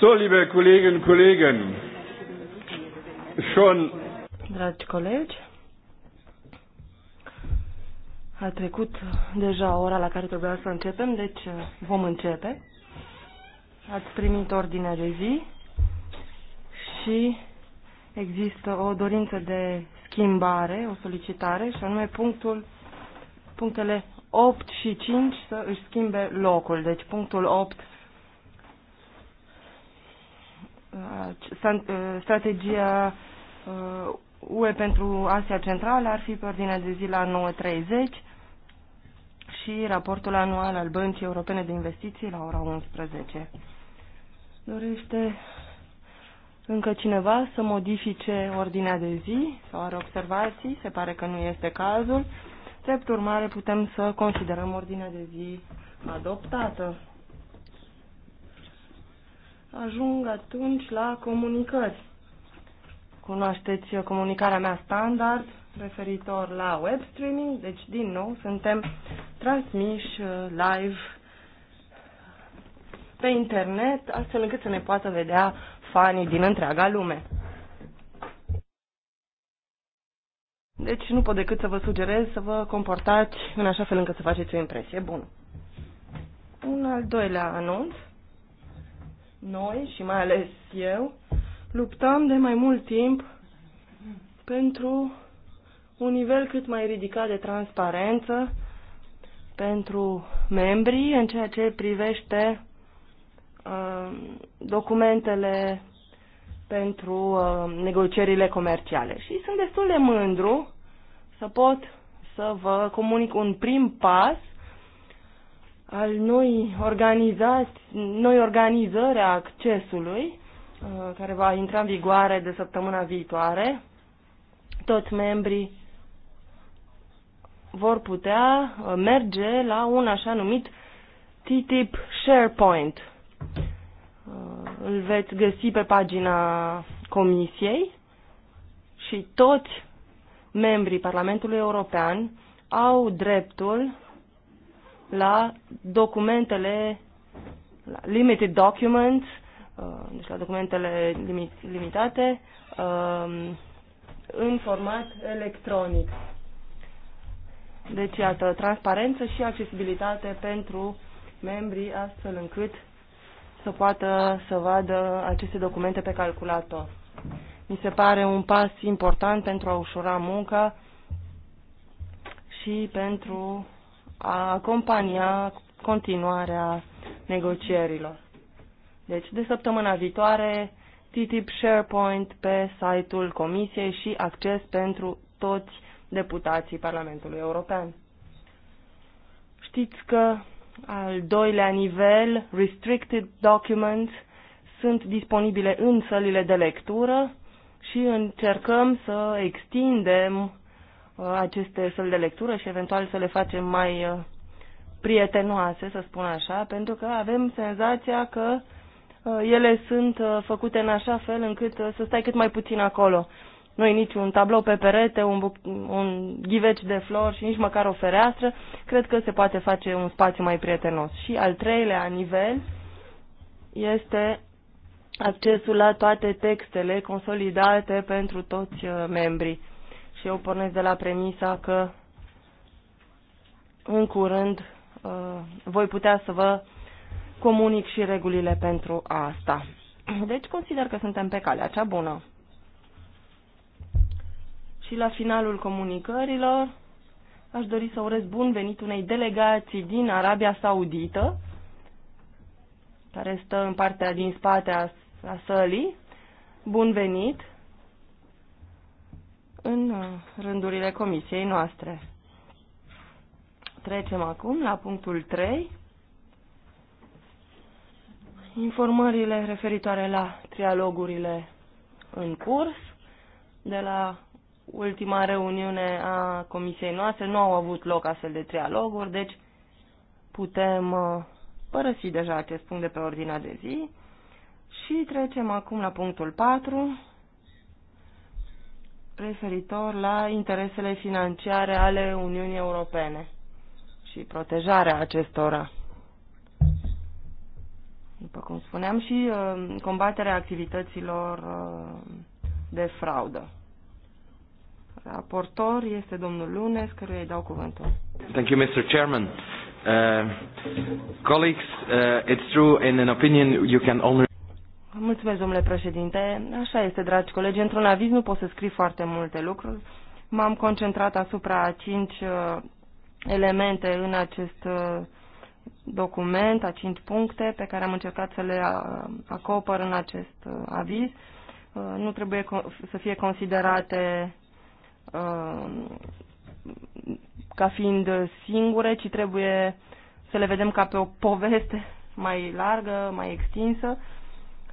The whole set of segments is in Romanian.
So, liebe Kolleginnen und Kollegen, schon. Dragi colegi, a trecut deja ora la care trebuia să începem, deci uh, vom începe. Ați primit ordinea de zi și există o dorință de schimbare, o solicitare, și anume punctul, punctele 8 și 5 să își schimbe locul. Deci punctul 8 Ă, strategia ă, UE pentru Asia Centrală ar fi pe ordinea de zi la 9.30 și raportul anual al Băncii Europene de Investiții la ora 11. Dorește încă cineva să modifice ordinea de zi sau are observații? Se pare că nu este cazul. Drept urmare, putem să considerăm ordinea de zi adoptată ajung atunci la comunicări. Cunoașteți comunicarea mea standard referitor la web streaming, deci din nou suntem transmiși uh, live pe internet, astfel încât să ne poată vedea fanii din întreaga lume. Deci nu pot decât să vă sugerez să vă comportați în așa fel încât să faceți o impresie bună. Un al doilea anunț noi și mai ales eu, luptam de mai mult timp pentru un nivel cât mai ridicat de transparență pentru membrii în ceea ce privește uh, documentele pentru uh, negocierile comerciale. Și sunt destul de mândru să pot să vă comunic un prim pas al noi, organizați, noi organizări a accesului, uh, care va intra în vigoare de săptămâna viitoare. Toți membrii vor putea uh, merge la un așa numit TTIP SharePoint. Uh, îl veți găsi pe pagina Comisiei și toți membrii Parlamentului European au dreptul la documentele, la limited documents, uh, deci la documentele limitate, um, în format electronic. Deci, iată, transparență și accesibilitate pentru membrii, astfel încât să poată să vadă aceste documente pe calculator. Mi se pare un pas important pentru a ușura munca și pentru a acompania continuarea negocierilor. Deci, de săptămâna viitoare, TTIP SharePoint pe site-ul Comisiei și acces pentru toți deputații Parlamentului European. Știți că al doilea nivel, Restricted Documents, sunt disponibile în sălile de lectură și încercăm să extindem aceste săli de lectură și eventual să le facem mai uh, prietenoase, să spun așa, pentru că avem senzația că uh, ele sunt uh, făcute în așa fel încât să stai cât mai puțin acolo. Nu e nici un tablou pe perete, un, un ghiveci de flori și nici măcar o fereastră. Cred că se poate face un spațiu mai prietenos. Și al treilea nivel este accesul la toate textele consolidate pentru toți membrii și eu pornesc de la premisa că în curând uh, voi putea să vă comunic și regulile pentru asta. Deci consider că suntem pe calea cea bună. Și la finalul comunicărilor aș dori să urez bun venit unei delegații din Arabia Saudită, care stă în partea din spate a, a sălii. Bun venit! în uh, rândurile comisiei noastre. Trecem acum la punctul 3. Informările referitoare la trialogurile în curs de la ultima reuniune a comisiei noastre nu au avut loc astfel de trialoguri, deci putem uh, părăsi deja acest punct de pe ordinea de zi și trecem acum la punctul 4, referitor la interesele financiare ale Uniunii Europene și protejarea acestora. După cum spuneam, și uh, combaterea activităților uh, de fraudă. Raportor este domnul Lunes, căruia îi dau cuvântul. Thank you, Mr. Chairman. Uh, colleagues, uh, it's true in an opinion you can only Mulțumesc, domnule președinte. Așa este, dragi colegi. Într-un aviz nu pot să scriu foarte multe lucruri. M-am concentrat asupra cinci uh, elemente în acest uh, document, a cinci puncte pe care am încercat să le uh, acopăr în acest aviz. Nu trebuie să fie considerate ca fiind singure, ci trebuie să le vedem ca pe o poveste mai largă, mai extinsă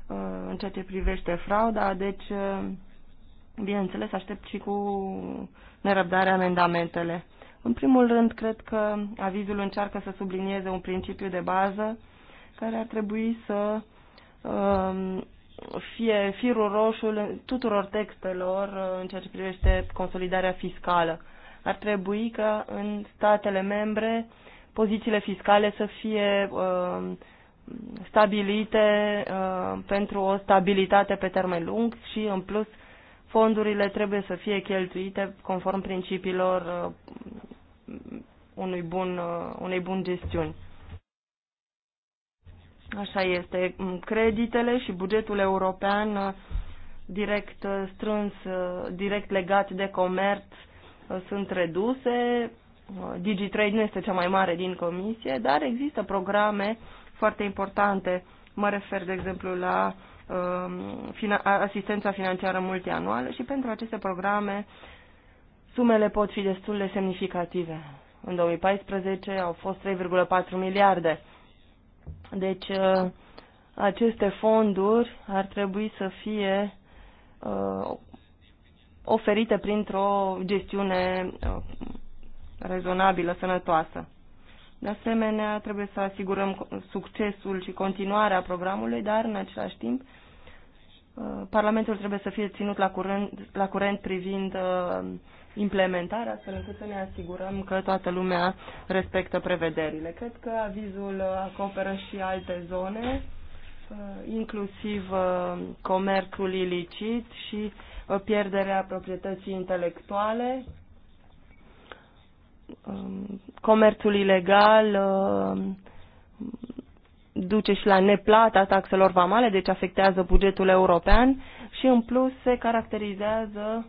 Uh, în ceea ce privește frauda, deci, uh, bineînțeles, aștept și cu nerăbdare amendamentele. În primul rând, cred că avizul încearcă să sublinieze un principiu de bază care ar trebui să um, fie firul roșu tuturor textelor uh, în ceea ce privește consolidarea fiscală. Ar trebui ca în statele membre pozițiile fiscale să fie um, stabilite uh, pentru o stabilitate pe termen lung și, în plus, fondurile trebuie să fie cheltuite conform principiilor uh, unui bun, uh, unei bun gestiuni. Așa este. Creditele și bugetul european uh, direct uh, strâns, uh, direct legat de comerț sunt reduse. DigiTrade nu este cea mai mare din comisie, dar există programe foarte importante. Mă refer, de exemplu, la um, asistența financiară multianuală și pentru aceste programe sumele pot fi destul de semnificative. În 2014 au fost 3,4 miliarde. Deci uh, aceste fonduri ar trebui să fie uh, oferite printr-o gestiune uh, rezonabilă, sănătoasă. De asemenea, trebuie să asigurăm succesul și continuarea programului, dar în același timp uh, Parlamentul trebuie să fie ținut la curent, la curent privind uh, implementarea, astfel încât să ne asigurăm că toată lumea respectă prevederile. Cred că avizul uh, acoperă și alte zone, uh, inclusiv uh, comerțul ilicit și uh, pierderea proprietății intelectuale, Um, comerțul ilegal um, duce și la neplata taxelor vamale, deci afectează bugetul european și în plus se caracterizează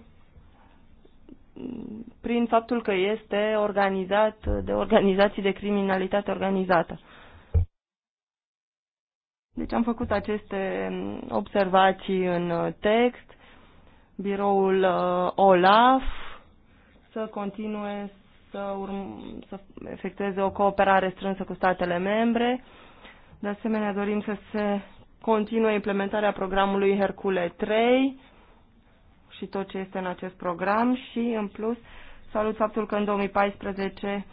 prin faptul că este organizat de organizații de criminalitate organizată. Deci am făcut aceste observații în text. Biroul uh, OLAF să continue să, urm- să efectueze o cooperare strânsă cu statele membre. De asemenea, dorim să se continue implementarea programului Hercule 3 și tot ce este în acest program și, în plus, salut faptul că în 2014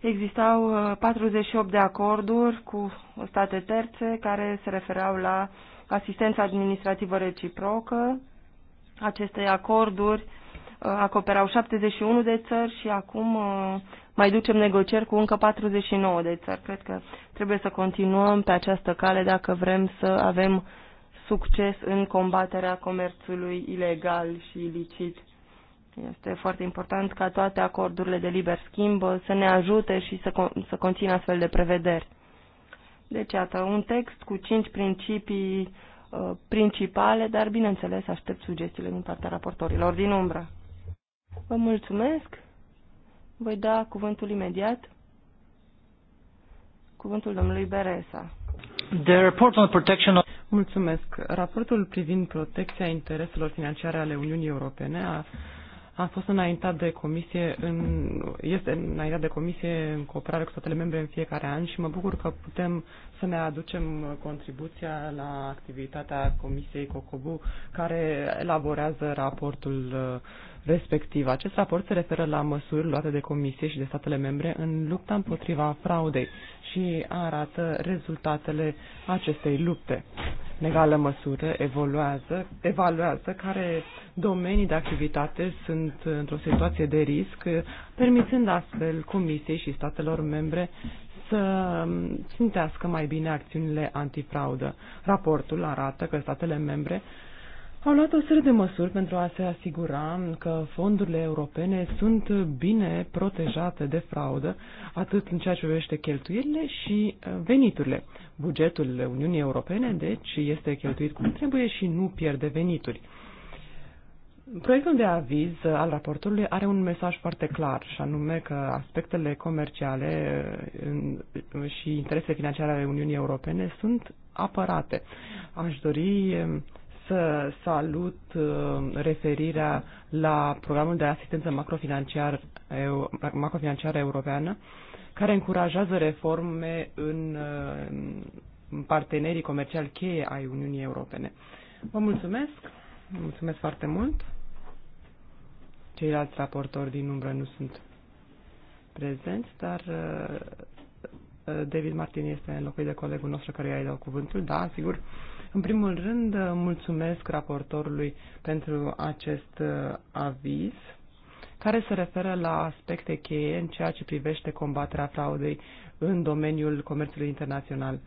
existau 48 uh, de acorduri cu state terțe care se refereau la asistența administrativă reciprocă. Aceste acorduri acoperau 71 de țări și acum uh, mai ducem negocieri cu încă 49 de țări. Cred că trebuie să continuăm pe această cale dacă vrem să avem succes în combaterea comerțului ilegal și ilicit. Este foarte important ca toate acordurile de liber schimb uh, să ne ajute și să, con- să conțină astfel de prevederi. Deci, iată, un text cu cinci principii uh, principale, dar, bineînțeles, aștept sugestiile din partea raportorilor din umbră. Vă mulțumesc. Voi da cuvântul imediat. Cuvântul domnului Beresa. The report on protection of... Mulțumesc. Raportul privind protecția intereselor financiare ale Uniunii Europene a, a fost înaintat de comisie în, este înaintat de comisie în cooperare cu statele membre în fiecare an și mă bucur că putem să ne aducem contribuția la activitatea comisiei COCOBU care elaborează raportul uh, respectiv. Acest raport se referă la măsuri luate de Comisie și de statele membre în lupta împotriva fraudei și arată rezultatele acestei lupte. În egală măsură evoluează, evaluează care domenii de activitate sunt într-o situație de risc, permițând astfel Comisiei și statelor membre să țintească mai bine acțiunile antifraudă. Raportul arată că statele membre au luat o serie de măsuri pentru a se asigura că fondurile europene sunt bine protejate de fraudă, atât în ceea ce privește cheltuielile și uh, veniturile. Bugetul Uniunii Europene, deci, este cheltuit cum trebuie și nu pierde venituri. Proiectul de aviz al raportului are un mesaj foarte clar, și anume că aspectele comerciale uh, uh, și interesele financiare ale Uniunii Europene sunt apărate. Aș dori um, să salut uh, referirea la programul de asistență macrofinanciar, macrofinanciară europeană, care încurajează reforme uh, în partenerii comerciali cheie ai Uniunii Europene. Vă mulțumesc, mulțumesc foarte mult. Ceilalți raportori din umbră nu sunt prezenți, dar uh, David Martin este înlocuit de colegul nostru care i-a dat cuvântul. Da, sigur. În primul rând, mulțumesc raportorului pentru acest uh, aviz care se referă la aspecte cheie în ceea ce privește combaterea fraudei în domeniul comerțului internațional.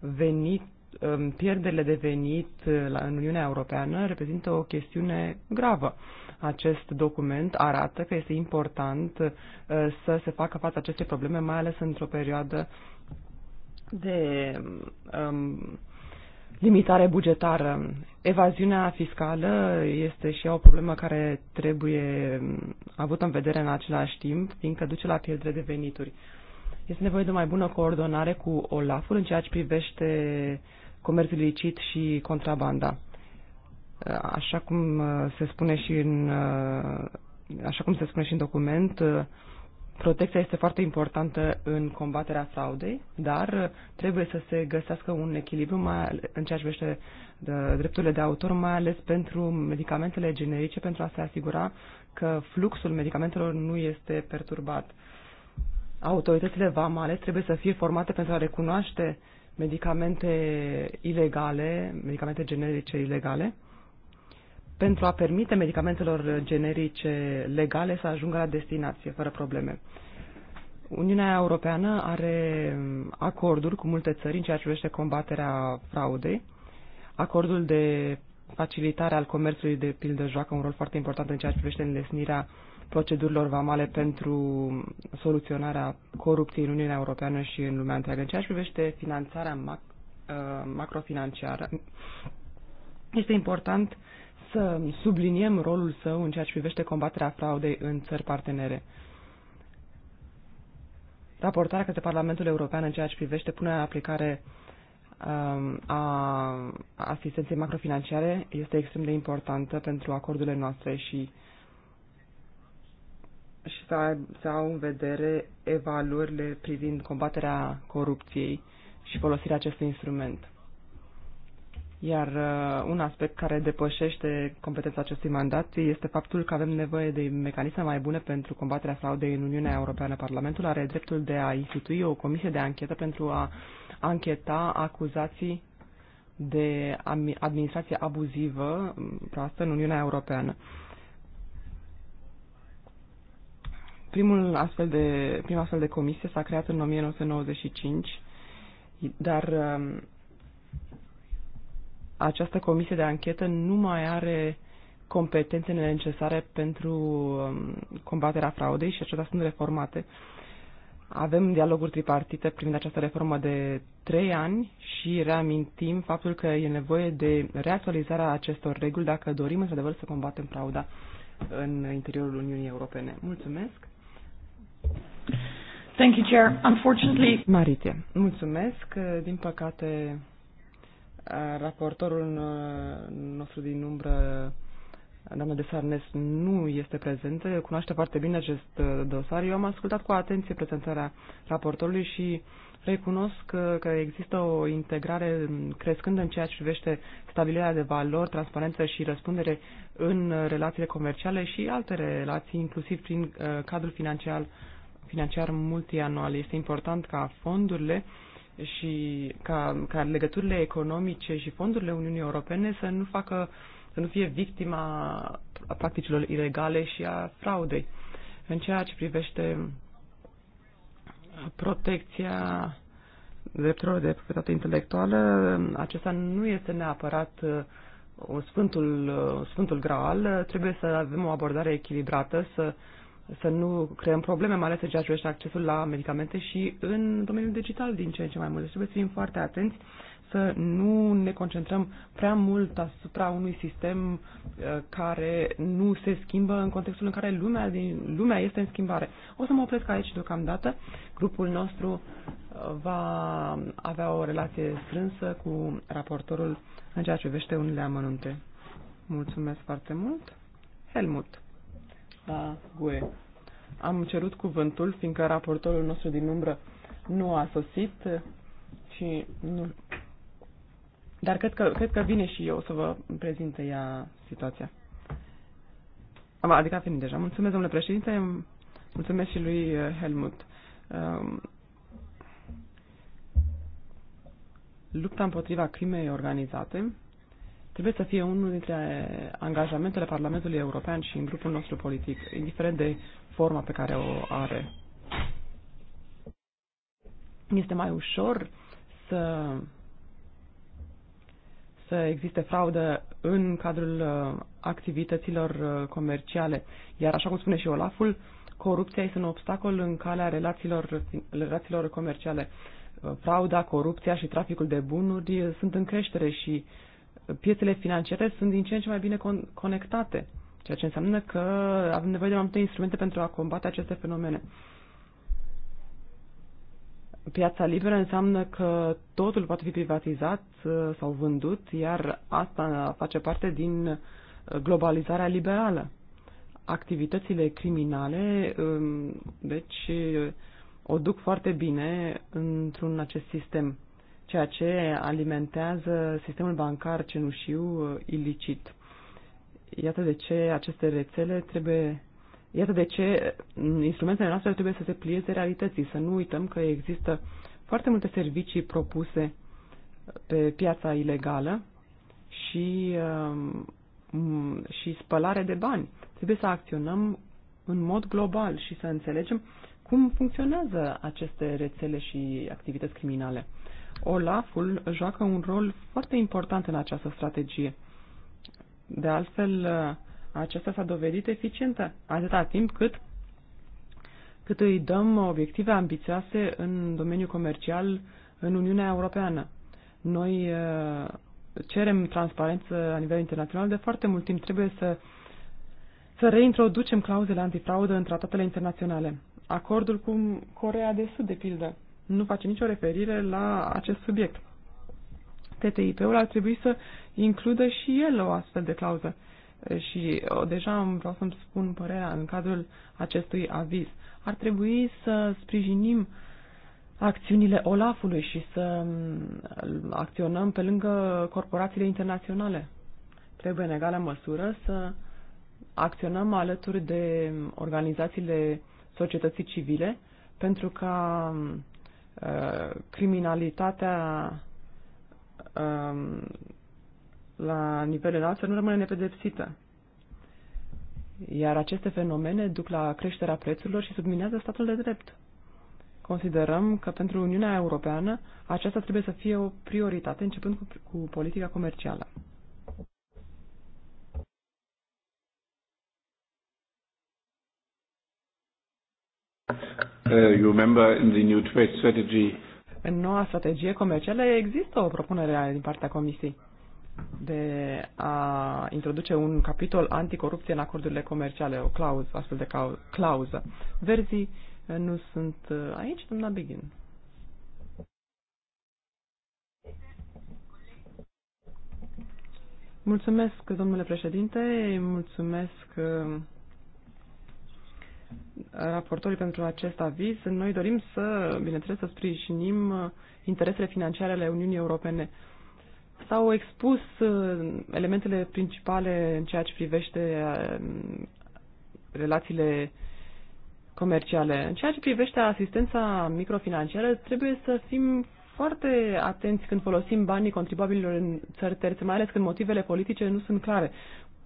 Venit, um, pierderile de venit uh, în Uniunea Europeană reprezintă o chestiune gravă. Acest document arată că este important uh, să se facă față acestei probleme, mai ales într-o perioadă de um, limitare bugetară. Evaziunea fiscală este și o problemă care trebuie mm, avută în vedere în același timp, fiindcă duce la pierdere de venituri. Este nevoie de o mai bună coordonare cu OLAF-ul în ceea ce privește comerțul ilicit și contrabanda. Așa cum uh, se spune și în, uh, așa cum se spune și în document, uh, protecția este foarte importantă în combaterea fraudei, dar trebuie să se găsească un echilibru mai în ceea ce privește drepturile de autor, mai ales pentru medicamentele generice, pentru a se asigura că fluxul medicamentelor nu este perturbat. Autoritățile vamale trebuie să fie formate pentru a recunoaște medicamente ilegale, medicamente generice ilegale, pentru a permite medicamentelor generice legale să ajungă la destinație fără probleme. Uniunea Europeană are acorduri cu multe țări în ceea ce privește combaterea fraudei. Acordul de facilitare al comerțului, de pildă, joacă un rol foarte important în ceea ce privește înlesnirea procedurilor vamale pentru soluționarea corupției în Uniunea Europeană și în lumea întreagă. În ceea ce privește finanțarea mac- uh, macrofinanciară, este important să subliniem rolul său în ceea ce privește combaterea fraudei în țări partenere. Raportarea către Parlamentul European în ceea ce privește punerea în aplicare um, a asistenței macrofinanciare este extrem de importantă pentru acordurile noastre și și să, să au în vedere evaluările privind combaterea corupției și folosirea acestui instrument. Iar uh, un aspect care depășește competența acestui mandat este faptul că avem nevoie de mecanisme mai bune pentru combaterea fraudei în Uniunea Europeană. Parlamentul are dreptul de a institui o comisie de anchetă pentru a ancheta acuzații de administrație abuzivă mm, proastă în Uniunea Europeană. Primul astfel de, prima astfel de comisie s-a creat în 1995, dar um, această comisie de anchetă nu mai are competențele necesare pentru um, combaterea fraudei și acestea sunt reformate. Avem dialoguri tripartite privind această reformă de trei ani și reamintim faptul că e nevoie de reactualizarea acestor reguli dacă dorim într-adevăr să combatem frauda în interiorul Uniunii Europene. Mulțumesc! Thank you, Chair. Unfortunately... Maritie, mulțumesc. Din păcate, Raportorul uh, nostru din umbră, doamna de Sarnes, nu este prezentă, cunoaște foarte bine acest uh, dosar. Eu am ascultat cu atenție prezentarea raportorului și recunosc uh, că, există o integrare crescândă în ceea ce privește stabilirea de valori, transparență și răspundere în relațiile comerciale și alte relații, inclusiv prin cadrul financiar, financiar multianual. Este important ca fondurile uh, și ca, ca legăturile economice și fondurile Uniunii Europene să nu facă să nu fie victima practicilor ilegale și a fraudei. În ceea ce privește protecția drepturilor de proprietate intelectuală, acesta nu este neapărat o uh, sfântul, uh, sfântul graal. Trebuie să avem o abordare echilibrată, să să nu creăm probleme, mai ales în ceea ce privește accesul la medicamente și în domeniul digital din ce în ce mai mult. Deci trebuie să fim foarte atenți să nu ne concentrăm prea mult asupra unui sistem uh, care nu se schimbă în contextul în care lumea, din, lumea este în schimbare. O să mă opresc aici deocamdată. Grupul nostru uh, va avea o relație strânsă cu raportorul în ceea ce privește unele amănunte. Mulțumesc foarte mult. Helmut la GUE. Am cerut cuvântul, fiindcă raportorul nostru din umbră nu a sosit și nu... Dar cred că, cred că vine și eu să vă prezinte ea situația. adică a venit deja. Mulțumesc, domnule președinte, mulțumesc și lui uh, Helmut. Um, lupta împotriva crimei organizate trebuie să fie unul dintre angajamentele Parlamentului European și în grupul nostru politic, indiferent de forma pe care o are. Este mai ușor să, să existe fraudă în cadrul uh, activităților uh, comerciale. Iar așa cum spune și Olaful, corupția este un obstacol în calea relațiilor, relațiilor comerciale. Frauda, corupția și traficul de bunuri sunt în creștere și uh, piețele financiare sunt din ce în ce mai bine con- conectate, ceea ce înseamnă că avem nevoie de mai multe instrumente pentru a combate aceste fenomene. Piața liberă înseamnă că totul poate fi privatizat uh, sau vândut, iar asta face parte din uh, globalizarea liberală. Activitățile criminale, um, deci, uh, o duc foarte bine într-un acest sistem ceea ce alimentează sistemul bancar cenușiu uh, ilicit. Iată de ce aceste rețele trebuie Iată de ce uh, instrumentele noastre trebuie să se plieze realității, să nu uităm că există foarte multe servicii propuse uh, pe piața ilegală și, um, și spălare de bani. Trebuie să acționăm în mod global și să înțelegem cum funcționează aceste rețele și activități criminale. Olaful joacă un rol foarte important în această strategie. De altfel, aceasta s-a dovedit eficientă atâta timp cât cât îi dăm obiective ambițioase în domeniul comercial în Uniunea Europeană. Noi uh, cerem transparență la nivel internațional de foarte mult timp. Trebuie să, să reintroducem clauzele antifraudă în tratatele internaționale. Acordul cu Corea de Sud, de pildă, nu face nicio referire la acest subiect. TTIP-ul ar trebui să includă și el o astfel de clauză. Și deja vreau să-mi spun părerea în cadrul acestui aviz. Ar trebui să sprijinim acțiunile Olafului și să acționăm pe lângă corporațiile internaționale. Trebuie în egală măsură să acționăm alături de organizațiile societății civile pentru ca Uh, criminalitatea um, la nivel înalt să nu rămâne nepedepsită. Iar aceste fenomene duc la creșterea prețurilor și subminează statul de drept. Considerăm că pentru Uniunea Europeană aceasta trebuie să fie o prioritate, începând cu, cu politica comercială. Uh, în noua strategie comercială există o propunere din partea Comisiei de a introduce un capitol anticorupție în acordurile comerciale, o clauză, astfel de clauză. Verzii uh, nu sunt uh, aici, doamna Begin. Mulțumesc, domnule președinte, mulțumesc raportorii pentru acest aviz, noi dorim să, bineînțeles, să sprijinim interesele financiare ale Uniunii Europene. S-au expus uh, elementele principale în ceea ce privește uh, relațiile comerciale. În ceea ce privește asistența microfinanciară, trebuie să fim foarte atenți când folosim banii contribuabililor în țări terțe, mai ales când motivele politice nu sunt clare,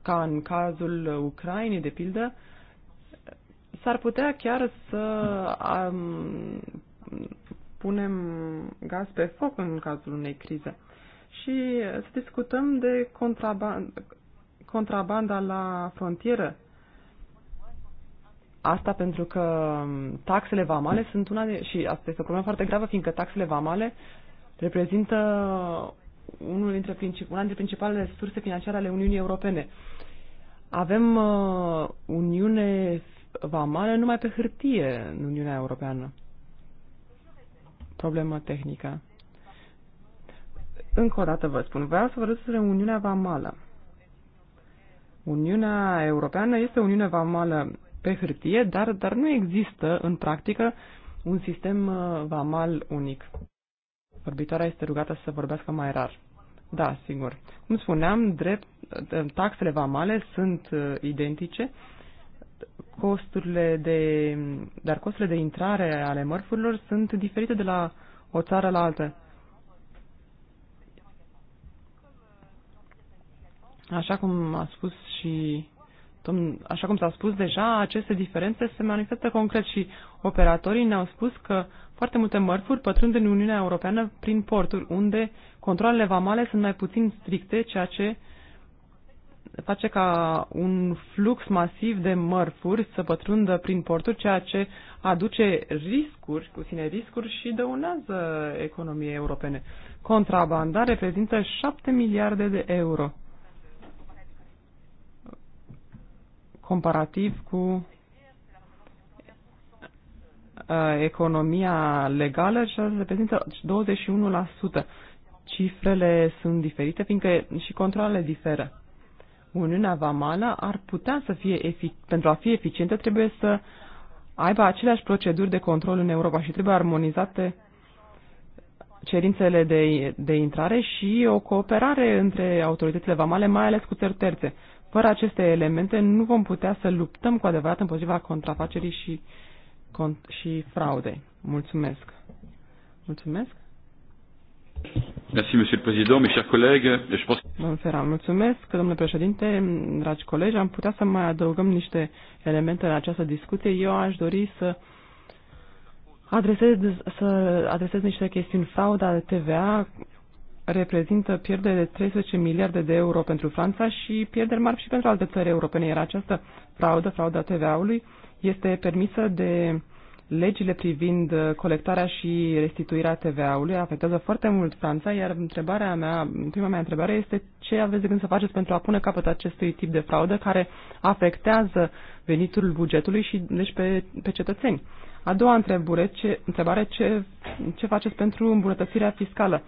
ca în cazul Ucrainei, de pildă, s-ar putea chiar să um, punem gaz pe foc în cazul unei crize și să discutăm de contraban- contrabanda la frontieră. Asta pentru că taxele vamale sunt una de, și asta este o problemă foarte gravă, fiindcă taxele vamale reprezintă unul dintre una dintre principalele surse financiare ale Uniunii Europene. Avem uh, Uniune vamală numai pe hârtie în Uniunea Europeană. Problemă tehnică. Încă o dată vă spun, vreau să vă arăt despre Uniunea Vamală. Uniunea Europeană este Uniunea Vamală pe hârtie, dar, dar nu există în practică un sistem uh, vamal unic. Vorbitoarea este rugată să vorbească mai rar. Da, sigur. Cum spuneam, drept, taxele vamale sunt uh, identice costurile de, dar costurile de intrare ale mărfurilor sunt diferite de la o țară la alta. Așa cum a spus și așa cum s-a spus deja, aceste diferențe se manifestă concret și operatorii ne-au spus că foarte multe mărfuri pătrund în Uniunea Europeană prin porturi, unde controlele vamale sunt mai puțin stricte, ceea ce uh, face ca un flux masiv de mărfuri să pătrundă prin porturi, ceea ce aduce riscuri, cu sine riscuri și dăunează economiei europene. Contrabanda reprezintă 7 miliarde de euro comparativ cu uh, economia legală și reprezintă 21%. Cifrele sunt diferite, fiindcă și controlele diferă. Uniunea Vamală ar putea să fie, pentru a fi eficientă, trebuie să aibă aceleași proceduri de control în Europa și trebuie armonizate cerințele de, de intrare și o cooperare între autoritățile vamale, mai ales cu țări terțe. Fără aceste elemente nu vom putea să luptăm cu adevărat împotriva contrafacerii și, cont, și fraudei. Mulțumesc! Mulțumesc! Merci, Monsieur le Président, mes chers collègues. Je pense... mulțumesc, domnule președinte, dragi colegi. Am putea să mai adăugăm niște elemente în această discuție. Eu aș dori să adresez, să adresez niște chestiuni. Frauda TVA reprezintă pierdere de 13 miliarde de euro pentru Franța și pierderi mari și pentru alte țări europene. Iar această fraudă, frauda TVA-ului, este permisă de legile privind uh, colectarea și restituirea TVA-ului afectează foarte mult Franța, iar întrebarea mea, prima mea întrebare este ce aveți de gând să faceți pentru a pune capăt acestui tip de fraudă care afectează venitul bugetului și deci pe, pe cetățeni. A doua întrebare, ce, întrebare ce, ce faceți pentru îmbunătățirea fiscală?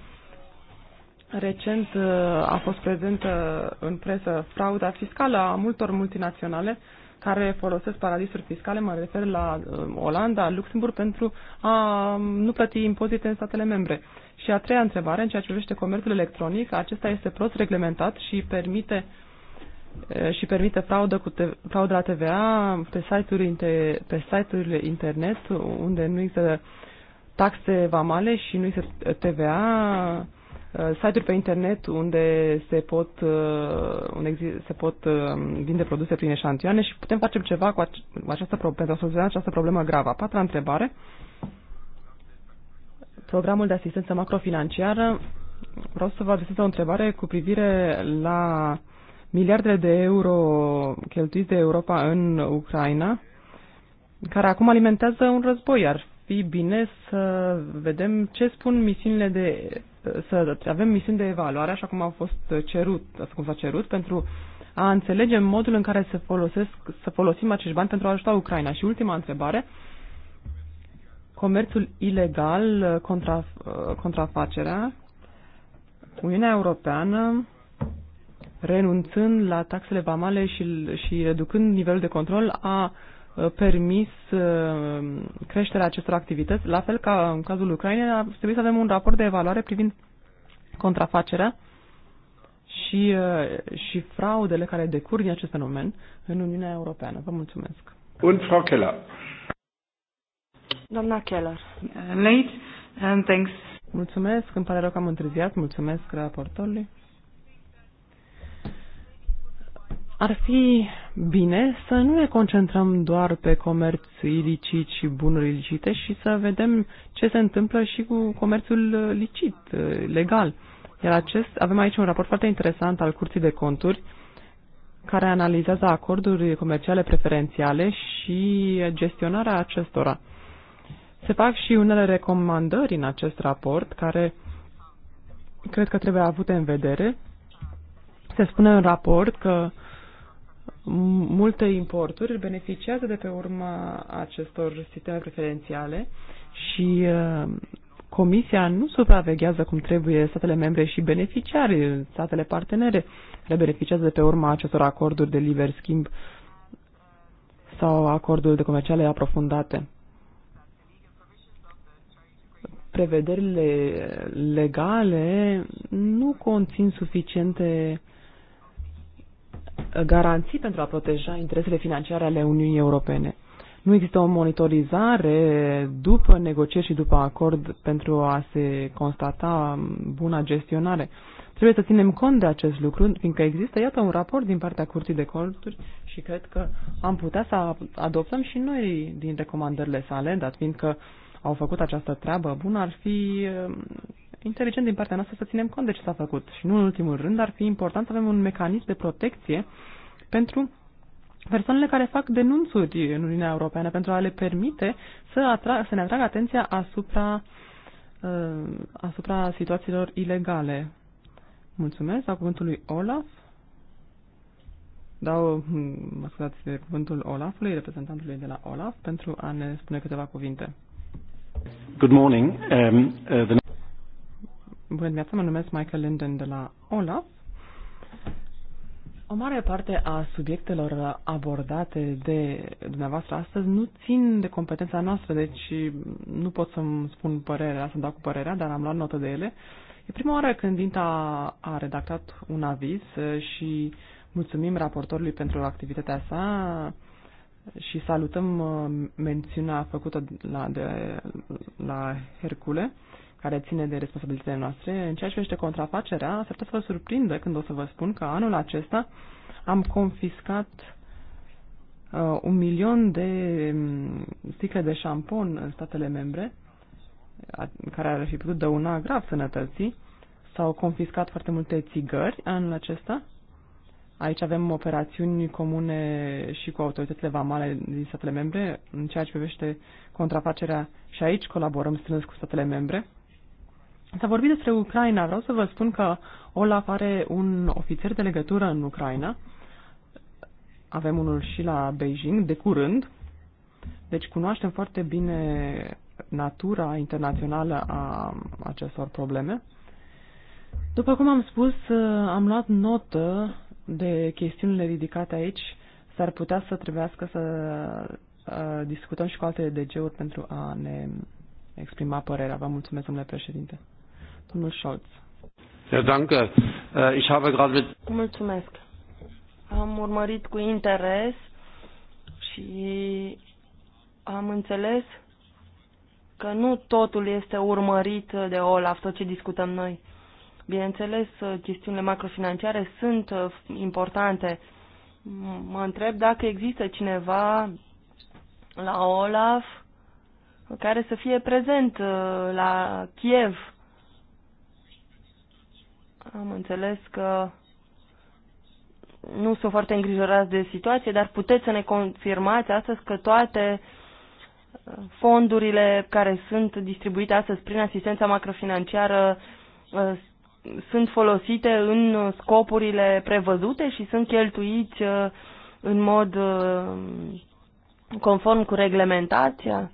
Recent uh, a fost prezentă în presă frauda fiscală a multor multinaționale care folosesc paradisuri fiscale, mă refer la uh, Olanda, Luxemburg, pentru a um, nu plăti impozite în statele membre. Și a treia întrebare, în ceea ce privește comerțul electronic, acesta este prost reglementat și permite uh, și permite fraudă, cu te, fraudă la TVA pe site-uri, inter, pe site-urile internet unde nu există taxe vamale și nu există TVA Uh, site-uri pe internet unde se pot, uh, unde se pot uh, vinde produse prin eșantioane și putem face ceva cu, ace cu această, pentru a soluționa această problemă gravă. A patra întrebare. Programul de asistență macrofinanciară. Vreau să vă adresez o întrebare cu privire la miliardele de euro cheltuiți de Europa în Ucraina, care acum alimentează un război. Ar fi bine să vedem ce spun misiunile de să avem misiuni de evaluare, așa cum au fost cerut, așa cum s-a cerut, pentru a înțelege modul în care se folosesc, să folosim acești bani pentru a ajuta Ucraina. Și ultima întrebare, comerțul ilegal, contra, contrafacerea, Uniunea Europeană, renunțând la taxele vamale și, și reducând nivelul de control, a Uh, permis uh, creșterea acestor activități, la fel ca în cazul Ucrainei, ar trebui să avem un raport de evaluare privind contrafacerea și, uh, și fraudele care decurg din acest fenomen în Uniunea Europeană. Vă mulțumesc. Und Frau Keller. Doamna Keller. Late and thanks. Mulțumesc, îmi pare rău că am întârziat. Mulțumesc raportorului. ar fi bine să nu ne concentrăm doar pe comerț ilicit și bunuri ilicite și să vedem ce se întâmplă și cu comerțul licit, legal. Iar acest, avem aici un raport foarte interesant al Curții de Conturi care analizează acorduri comerciale preferențiale și gestionarea acestora. Se fac și unele recomandări în acest raport care cred că trebuie avute în vedere. Se spune în raport că multe importuri beneficiază de pe urma acestor sisteme preferențiale și uh, Comisia nu supraveghează cum trebuie statele membre și beneficiarii, statele partenere, le beneficiază de pe urma acestor acorduri de liber schimb sau acorduri de comerciale aprofundate. Prevederile legale nu conțin suficiente uh, garanții pentru a proteja interesele financiare ale Uniunii Europene. Nu există o monitorizare după negocieri și după acord pentru a se constata buna gestionare. Trebuie să ținem cont de acest lucru, fiindcă există, iată, un raport din partea Curții de Conturi și cred că am putea să adoptăm și noi din recomandările sale, dat fiindcă au făcut această treabă bună, ar fi inteligent din partea noastră să ținem cont de ce s-a făcut. Și nu în ultimul rând, ar fi important să avem un mecanism de protecție pentru persoanele care fac denunțuri în Uniunea Europeană pentru a le permite să, atrag, să ne atragă atenția asupra, uh, asupra situațiilor ilegale. Mulțumesc. A cuvântului Olaf. Dau, hmm, mă scuzați, cuvântul Olafului, reprezentantului de la Olaf, pentru a ne spune câteva cuvinte. Good morning. Um, uh, the... Bună dimineața, mă numesc Michael Linden de la OLAF. O mare parte a subiectelor abordate de dumneavoastră astăzi nu țin de competența noastră, deci nu pot să-mi spun părerea, să-mi dau cu părerea, dar am luat notă de ele. E prima oară când Dinta a redactat un aviz și mulțumim raportorului pentru activitatea sa și salutăm uh, mențiunea făcută la, de, la Hercule care ține de responsabilitățile noastre. În ceea ce privește contrafacerea, s-ar putea să vă surprindă când o să vă spun că anul acesta am confiscat uh, un milion de um, sticle de șampon în statele membre, care ar fi putut dăuna grav sănătății. S-au confiscat foarte multe țigări anul acesta. Aici avem operațiuni comune și cu autoritățile vamale din statele membre în ceea ce privește contrafacerea și aici colaborăm strâns cu statele membre. S-a vorbit despre Ucraina. Vreau să vă spun că Olaf are un ofițer de legătură în Ucraina. Avem unul și la Beijing, de curând. Deci cunoaștem foarte bine natura internațională a acestor probleme. După cum am spus, am luat notă de chestiunile ridicate aici. S-ar putea să trebuiască să uh, discutăm și cu alte DG-uri pentru a ne exprima părerea. Vă mulțumesc, domnule președinte. Domnul Scholz. Ja, danke. Äh, ich habe gerade mit... Mulțumesc. Am urmărit cu interes și am înțeles că nu totul este urmărit de Olaf, tot ce discutăm noi. Bineînțeles, chestiunile macrofinanciare sunt uh, importante. Mă întreb dacă există cineva la Olaf care să fie prezent uh, la Kiev am înțeles că nu sunt foarte îngrijorați de situație, dar puteți să ne confirmați astăzi că toate uh, fondurile care sunt distribuite astăzi prin asistența macrofinanciară uh, sunt folosite în scopurile prevăzute și sunt cheltuiți uh, în mod conform cu reglementația?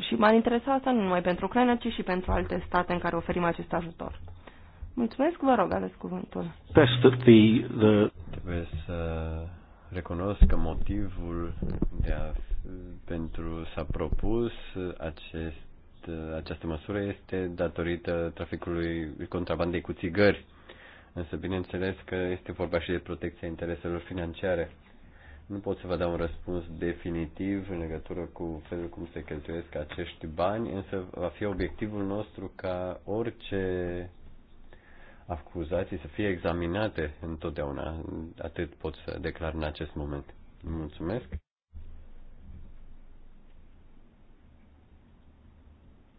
Și m-ar interesa asta nu numai pentru Ucraina, ci și pentru alte state în care oferim acest ajutor. Mulțumesc, vă rog, aveți cuvântul. Trebuie să recunosc că motivul de a, pentru s-a propus acest, această măsură este datorită traficului contrabandei cu țigări. Însă, bineînțeles că este vorba și de protecția intereselor financiare. Nu pot să vă dau un răspuns definitiv în legătură cu felul cum se cheltuiesc acești bani, însă va fi obiectivul nostru ca orice acuzații să fie examinate întotdeauna. Atât pot să declar în acest moment. Mulțumesc.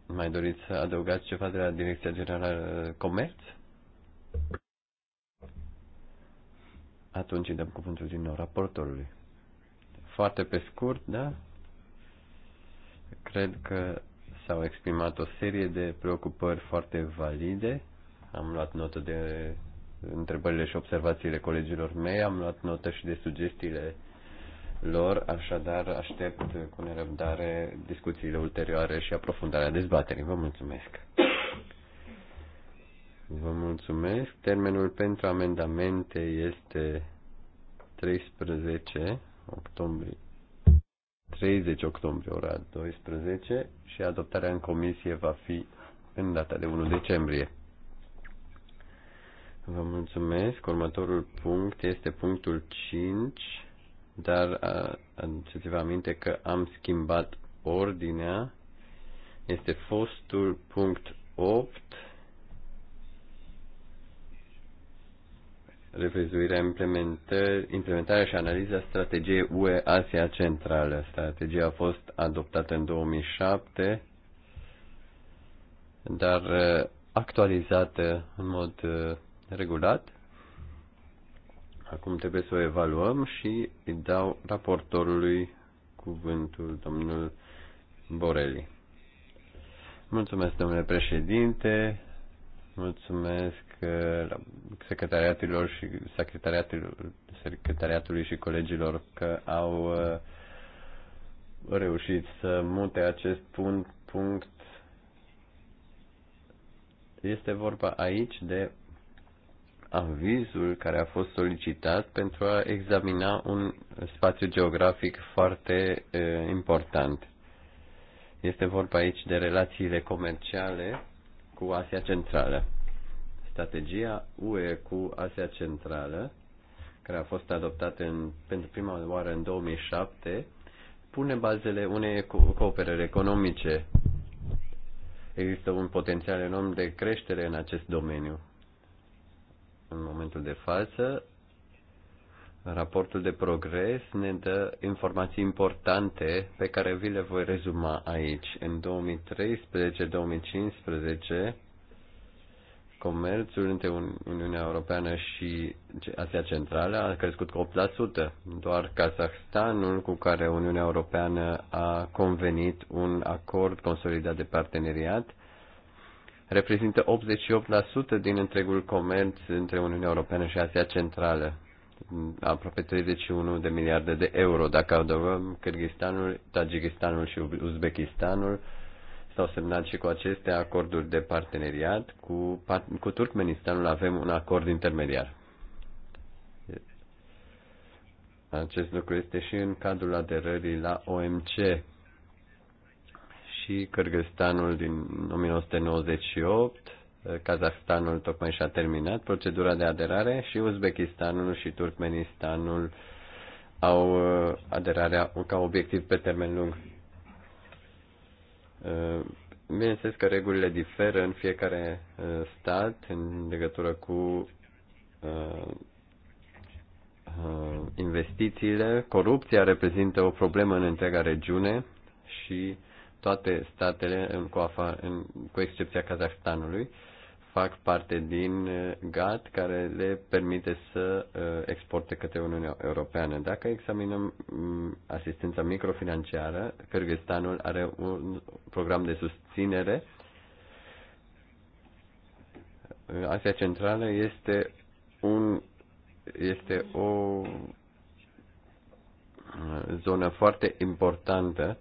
Mai doriți să adăugați ceva de la Direcția Generală Comerț? Atunci dăm cuvântul din nou raportorului. Foarte pe scurt, da? Cred că s-au exprimat o serie de preocupări foarte valide am luat notă de întrebările și observațiile colegilor mei, am luat notă și de sugestiile lor, așadar aștept cu nerăbdare discuțiile ulterioare și aprofundarea dezbaterii. Vă mulțumesc! Vă mulțumesc. Termenul pentru amendamente este 13 octombrie. 30 octombrie, ora 12 și adoptarea în comisie va fi în data de 1 decembrie. Vă mulțumesc. Următorul punct este punctul 5, dar să vă aminte că am schimbat ordinea. Este fostul punct 8, revizuirea, implementarea și analiza strategiei UE Asia Centrală. Strategia a fost adoptată în 2007, dar actualizată în mod regulat. Acum trebuie să o evaluăm și îi dau raportorului cuvântul domnul Borelli. Mulțumesc, domnule președinte, mulțumesc uh, secretariatilor și secretariatilor, secretariatului și colegilor că au uh, reușit să mute acest punct. Este vorba aici de avizul care a fost solicitat pentru a examina un spațiu geografic foarte uh, important. Este vorba aici de relațiile comerciale cu Asia Centrală. Strategia UE cu Asia Centrală, care a fost adoptată în, pentru prima oară în 2007, pune bazele unei cooperări economice. Există un potențial enorm de creștere în acest domeniu în momentul de față. Raportul de progres ne dă informații importante pe care vi le voi rezuma aici. În 2013-2015, comerțul între Uniunea Europeană și Asia Centrală a crescut cu 8%. Doar Kazahstanul, cu care Uniunea Europeană a convenit un acord consolidat de parteneriat, reprezintă 88% din întregul comerț între Uniunea Europeană și Asia Centrală, aproape 31 de miliarde de euro. Dacă adăugăm Kyrgyzstanul, Tajikistanul și Uzbekistanul, s-au semnat și cu aceste acorduri de parteneriat. Cu, cu Turkmenistanul avem un acord intermediar. Acest lucru este și în cadrul aderării la OMC, și Cârgăstanul din 1998, Kazahstanul tocmai și-a terminat procedura de aderare și Uzbekistanul și Turkmenistanul au uh, aderarea ca obiectiv pe termen lung. Uh, bineînțeles că regulile diferă în fiecare uh, stat în legătură cu investițiile. Corupția reprezintă o problemă în întreaga regiune și uh, toate statele, cu, afa, în, cu excepția Kazahstanului, fac parte din uh, GATT care le permite să uh, exporte către Uniunea Europeană. Dacă examinăm mm, asistența microfinanciară, Kyrgyzstanul are un program de susținere. Asia Centrală este un este o uh, zonă foarte importantă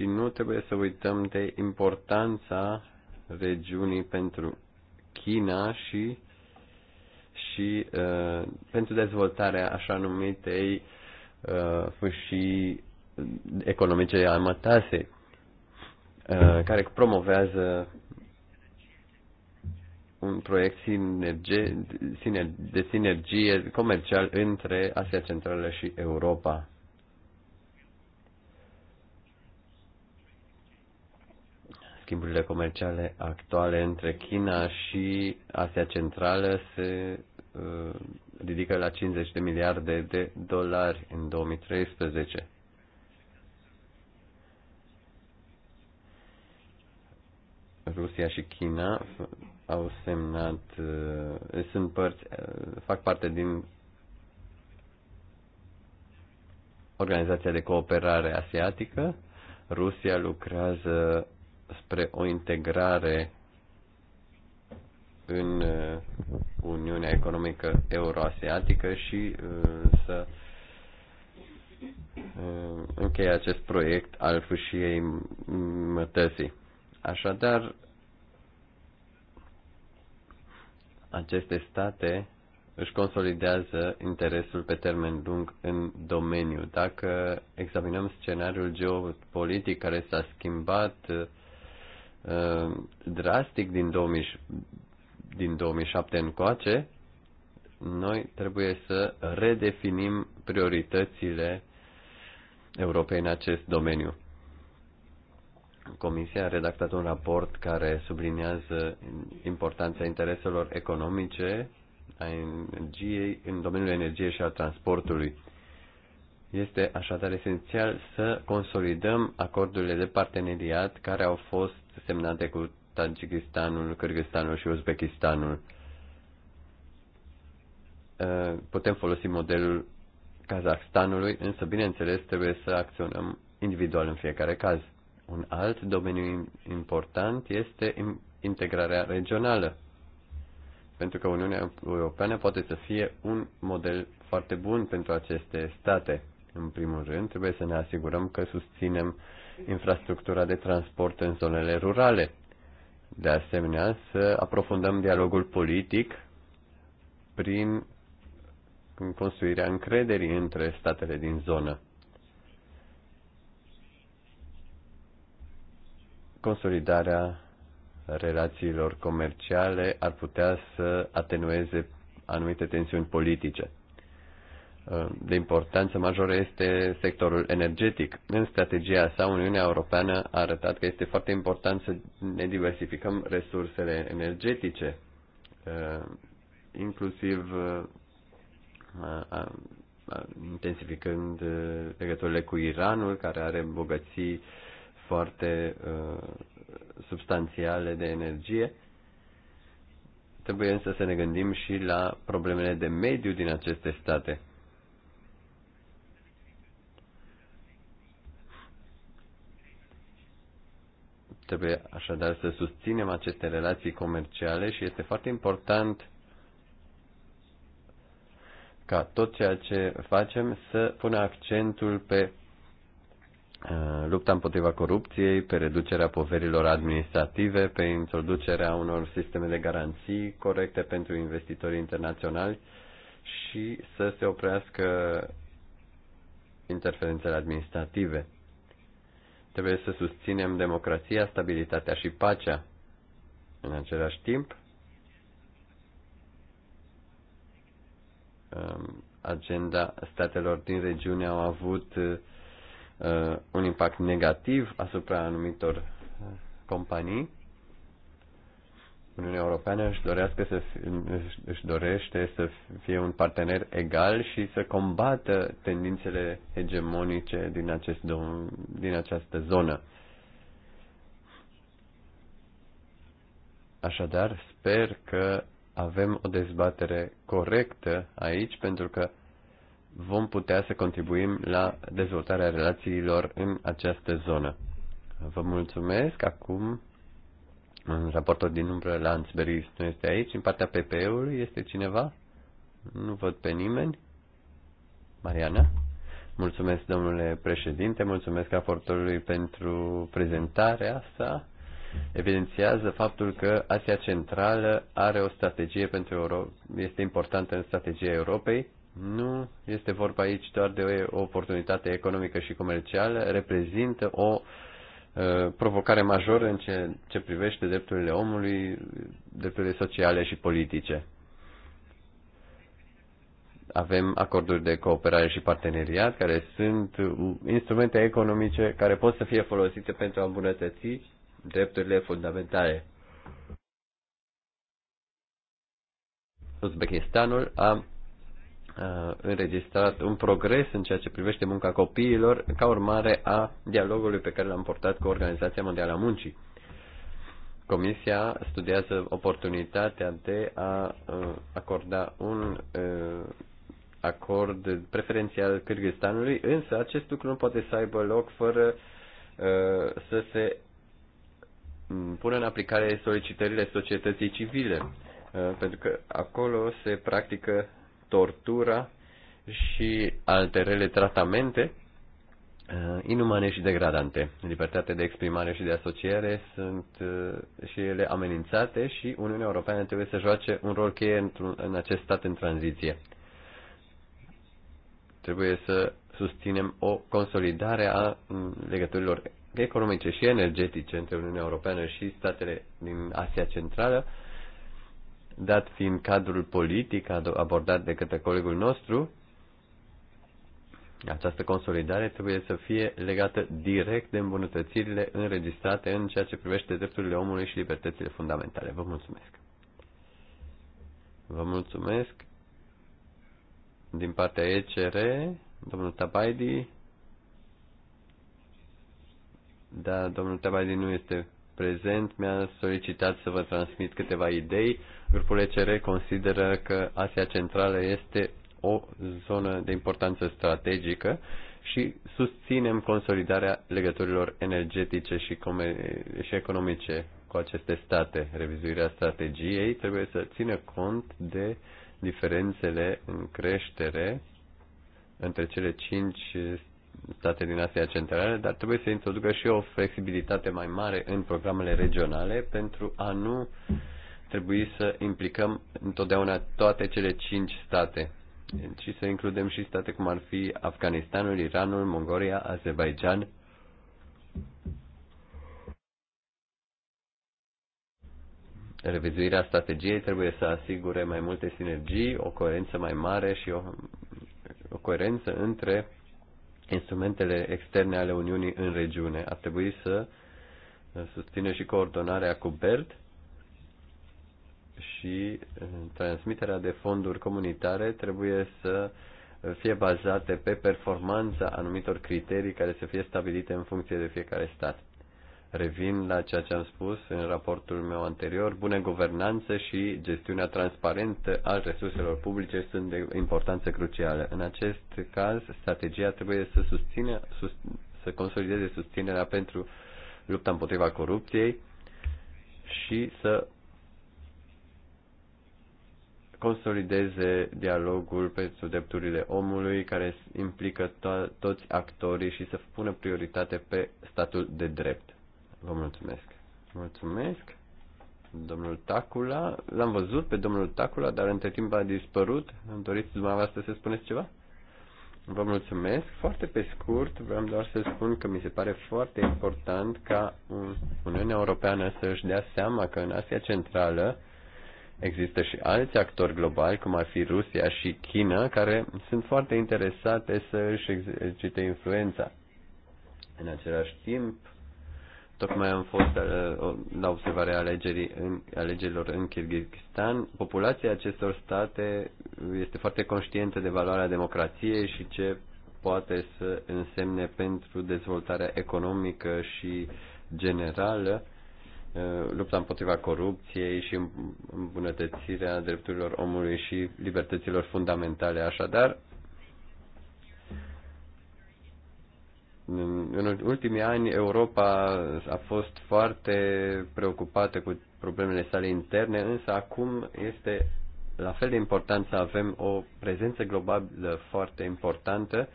și nu trebuie să uităm de importanța regiunii pentru China și și uh, pentru dezvoltarea așa numitei uh, fâșii economice a mătasei, uh, care promovează un proiect sinergie, de sinergie comercial între Asia Centrală și Europa. schimburile comerciale actuale între China și Asia Centrală se uh, ridică la 50 de miliarde de dolari în 2013. Rusia și China au semnat, uh, sunt părți, uh, fac parte din Organizația de Cooperare Asiatică. Rusia lucrează spre o integrare în uh, Uniunea Economică Euroasiatică și uh, să uh, încheie acest proiect al fâșiei mătăsii. Așadar, aceste state își consolidează interesul pe termen lung în domeniu. Dacă examinăm scenariul geopolitic care s-a schimbat Uh, drastic din, 2000, din 2007 încoace, noi trebuie să redefinim prioritățile Europei în acest domeniu. Comisia a redactat un raport care subliniază importanța intereselor economice a energiei în domeniul energiei și al transportului. Este așadar esențial să consolidăm acordurile de parteneriat care au fost semnate cu Tajikistanul, Kyrgyzstanul și Uzbekistanul. Putem folosi modelul Kazahstanului, însă, bineînțeles, trebuie să acționăm individual în fiecare caz. Un alt domeniu important este integrarea regională, pentru că Uniunea Europeană poate să fie un model foarte bun pentru aceste state. În primul rând, trebuie să ne asigurăm că susținem uh, infrastructura de transport în zonele rurale. De asemenea, să aprofundăm dialogul politic prin construirea încrederii între statele din zonă. Consolidarea relațiilor comerciale ar putea să atenueze anumite tensiuni politice. Uh, de importanță majoră este sectorul energetic. În strategia sa, Uniunea Europeană a arătat că este foarte important să ne diversificăm resursele energetice, uh, inclusiv uh, intensificând legăturile cu Iranul, care are bogății foarte substanțiale de energie. Trebuie însă să ne gândim și la problemele de mediu din aceste state Trebuie așadar să susținem aceste relații comerciale și este foarte important ca tot ceea ce facem să pună accentul pe uh, lupta împotriva corupției, pe reducerea poverilor administrative, pe introducerea unor sisteme de garanții corecte pentru investitorii internaționali și să se oprească interferențele administrative. Trebuie să susținem democrația, stabilitatea și pacea. În același timp, um, agenda statelor din regiune au avut uh, uh, un impact negativ asupra anumitor uh, companii Uniunea Europeană își, dorească să fie, își dorește să fie un partener egal și să combată tendințele hegemonice din, acest dom- din această zonă. Așadar, sper că avem o dezbatere corectă aici, pentru că vom putea să contribuim la dezvoltarea relațiilor în această zonă. Vă mulțumesc. Acum un raportor din umbră Lansbury nu este aici. În partea PPE-ului este cineva? Nu văd pe nimeni. Mariana? Mulțumesc, domnule președinte, mulțumesc raportorului pentru prezentarea asta. Evidențiază faptul că Asia Centrală are o strategie pentru Europa, este importantă în strategia Europei. Nu este vorba aici doar de o oportunitate economică și comercială, reprezintă o uh, Uh, provocare majoră în ce, ce privește drepturile omului, drepturile sociale și politice. Avem acorduri de cooperare și parteneriat, care sunt instrumente economice care pot să fie folosite pentru a îmbunătăți drepturile fundamentale. Uzbekistanul a înregistrat un progres în ceea ce privește munca copiilor ca urmare a dialogului pe care l-am portat cu Organizația Mondială a Muncii. Comisia studiază oportunitatea de a acorda un acord preferențial Kyrgyzstanului, însă acest lucru nu poate să aibă loc fără să se pună în aplicare solicitările societății civile, pentru că acolo se practică tortura și alte rele tratamente uh, inumane și degradante. Libertatea de exprimare și de asociere sunt uh, și ele amenințate și Uniunea Europeană trebuie să joace un rol cheie în acest stat în tranziție. Trebuie să susținem o consolidare a mm, legăturilor economice și energetice între Uniunea Europeană și statele din Asia Centrală, dat fiind cadrul politic abordat de către colegul nostru, această consolidare trebuie să fie legată direct de îmbunătățirile înregistrate în ceea ce privește drepturile omului și libertățile fundamentale. Vă mulțumesc! Vă mulțumesc! Din partea ECR, domnul Tabaidi. Da, domnul Tabaidi nu este prezent, mi-a solicitat să vă transmit câteva idei. Grupul ECR consideră că Asia Centrală este o zonă de importanță strategică și susținem consolidarea legăturilor energetice și, și economice cu aceste state. Revizuirea strategiei trebuie să țină cont de diferențele în creștere între cele cinci state din Asia Centrală, dar trebuie să introducă și o flexibilitate mai mare în programele regionale pentru a nu trebui să implicăm întotdeauna toate cele cinci state și să includem și state cum ar fi Afganistanul, Iranul, Mongolia, Azerbaijan. Revizuirea strategiei trebuie să asigure mai multe sinergii, o coerență mai mare și o, o coerență între instrumentele externe ale Uniunii în regiune. Ar trebui să susține și coordonarea cu BERT și transmiterea de fonduri comunitare trebuie să fie bazate pe performanța anumitor criterii care să fie stabilite în funcție de fiecare stat. Revin la ceea ce am spus în raportul meu anterior, bune guvernanță și gestiunea transparentă a resurselor publice sunt de importanță crucială. În acest caz, strategia trebuie să susține, sus, să consolideze susținerea pentru lupta împotriva corupției și să consolideze dialogul pentru drepturile omului care implică to- toți actorii și să pună prioritate pe statul de drept. Vă mulțumesc. Mulțumesc. Domnul Tacula, l-am văzut pe domnul Tacula, dar între timp a dispărut. Îmi doriți dumneavoastră să spuneți ceva? Vă mulțumesc. Foarte pe scurt, vreau doar să spun că mi se pare foarte important ca Uniunea Europeană să-și dea seama că în Asia Centrală Există și alți actori globali, cum ar fi Rusia și China, care sunt foarte interesate să își exercite influența. În același timp, tocmai am fost uh, la observarea alegerii în, alegerilor în Kyrgyzstan, Populația acestor state este foarte conștientă de valoarea democrației și ce poate să însemne pentru dezvoltarea economică și generală Eh, lupta împotriva corupției și îmbunătățirea drepturilor omului și libertăților fundamentale. Așadar, în ultimii ani Europa a fost foarte preocupată cu problemele sale interne, însă acum este la fel de important să avem o prezență globală foarte importantă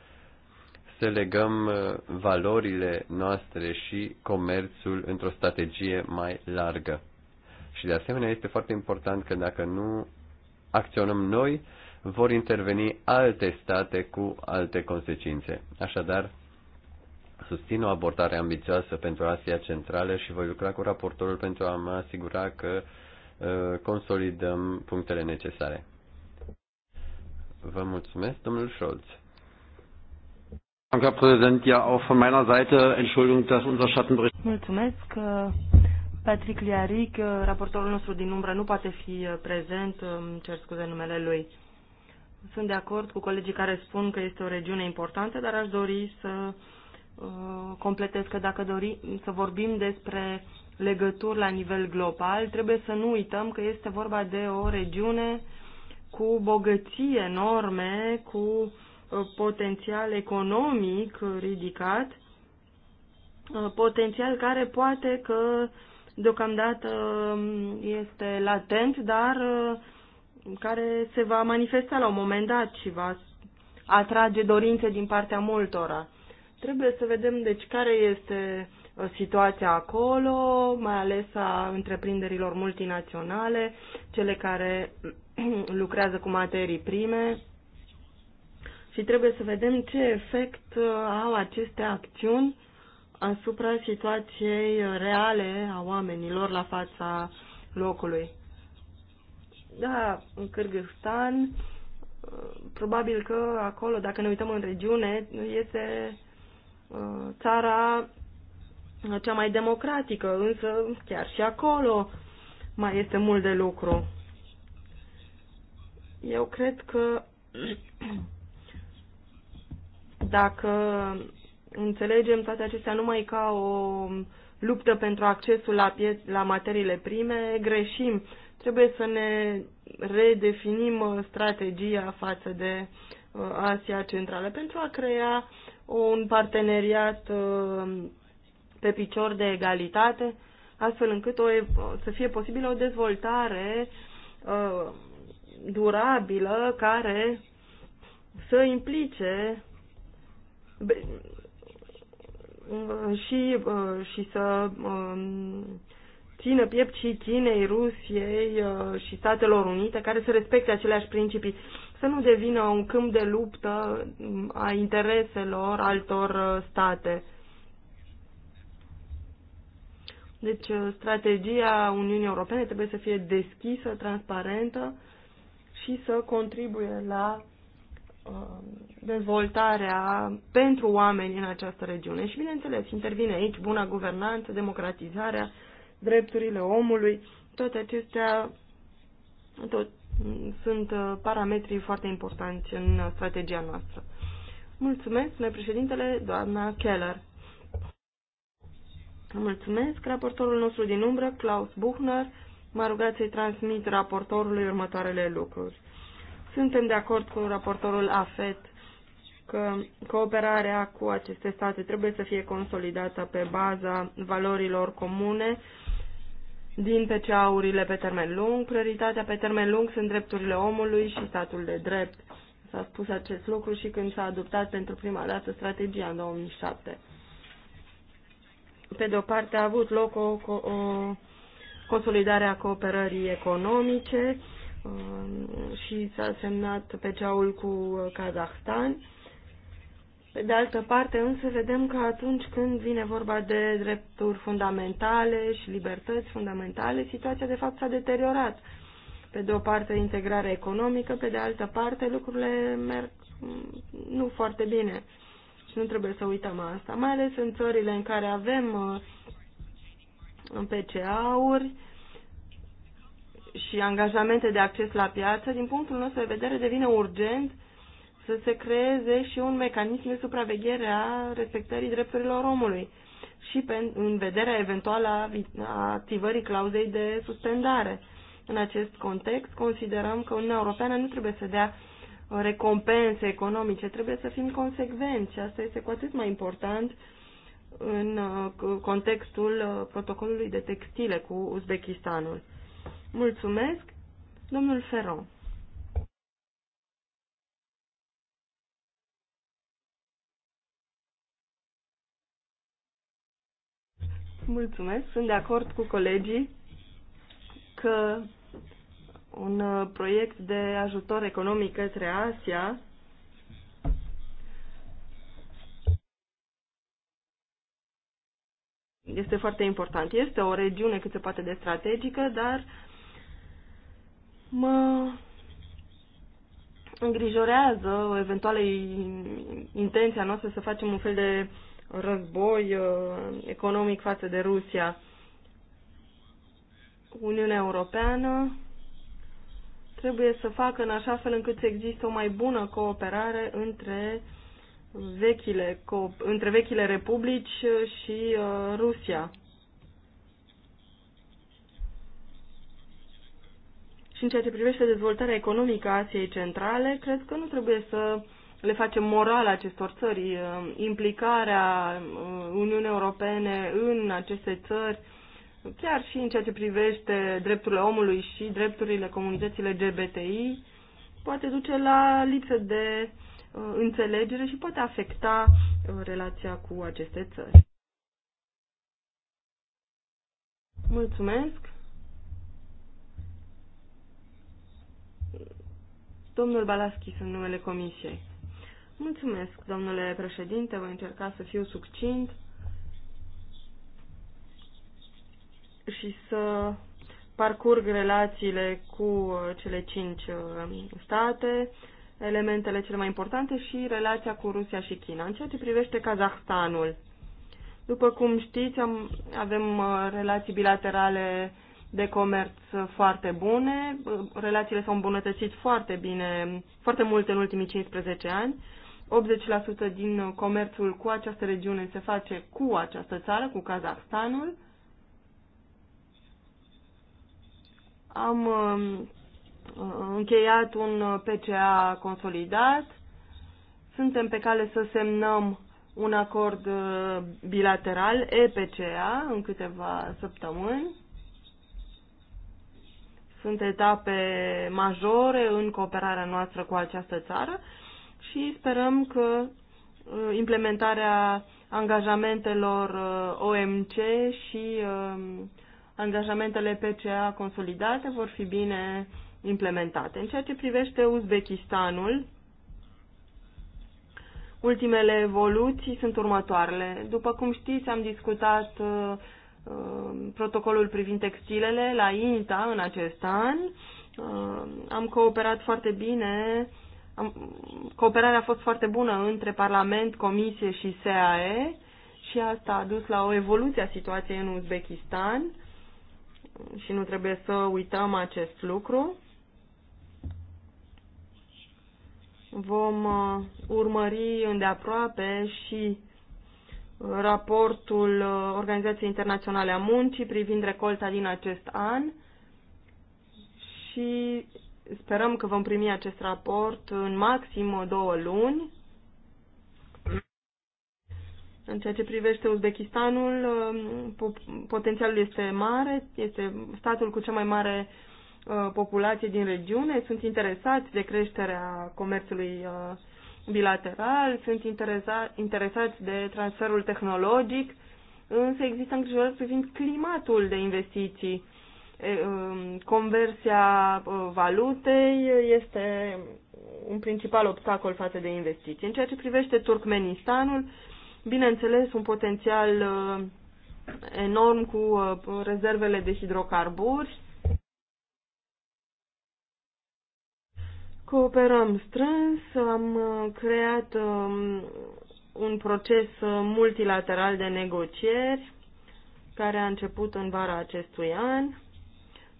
să legăm uh, valorile noastre și comerțul într-o strategie mai largă. Și de asemenea este foarte important că dacă nu acționăm noi, vor interveni alte state cu alte consecințe. Așadar, susțin o abordare ambițioasă pentru Asia Centrală și voi lucra cu raportorul pentru a mă asigura că uh, consolidăm punctele necesare. Vă mulțumesc, domnul Scholz. Danke, Herr Präsident. Ja, auch von meiner Seite Entschuldigung, dass unser Schattenbericht. Mulțumesc. Uh, Patrick Liaric, uh, raportorul nostru din umbră, nu poate fi uh, prezent, îmi cer scuze numele lui. Sunt de acord cu colegii care spun că este o regiune importantă, dar aș dori să completez că dacă dori să vorbim despre legături la nivel global, trebuie să nu uităm că este vorba de o regiune cu bogății enorme, cu uh, Uh, potențial economic ridicat, uh, potențial care poate că deocamdată um, este latent, dar uh, care se va manifesta la un moment dat și va atrage dorințe din partea multora. Trebuie să vedem, deci, care este situația acolo, mai ales a întreprinderilor multinaționale, cele care lucrează cu materii prime, și trebuie să vedem ce efect uh, au aceste acțiuni asupra situației uh, reale a oamenilor la fața locului. Da, în Kyrgyzstan, uh, probabil că acolo, dacă ne uităm în regiune, este țara cea mai democratică, însă chiar și acolo mai este mult de lucru. Eu cred că Dacă înțelegem toate acestea numai ca o luptă pentru accesul la, pie- la materiile prime, greșim. Trebuie să ne redefinim uh, strategia față de uh, Asia Centrală pentru a crea un parteneriat uh, pe picior de egalitate, astfel încât o, să fie posibilă o dezvoltare durabilă care să implice și, uh, și să um, țină piept și Chinei, Rusiei uh, și Statelor Unite care să respecte aceleași principii, să nu devină un câmp de luptă um, a intereselor altor uh, state. Deci strategia Uniunii Europene trebuie să fie deschisă, transparentă și să contribuie la Um, dezvoltarea pentru oameni în această regiune. Și, bineînțeles, intervine aici buna guvernanță, democratizarea, drepturile omului, toate acestea tot, sunt uh, parametrii foarte importanți în strategia noastră. Mulțumesc, spune președintele, doamna Keller. Mulțumesc, raportorul nostru din umbră, Klaus Buchner, m-a rugat să-i transmit raportorului următoarele lucruri. Suntem de acord cu raportorul AFET că cooperarea cu aceste state trebuie să fie consolidată pe baza valorilor comune din PCA-urile pe termen lung. Prioritatea pe termen lung sunt drepturile omului și statul de drept. S-a spus acest lucru și când s-a adoptat pentru prima dată strategia în 2007. Pe de o parte a avut loc o, o, o consolidare a cooperării economice, Uh, și s-a semnat pe ceaul cu Kazahstan. Pe de altă parte, însă, vedem că atunci când vine vorba de drepturi fundamentale și libertăți fundamentale, situația de fapt s-a deteriorat. Pe de o parte, integrarea economică, pe de altă parte, lucrurile merg mm, nu foarte bine. Și nu trebuie să uităm asta, mai ales în țările în care avem uh, PCA-uri, și angajamente de acces la piață, din punctul nostru de vedere devine urgent să se creeze și un mecanism de supraveghere a respectării drepturilor omului și pe, în vederea eventuală a, activării clauzei de suspendare. În acest context, considerăm că Uniunea Europeană nu trebuie să dea uh, recompense economice, trebuie să fim consecvenți și asta este cu atât mai important în uh, contextul uh, protocolului de textile cu Uzbekistanul. Mulțumesc, domnul Ferron. Mulțumesc, sunt de acord cu colegii că un uh, proiect de ajutor economic către Asia este foarte important. Este o regiune cât se poate de strategică, dar Mă îngrijorează o eventuală intenția noastră să facem un fel de război uh, economic față de Rusia. Uniunea Europeană trebuie să facă în așa fel încât să există o mai bună cooperare între vechile, între vechile republici și uh, Rusia. Și în ceea ce privește dezvoltarea economică a Asiei Centrale, cred că nu trebuie să le facem moral acestor țări. Uh, implicarea uh, Uniunii Europene în aceste țări, chiar și în ceea ce privește drepturile omului și drepturile comunității LGBTI, poate duce la lipsă de uh, înțelegere și poate afecta relația cu aceste țări. Mulțumesc! Domnul Balaschi sunt numele comisiei. Mulțumesc, domnule președinte, voi încerca să fiu succint și să parcurg relațiile cu cele cinci uh, state, elementele cele mai importante și relația cu Rusia și China. În ceea ce privește Kazahstanul, după cum știți, am, avem uh, relații bilaterale de comerț foarte bune, relațiile s-au îmbunătățit foarte bine, foarte mult în ultimii 15 ani. 80% din comerțul cu această regiune se face cu această țară, cu Kazahstanul. Am uh, încheiat un PCA consolidat. Suntem pe cale să semnăm un acord uh, bilateral, EPCA, în câteva săptămâni. Sunt etape majore în cooperarea noastră cu această țară și sperăm că uh, implementarea angajamentelor uh, OMC și uh, angajamentele PCA consolidate vor fi bine implementate. În ceea ce privește Uzbekistanul, ultimele evoluții sunt următoarele. După cum știți, am discutat Um, protocolul privind textilele la INTA în acest an. Um, am cooperat foarte bine, cooperarea a fost foarte bună între Parlament, Comisie și SAE și asta a dus la o evoluție a situației în Uzbekistan și nu trebuie să uităm acest lucru. Vom uh, urmări îndeaproape și uh, raportul uh, Organizației Internaționale a Muncii privind recolta din acest an și sperăm că vom primi acest raport în maxim două luni. În ceea ce privește Uzbekistanul, um, potențialul este mare, este statul cu cea mai mare uh, populație din regiune, sunt interesați de creșterea comerțului uh, bilateral, sunt interesa, interesați de transferul tehnologic, însă există îngrijorări privind climatul de investiții. Um, conversia uh, valutei este un principal obstacol față de investiții. În ceea ce privește Turkmenistanul, bineînțeles, un potențial uh, enorm cu uh, rezervele de hidrocarburi, Cooperăm strâns, am uh, creat um, un proces uh, multilateral de negocieri care a început în vara acestui an,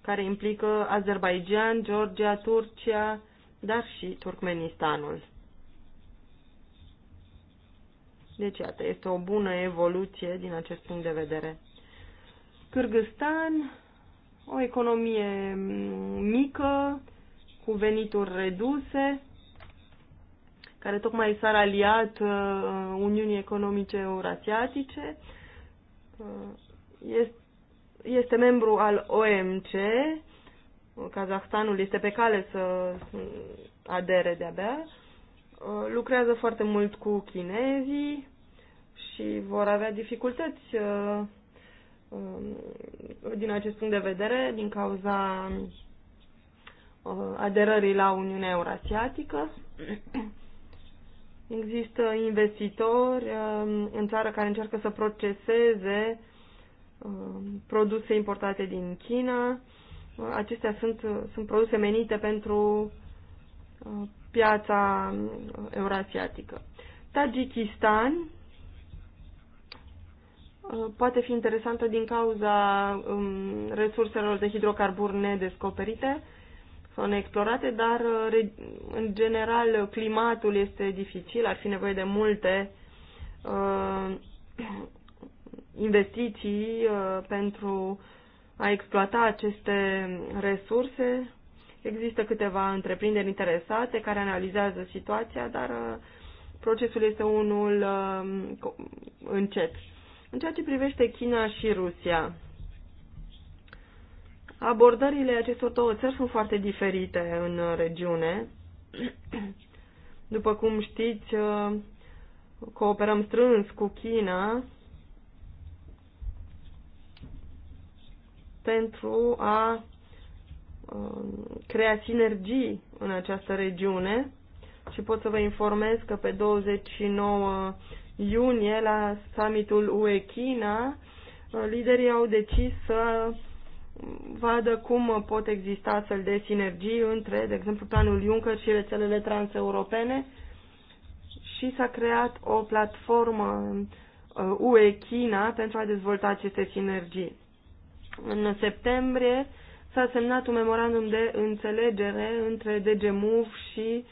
care implică Azerbaijan, Georgia, Turcia, dar și Turkmenistanul. Deci, iată, este o bună evoluție din acest punct de vedere. Kyrgyzstan, o economie mm, mică, cu venituri reduse, care tocmai s-a aliat uh, Uniunii Economice Eurasiatice. Uh, este membru al OMC. Kazahstanul este pe cale să adere de-abia. Uh, lucrează foarte mult cu chinezii și vor avea dificultăți um, din acest punct de vedere din cauza Uh, aderării la Uniunea Eurasiatică. Există investitori um, în țară care încearcă să proceseze um, produse importate din China. Uh, acestea sunt, uh, sunt produse menite pentru piața eurasiatică. Tajikistan poate fi interesantă din cauza um, resurselor de hidrocarburi nedescoperite. Sunt explorate, dar uh, în general climatul este dificil, ar fi nevoie de multe uh, investiții uh, pentru a exploata aceste resurse. Există câteva întreprinderi interesate care analizează situația, dar uh, procesul este unul uh, încet. În ceea ce privește China și Rusia, Abordările acestor două țări sunt foarte diferite în regiune. După cum știți, cooperăm strâns cu China pentru a um, crea sinergii în această regiune și pot să vă informez că pe 29 iunie la summitul UE China liderii au decis să vadă cum pot exista astfel de sinergii între, de exemplu, planul Juncker și rețelele transeuropene și s-a creat o platformă uh, UE-China pentru a dezvolta aceste sinergii. În septembrie s-a semnat un memorandum de înțelegere între DG Move și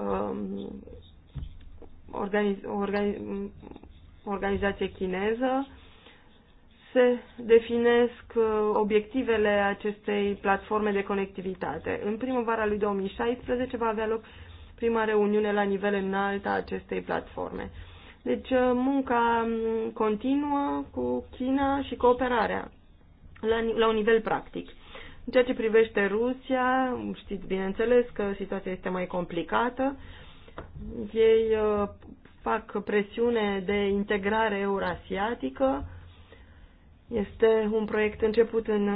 um, organiz, organiz, organizație chineză se definesc uh, obiectivele acestei platforme de conectivitate. În primăvara lui 2016 va avea loc prima reuniune la nivel înalt a acestei platforme. Deci uh, munca um, continuă cu China și cooperarea la, la un nivel practic. În ceea ce privește Rusia, știți bineînțeles că situația este mai complicată. Ei uh, fac presiune de integrare eurasiatică este un proiect început în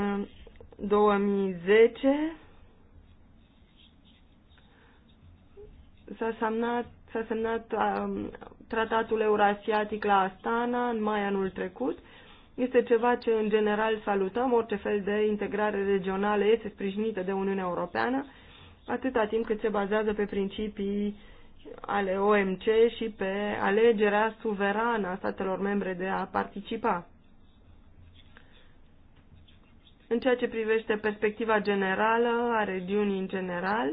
2010. Uh, s-a semnat, s-a semnat um, tratatul eurasiatic la Astana în mai anul trecut. Este ceva ce în general salutăm, orice fel de integrare regională este sprijinită de Uniunea Europeană, atâta timp cât se bazează pe principii ale OMC și pe alegerea suverană a statelor membre de a participa. În ceea ce privește perspectiva generală a regiunii în general,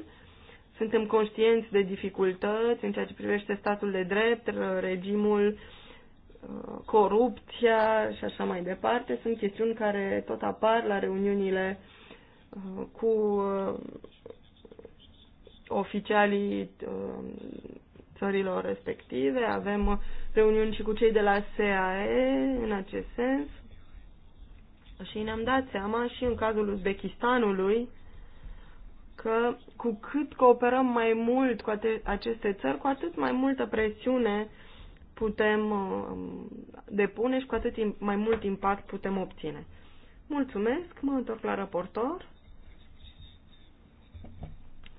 suntem conștienți de dificultăți în ceea ce privește statul de drept, regimul, uh, corupția și așa mai departe. Sunt chestiuni care tot apar la reuniunile uh, cu uh, oficialii țărilor respective. Avem reuniuni și cu cei de la SAE în acest sens. Și ne-am dat seama și în cazul Uzbekistanului că cu cât cooperăm mai mult cu aceste țări, cu atât mai multă presiune putem um, depune și cu atât mai mult impact putem obține. Mulțumesc, mă întorc la raportor.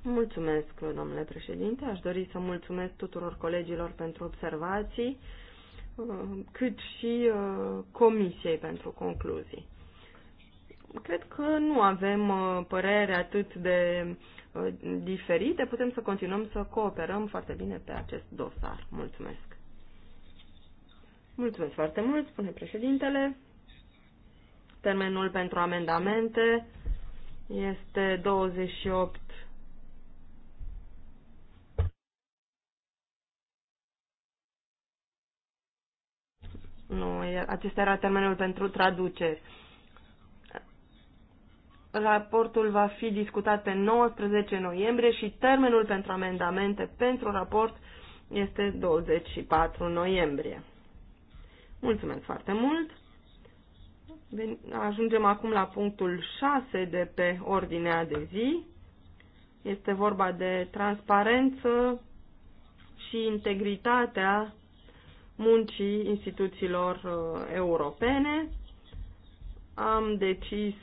Mulțumesc, domnule președinte. Aș dori să mulțumesc tuturor colegilor pentru observații, uh, cât și uh, comisiei pentru concluzii cred că nu avem uh, părere atât de uh, diferite. Putem să continuăm să cooperăm foarte bine pe acest dosar. Mulțumesc! Mulțumesc foarte mult, spune președintele. Termenul pentru amendamente este 28 Nu, acesta era termenul pentru traduceri. Raportul va fi discutat pe 19 noiembrie și termenul pentru amendamente pentru raport este 24 noiembrie. Mulțumesc foarte mult! Ajungem acum la punctul 6 de pe ordinea de zi. Este vorba de transparență și integritatea muncii instituțiilor uh, europene. Am decis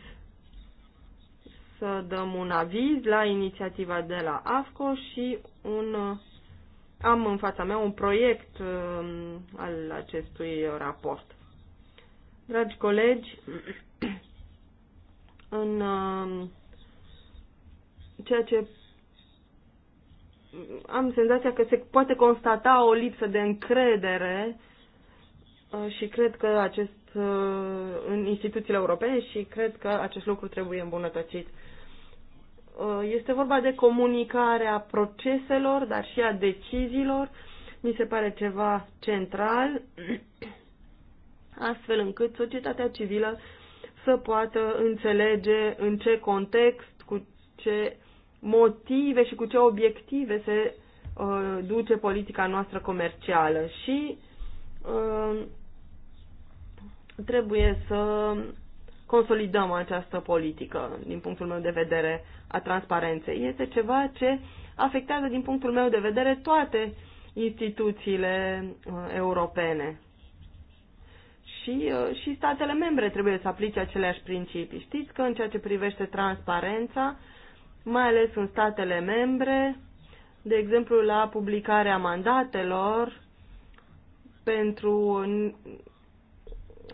să dăm un aviz la inițiativa de la AFCO și un, am în fața mea un proiect um, al acestui raport. Dragi colegi, în um, ceea ce am senzația că se poate constata o lipsă de încredere uh, și cred că acest uh, în instituțiile europene și cred că acest lucru trebuie îmbunătățit. Uh, este vorba de comunicarea proceselor, dar și a deciziilor. Mi se pare ceva central, astfel încât societatea civilă să poată înțelege în ce context, cu ce motive și cu ce obiective se uh, duce politica noastră comercială și uh, trebuie să consolidăm această politică, din punctul meu de vedere, a transparenței. Este ceva ce afectează, din punctul meu de vedere, toate instituțiile uh, europene. Și, uh, și statele membre trebuie să aplice aceleași principii. Știți că în ceea ce privește transparența, mai ales în statele membre, de exemplu la publicarea mandatelor pentru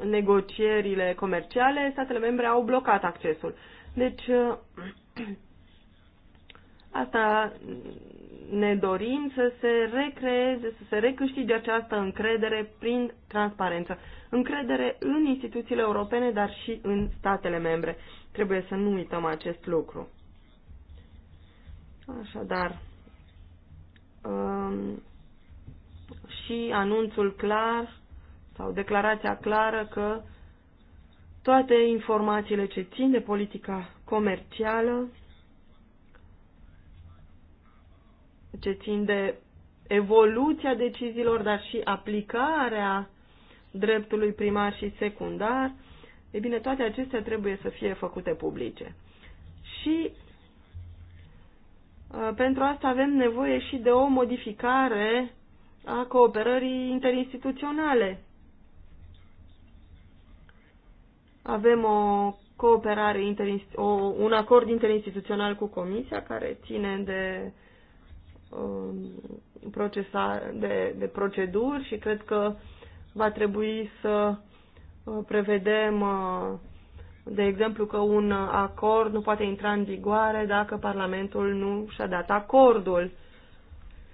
negocierile comerciale, statele membre au blocat accesul. Deci, asta ne dorim să se recreeze, să se recâștige această încredere prin transparență. Încredere în instituțiile europene, dar și în statele membre. Trebuie să nu uităm acest lucru. Așadar, um, și anunțul clar sau declarația clară că toate informațiile ce țin de politica comercială, ce țin de evoluția deciziilor, dar și aplicarea dreptului primar și secundar, e bine, toate acestea trebuie să fie făcute publice. Și ă, pentru asta avem nevoie și de o modificare a cooperării interinstituționale. Avem o cooperare, o, un acord interinstituțional cu Comisia care ține de um, procesa, de, de proceduri și cred că va trebui să uh, prevedem, uh, de exemplu, că un acord nu poate intra în vigoare dacă Parlamentul nu și-a dat acordul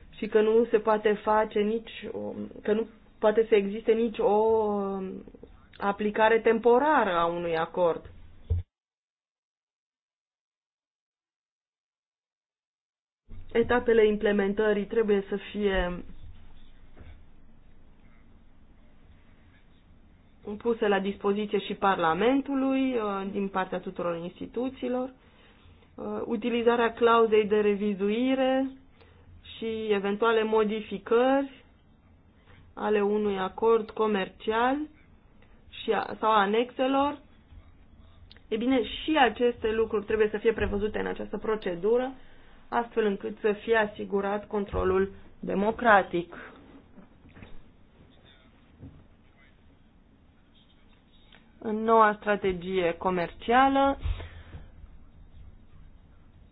și că nu se poate face nici, că nu poate să existe nici o um, aplicare temporară a unui acord. Etapele implementării trebuie să fie puse la dispoziție și Parlamentului uh, din partea tuturor instituțiilor, uh, utilizarea clauzei de revizuire și eventuale modificări ale unui acord comercial și a, sau a anexelor. E bine, și aceste lucruri trebuie să fie prevăzute în această procedură, astfel încât să fie asigurat controlul democratic. În noua strategie comercială,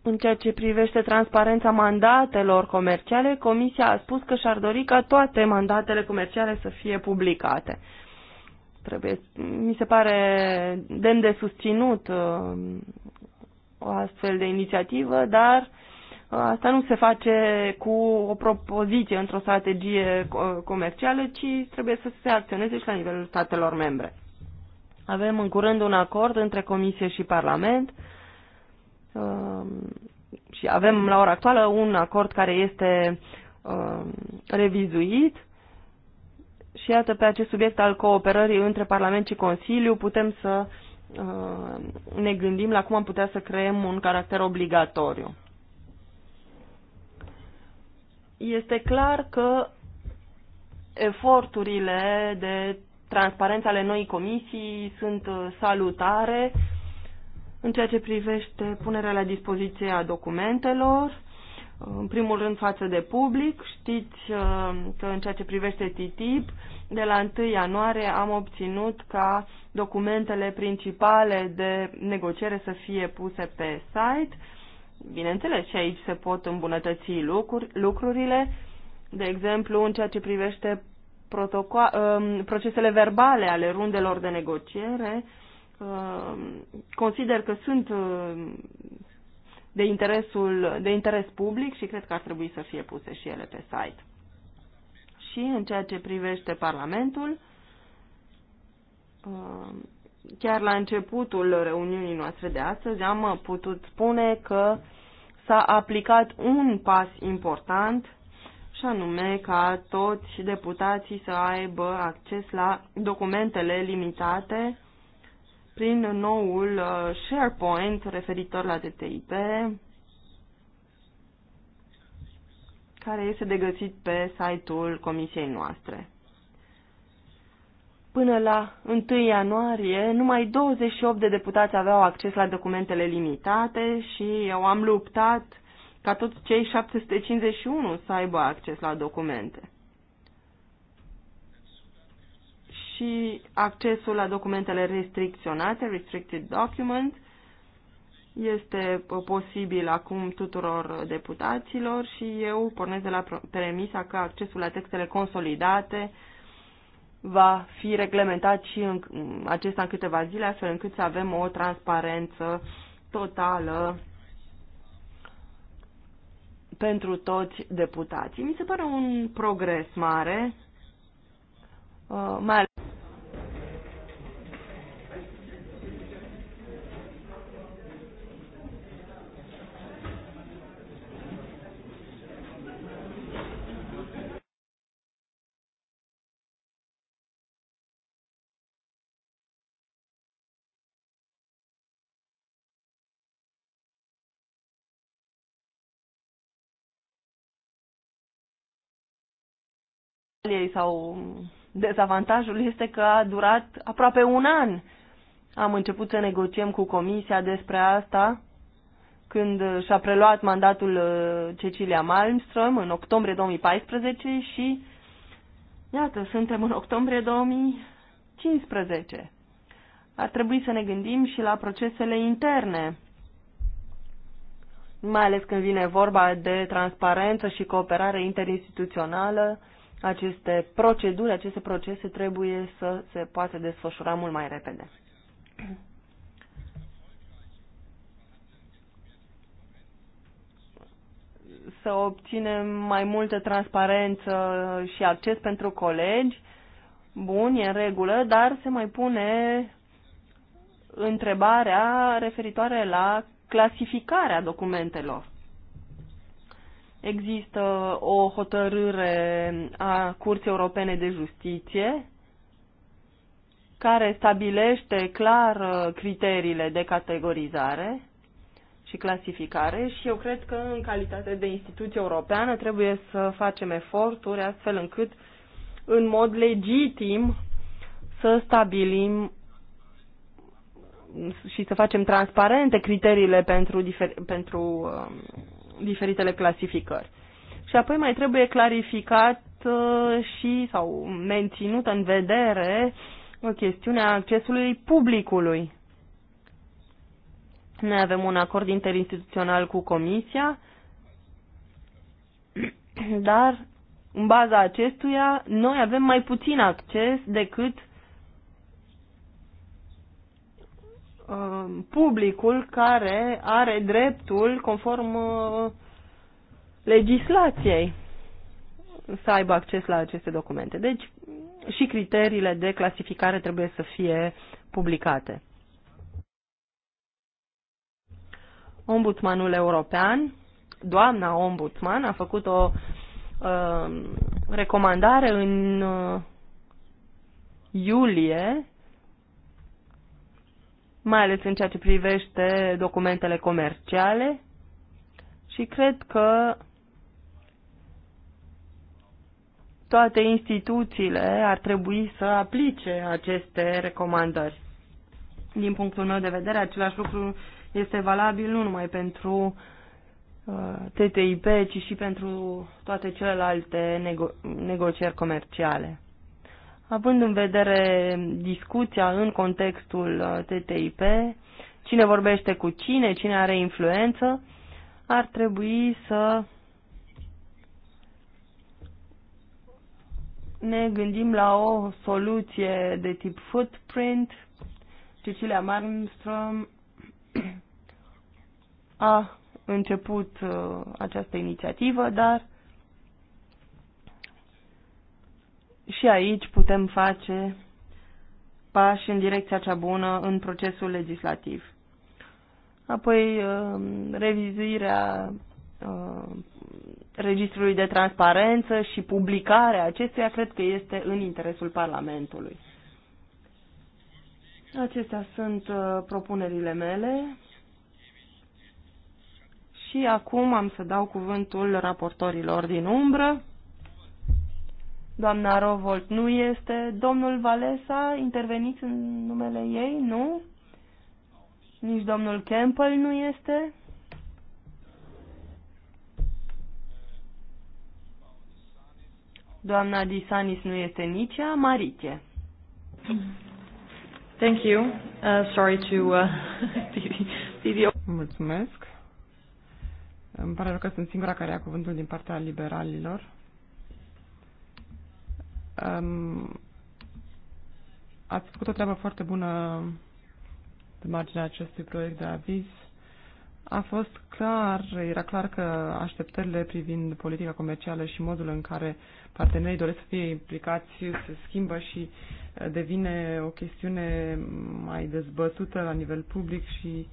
în ceea ce privește transparența mandatelor comerciale, Comisia a spus că și-ar dori ca toate mandatele comerciale să fie publicate. Trebuie, mi se pare demn de susținut uh, o astfel de inițiativă, dar uh, asta nu se face cu o propoziție într-o strategie uh, comercială, ci trebuie să se acționeze și la nivelul statelor membre. Avem în curând un acord între Comisie și Parlament um, și avem la ora actuală un acord care este um, revizuit și iată, pe acest subiect al cooperării între Parlament și Consiliu putem să uh, ne gândim la cum am putea să creăm un caracter obligatoriu. Este clar că eforturile de transparență ale noii comisii sunt uh, salutare în ceea ce privește punerea la dispoziție a documentelor în primul rând față de public. Știți uh, că în ceea ce privește TTIP, de la 1 ianuarie am obținut ca documentele principale de negociere să fie puse pe site. Bineînțeles, și aici se pot îmbunătăți lucruri, lucrurile, de exemplu, în ceea ce privește um, procesele verbale ale rundelor de negociere, um, consider că sunt um, de, interesul, de interes public și cred că ar trebui să fie puse și ele pe site. Și în ceea ce privește Parlamentul, um, chiar la începutul reuniunii noastre de astăzi am putut spune că s-a aplicat un pas important și anume ca toți deputații să aibă acces la documentele limitate prin noul uh, SharePoint referitor la TTIP, care este de găsit pe site-ul comisiei noastre. Până la 1 ianuarie, numai 28 de deputați aveau acces la documentele limitate și eu am luptat ca toți cei 751 să aibă acces la documente. și accesul la documentele restricționate, restricted documents, este uh, posibil acum tuturor deputaților și eu pornesc de la premisa că accesul la textele consolidate va fi reglementat și în, acesta în câteva zile, astfel încât să avem o transparență totală pentru toți deputații. Mi se pare un progres mare, uh, mai Italiei sau dezavantajul este că a durat aproape un an. Am început să negociem cu Comisia despre asta când și-a preluat mandatul uh, Cecilia Malmström în octombrie 2014 și iată, suntem în octombrie 2015. Ar trebui să ne gândim și la procesele interne, mai ales când vine vorba de transparență și cooperare interinstituțională, aceste proceduri, aceste procese trebuie să se poată desfășura mult mai repede. Să obținem mai multă transparență și acces pentru colegi, bun, e în regulă, dar se mai pune întrebarea referitoare la clasificarea documentelor. Există o hotărâre a Curții Europene de Justiție care stabilește clar uh, criteriile de categorizare și clasificare și eu cred că în calitate de instituție europeană trebuie să facem eforturi astfel încât în mod legitim să stabilim și să facem transparente criteriile pentru, difer- pentru um, diferitele clasificări. Și apoi mai trebuie clarificat uh, și sau menținut în vedere o uh, chestiune a accesului publicului. Noi avem un acord interinstituțional cu Comisia, dar în baza acestuia noi avem mai puțin acces decât Um, publicul care are dreptul, conform uh, legislației, să aibă acces la aceste documente. Deci și criteriile de clasificare trebuie să fie publicate. Ombudsmanul European, doamna ombudsman, a făcut o uh, recomandare în uh, iulie mai ales în ceea ce privește documentele comerciale și cred că toate instituțiile ar trebui să aplice aceste recomandări. Din punctul meu de vedere, același lucru este valabil nu numai pentru uh, TTIP, ci și pentru toate celelalte nego negocieri comerciale având în vedere discuția în contextul uh, TTIP, cine vorbește cu cine, cine are influență, ar trebui să ne gândim la o soluție de tip footprint. Cecilia Marmström a început uh, această inițiativă, dar și aici putem face pași în direcția cea bună în procesul legislativ. Apoi, um, revizuirea um, registrului de transparență și publicarea acestuia cred că este în interesul Parlamentului. Acestea sunt uh, propunerile mele. Și acum am să dau cuvântul raportorilor din umbră. Doamna Rovolt nu este. Domnul Valesa, interveniți în numele ei, nu? Nici domnul Campbell nu este. Doamna Disanis nu este nici ea, Marice. Thank you. Uh, sorry to uh, be the... Mulțumesc. Îmi pare rău că sunt singura care ia cuvântul din partea liberalilor. Um, ați făcut o treabă foarte bună pe marginea acestui proiect de aviz. A fost clar, era clar că așteptările privind politica comercială și modul în care partenerii doresc să fie implicați se schimbă și eh, devine o chestiune mai dezbătută la nivel public și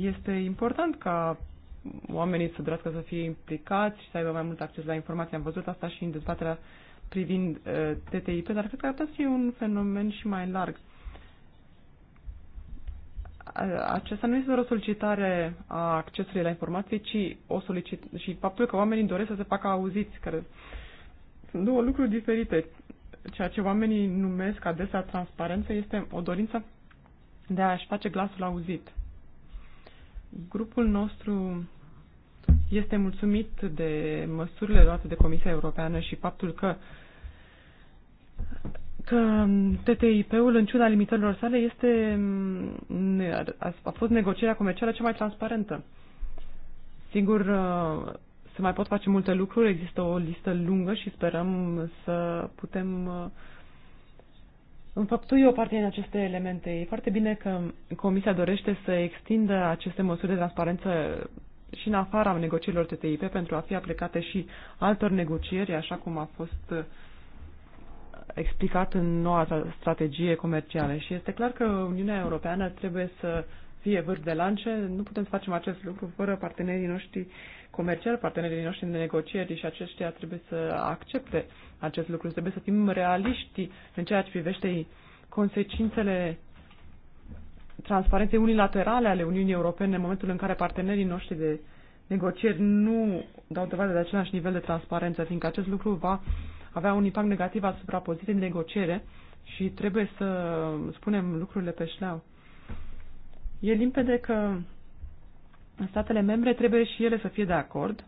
este important ca oamenii să dorească să fie implicați și să aibă mai mult acces la informații. Am văzut asta și în dezbaterea privind uh, TTIP, dar cred că ar putea fi un fenomen și mai larg. Acesta nu este doar o solicitare a accesului la informații, ci o solicit și faptul că oamenii doresc să se facă auziți, care sunt două lucruri diferite. Ceea ce oamenii numesc adesea transparență este o dorință de a-și face glasul auzit. Grupul nostru este mulțumit de măsurile luate de Comisia Europeană și faptul că că TTIP-ul, în ciuda limitărilor sale, este, a fost negocierea comercială cea mai transparentă. Sigur, uh, se mai pot face multe lucruri, există o listă lungă și sperăm să putem uh, înfăptui o parte din aceste elemente. E foarte bine că Comisia dorește să extindă aceste măsuri de transparență și în afara negocierilor TTIP pentru a fi aplicate și altor negocieri, așa cum a fost uh, explicat în noua strategie comercială. Și este clar că Uniunea Europeană trebuie să fie vârf de lance. Nu putem să facem acest lucru fără partenerii noștri comerciali, partenerii noștri de negocieri și aceștia trebuie să accepte acest lucru. Trebuie să fim realiști în ceea ce privește consecințele transparenței unilaterale ale Uniunii Europene în momentul în care partenerii noștri de negocieri nu dau dovadă de același nivel de transparență, fiindcă acest lucru va avea un impact negativ asupra poziției de negociere și trebuie să spunem lucrurile pe șleau. E limpede că statele membre trebuie și ele să fie de acord.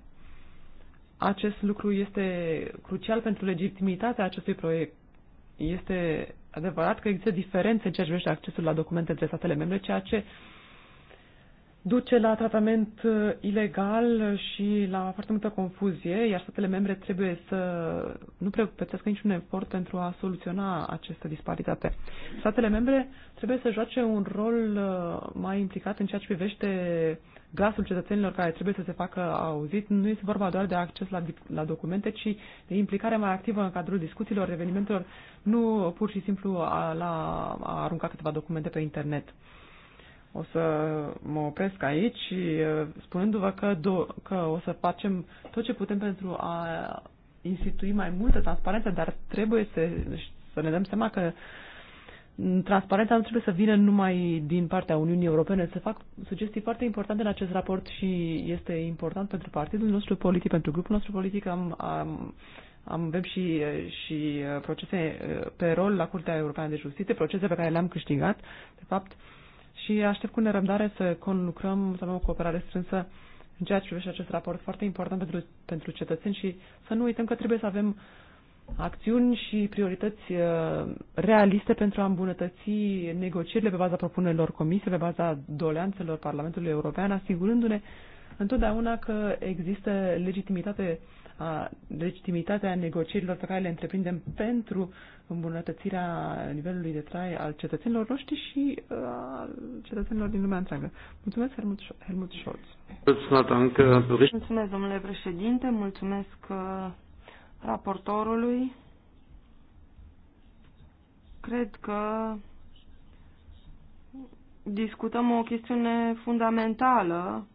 Acest lucru este crucial pentru legitimitatea acestui proiect este adevărat că există diferențe în ceea ce privește accesul la documente între statele membre, ceea ce duce la tratament uh, ilegal și la foarte multă confuzie, iar statele membre trebuie să nu preocupețească niciun efort pentru a soluționa această disparitate. Statele membre trebuie să joace un rol uh, mai implicat în ceea ce privește glasul cetățenilor care trebuie să se facă auzit. Nu este vorba doar de acces la, la documente, ci de implicare mai activă în cadrul discuțiilor, evenimentelor, nu pur și simplu a, la a arunca câteva documente pe internet. O să mă opresc aici uh, spunându-vă că, do- că o să facem tot ce putem pentru a institui mai multă transparență, dar trebuie să, să ne dăm seama că transparența nu trebuie să vină numai din partea Uniunii Europene. Se fac sugestii foarte importante în acest raport și este important pentru partidul nostru politic, pentru grupul nostru politic. Am, am, am avem și, și uh, procese uh, pe rol la Curtea Europeană de Justiție, procese pe care le-am câștigat, de fapt, și aștept cu nerăbdare să conlucrăm, să avem o cooperare strânsă în ceea ce privește acest raport foarte important pentru, pentru cetățeni și să nu uităm că trebuie să avem acțiuni și priorități uh, realiste pentru a îmbunătăți negocierile pe baza propunerilor comise, pe baza doleanțelor Parlamentului European, asigurându-ne întotdeauna că există legitimitate legitimitatea negocierilor pe care le întreprindem pentru îmbunătățirea nivelului de trai al cetățenilor noștri și uh, al cetățenilor din lumea întreagă. Mulțumesc, Helmut, Helmut Scholz. Mulțumesc, domnule președinte, mulțumesc uh, raportorului. Cred că discutăm o chestiune fundamentală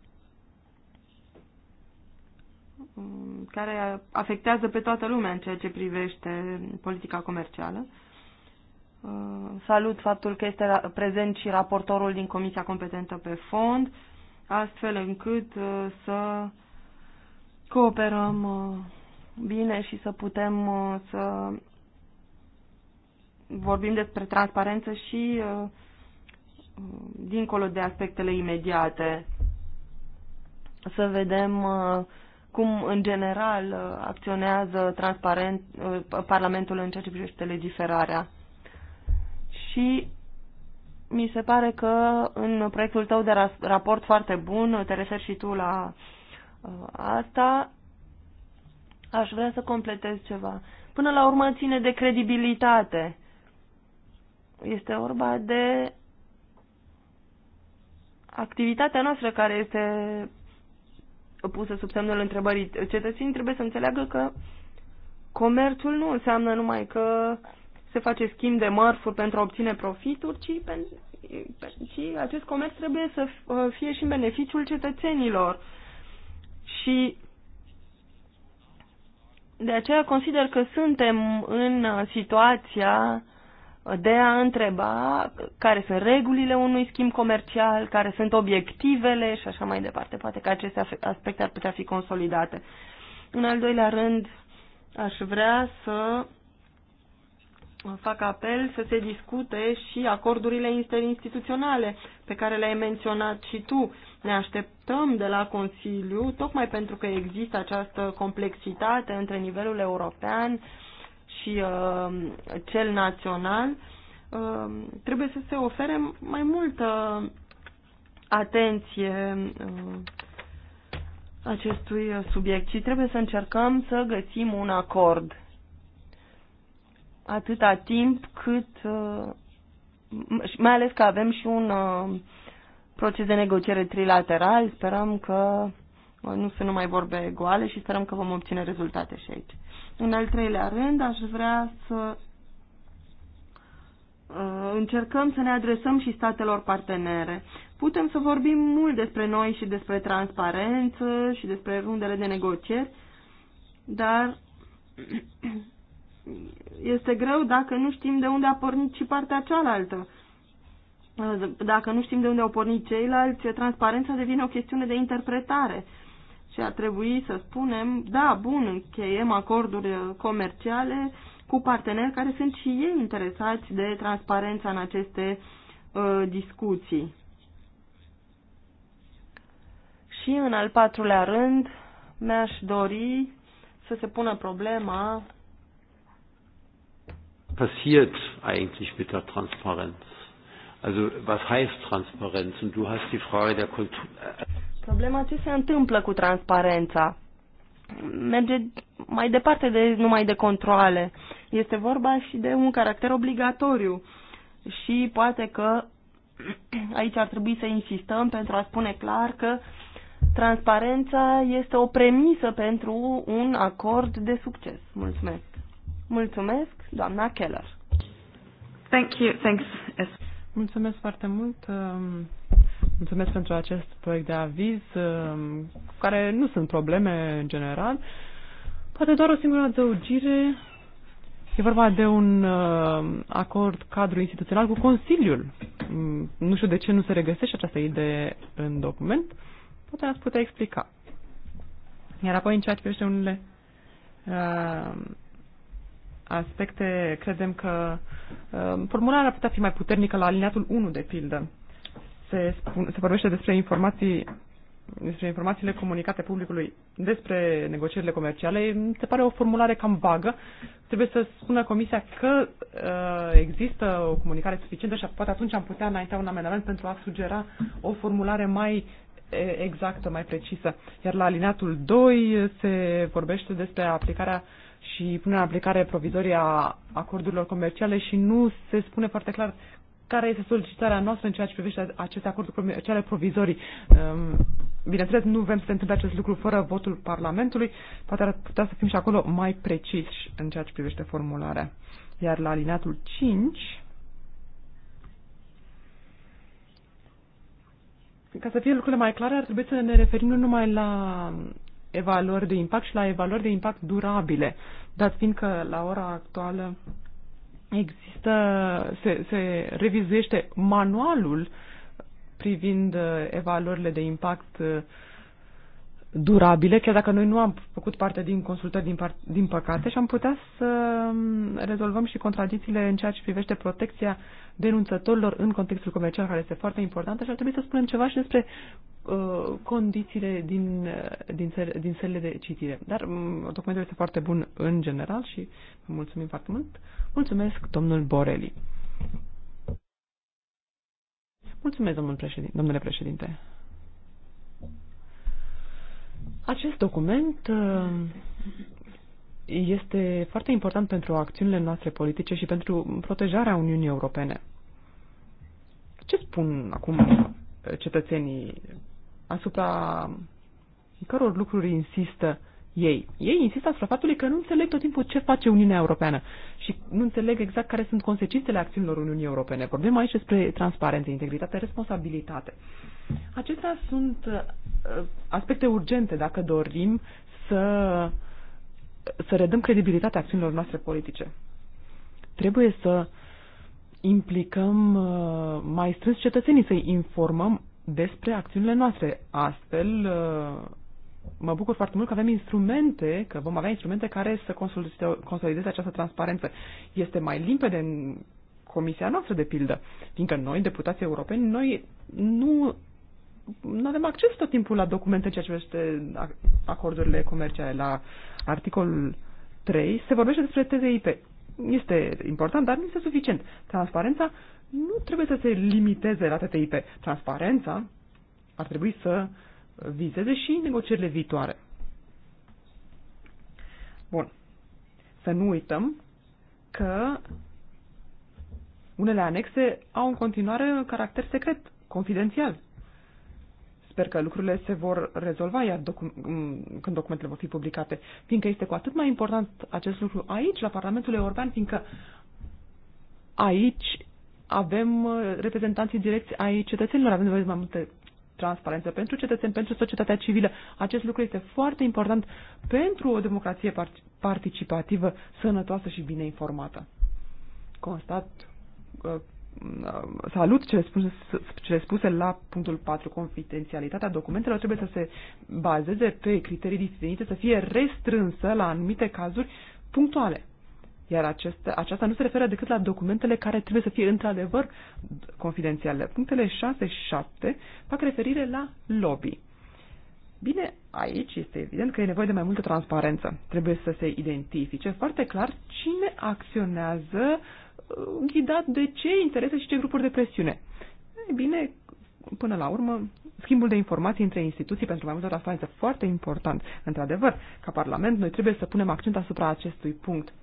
Um, care afectează pe toată lumea în ceea ce privește politica comercială. Uh, salut faptul că este prezent și raportorul din Comisia Competentă pe Fond, astfel încât uh, să cooperăm uh, bine și să putem să vorbim despre transparență și dincolo de aspectele imediate, să vedem cum în general uh, acționează transparent uh, Parlamentul în ceea ce privește legiferarea. Și mi se pare că în proiectul tău de raport foarte bun, uh, te referi și tu la asta, aș vrea să completez ceva. Până la urmă ține de credibilitate. Este vorba de activitatea noastră care este pusă sub semnul întrebării. Cetățenii trebuie să înțeleagă că comerțul nu înseamnă numai că se face schimb de mărfuri pentru a obține profituri, ci, ci acest comerț trebuie să uh, fie și în beneficiul cetățenilor. Și de aceea consider că suntem în uh, situația de a întreba care sunt regulile unui schimb comercial, care sunt obiectivele și așa mai departe. Poate că aceste aspecte ar putea fi consolidate. În al doilea rând, aș vrea să fac apel să se discute și acordurile interinstituționale pe care le-ai menționat și tu. Ne așteptăm de la Consiliu, tocmai pentru că există această complexitate între nivelul european, și uh, cel național, uh, trebuie să se ofere mai multă atenție uh, acestui subiect și trebuie să încercăm să găsim un acord atâta timp cât, uh, mai ales că avem și un uh, proces de negociere trilateral, sperăm că nu se numai vorbe goale și sperăm că vom obține rezultate și aici. În al treilea rând, aș vrea să uh, încercăm să ne adresăm și statelor partenere. Putem să vorbim mult despre noi și despre transparență și despre rundele de negocieri, dar este greu dacă nu știm de unde a pornit și partea cealaltă. Uh, dacă nu știm de unde au pornit ceilalți, transparența devine o chestiune de interpretare și ar trebui să spunem, da, bun, încheiem acorduri comerciale cu parteneri care sunt și ei interesați de transparența în aceste uh, discuții. Și în al patrulea rând, mi-aș dori să se pună problema passiert eigentlich mit der Transparenz? Also was heißt Transparenz? Und du hast die Frage der Kultur. Problema ce se întâmplă cu transparența merge mai departe de numai de controle. Este vorba și de un caracter obligatoriu. Și poate că aici ar trebui să insistăm pentru a spune clar că transparența este o premisă pentru un acord de succes. Mulțumesc. Mulțumesc, doamna Keller. Thank you. Thanks. Mulțumesc foarte mult. Um, Mulțumesc pentru acest proiect de aviz, cu um, care nu sunt probleme în general. Poate doar o singură adăugire. E vorba de un um, acord cadru instituțional cu Consiliul. Mm, nu știu de ce nu se regăsește această idee în document. Poate ați putea explica. Iar apoi, în ceea ce privește unele um, aspecte, credem că formularea ar putea fi mai puternică la aliniatul 1, de pildă se, spun, se vorbește despre informații despre informațiile comunicate publicului despre negocierile comerciale, se pare o formulare cam vagă. Trebuie să spună Comisia că uh, există o comunicare suficientă și poate atunci am putea înaintea un amendament pentru a sugera o formulare mai exactă, mai precisă. Iar la alineatul 2 se vorbește despre aplicarea și punerea în aplicare provizorie a acordurilor comerciale și nu se spune foarte clar care este solicitarea noastră în ceea ce privește aceste acorduri comerciale provizorii. Ehm, bineînțeles, nu vrem să se întâmple acest lucru fără votul Parlamentului, poate ar putea să fim și acolo mai preciși în ceea ce privește formularea. Iar la alineatul 5, ca să fie lucrurile mai clare, ar trebui să ne referim nu numai la evaluări de impact și la evaluări de impact durabile, dat fiindcă la ora actuală există, se, se revizuiește manualul privind uh, evaluările de impact uh, durabile, chiar dacă noi nu am făcut parte din consultări, din, din păcate, și am putea să mm, rezolvăm și contradicțiile în ceea ce privește protecția denunțătorilor în contextul comercial, care este foarte importantă și ar trebui să spunem ceva și despre uh, condițiile din, uh, din, din sările de citire. Dar mm, documentul este foarte bun în general și vă mulțumim foarte mult. Mulțumesc, domnul Borelli. Mulțumesc, domnul președin, domnule președinte. Acest document uh, este foarte important pentru acțiunile noastre politice și pentru protejarea Uniunii Europene. Ce spun acum uh, cetățenii asupra căror lucruri insistă ei. Ei insistă asupra faptului că nu înțeleg tot timpul ce face Uniunea Europeană și nu înțeleg exact care sunt consecințele acțiunilor Uniunii Europene. Vorbim aici despre transparență, integritate, responsabilitate. Acestea sunt uh, aspecte urgente dacă dorim să, să redăm credibilitatea acțiunilor noastre politice. Trebuie să implicăm uh, mai strâns cetățenii, să-i informăm despre acțiunile noastre. Astfel, uh, mă bucur foarte mult că avem instrumente, că vom avea instrumente care să consolideze această transparență. Este mai limpede în comisia noastră, de pildă, fiindcă noi, deputații europeni, noi nu nu avem acces tot timpul la documente ceea ce privește acordurile comerciale. La articolul 3 se vorbește despre TTIP. Este important, dar nu este suficient. Transparența nu trebuie să se limiteze la TTIP. Transparența ar trebui să uh, vizeze și negocierile viitoare. Bun. Să nu uităm că unele anexe au în continuare un caracter secret, confidențial. Sper că lucrurile se vor rezolva iar docu- când documentele vor fi publicate, fiindcă este cu atât mai important acest lucru aici, la Parlamentul European, fiindcă aici avem uh, reprezentanții direcți ai cetățenilor, avem nevoie de mai multe transparență pentru cetățeni, pentru societatea civilă. Acest lucru este foarte important pentru o democrație participativă, sănătoasă și bine informată. Constat, uh, uh, salut cele spuse, cele spuse la punctul 4. Confidențialitatea documentelor trebuie să se bazeze pe criterii diferite, să fie restrânsă la anumite cazuri punctuale. Iar acest, aceasta nu se referă decât la documentele care trebuie să fie într-adevăr confidențiale. Punctele 6 și 7 fac referire la lobby. Bine, aici este evident că e nevoie de mai multă transparență. Trebuie să se identifice foarte clar cine acționează ghidat uh, de ce interese și ce grupuri de presiune. E bine, până la urmă, schimbul de informații între instituții pentru mai multă transparență foarte important. Într-adevăr, ca Parlament, noi trebuie să punem accent asupra acestui punct.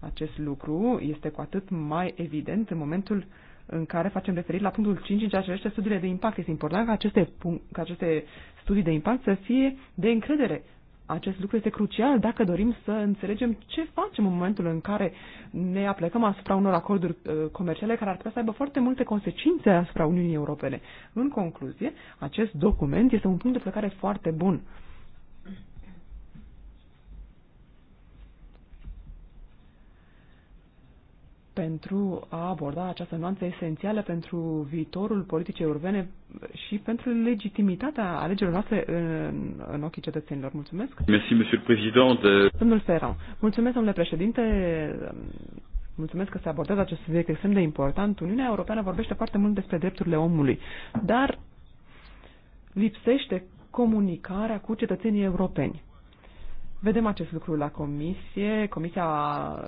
Acest lucru este cu atât mai evident în momentul în care facem referire la punctul 5 în ceea ce studiile de impact. Este important ca aceste, ca aceste studii de impact să fie de încredere. Acest lucru este crucial dacă dorim să înțelegem ce facem în momentul în care ne aplicăm asupra unor acorduri uh, comerciale care ar putea să aibă foarte multe consecințe asupra Uniunii Europene. În concluzie, acest document este un punct de plecare foarte bun. pentru a aborda această nuanță esențială pentru viitorul politicii urbane și pentru legitimitatea alegerilor noastre în, în ochii cetățenilor. Mulțumesc. Merci, monsieur le président. Domnul Ferran, mulțumesc, domnule președinte. Mulțumesc că se abordează acest subiect extrem de important. Uniunea Europeană vorbește foarte mult despre drepturile omului, dar lipsește comunicarea cu cetățenii europeni. Vedem acest lucru la comisie. Comisia,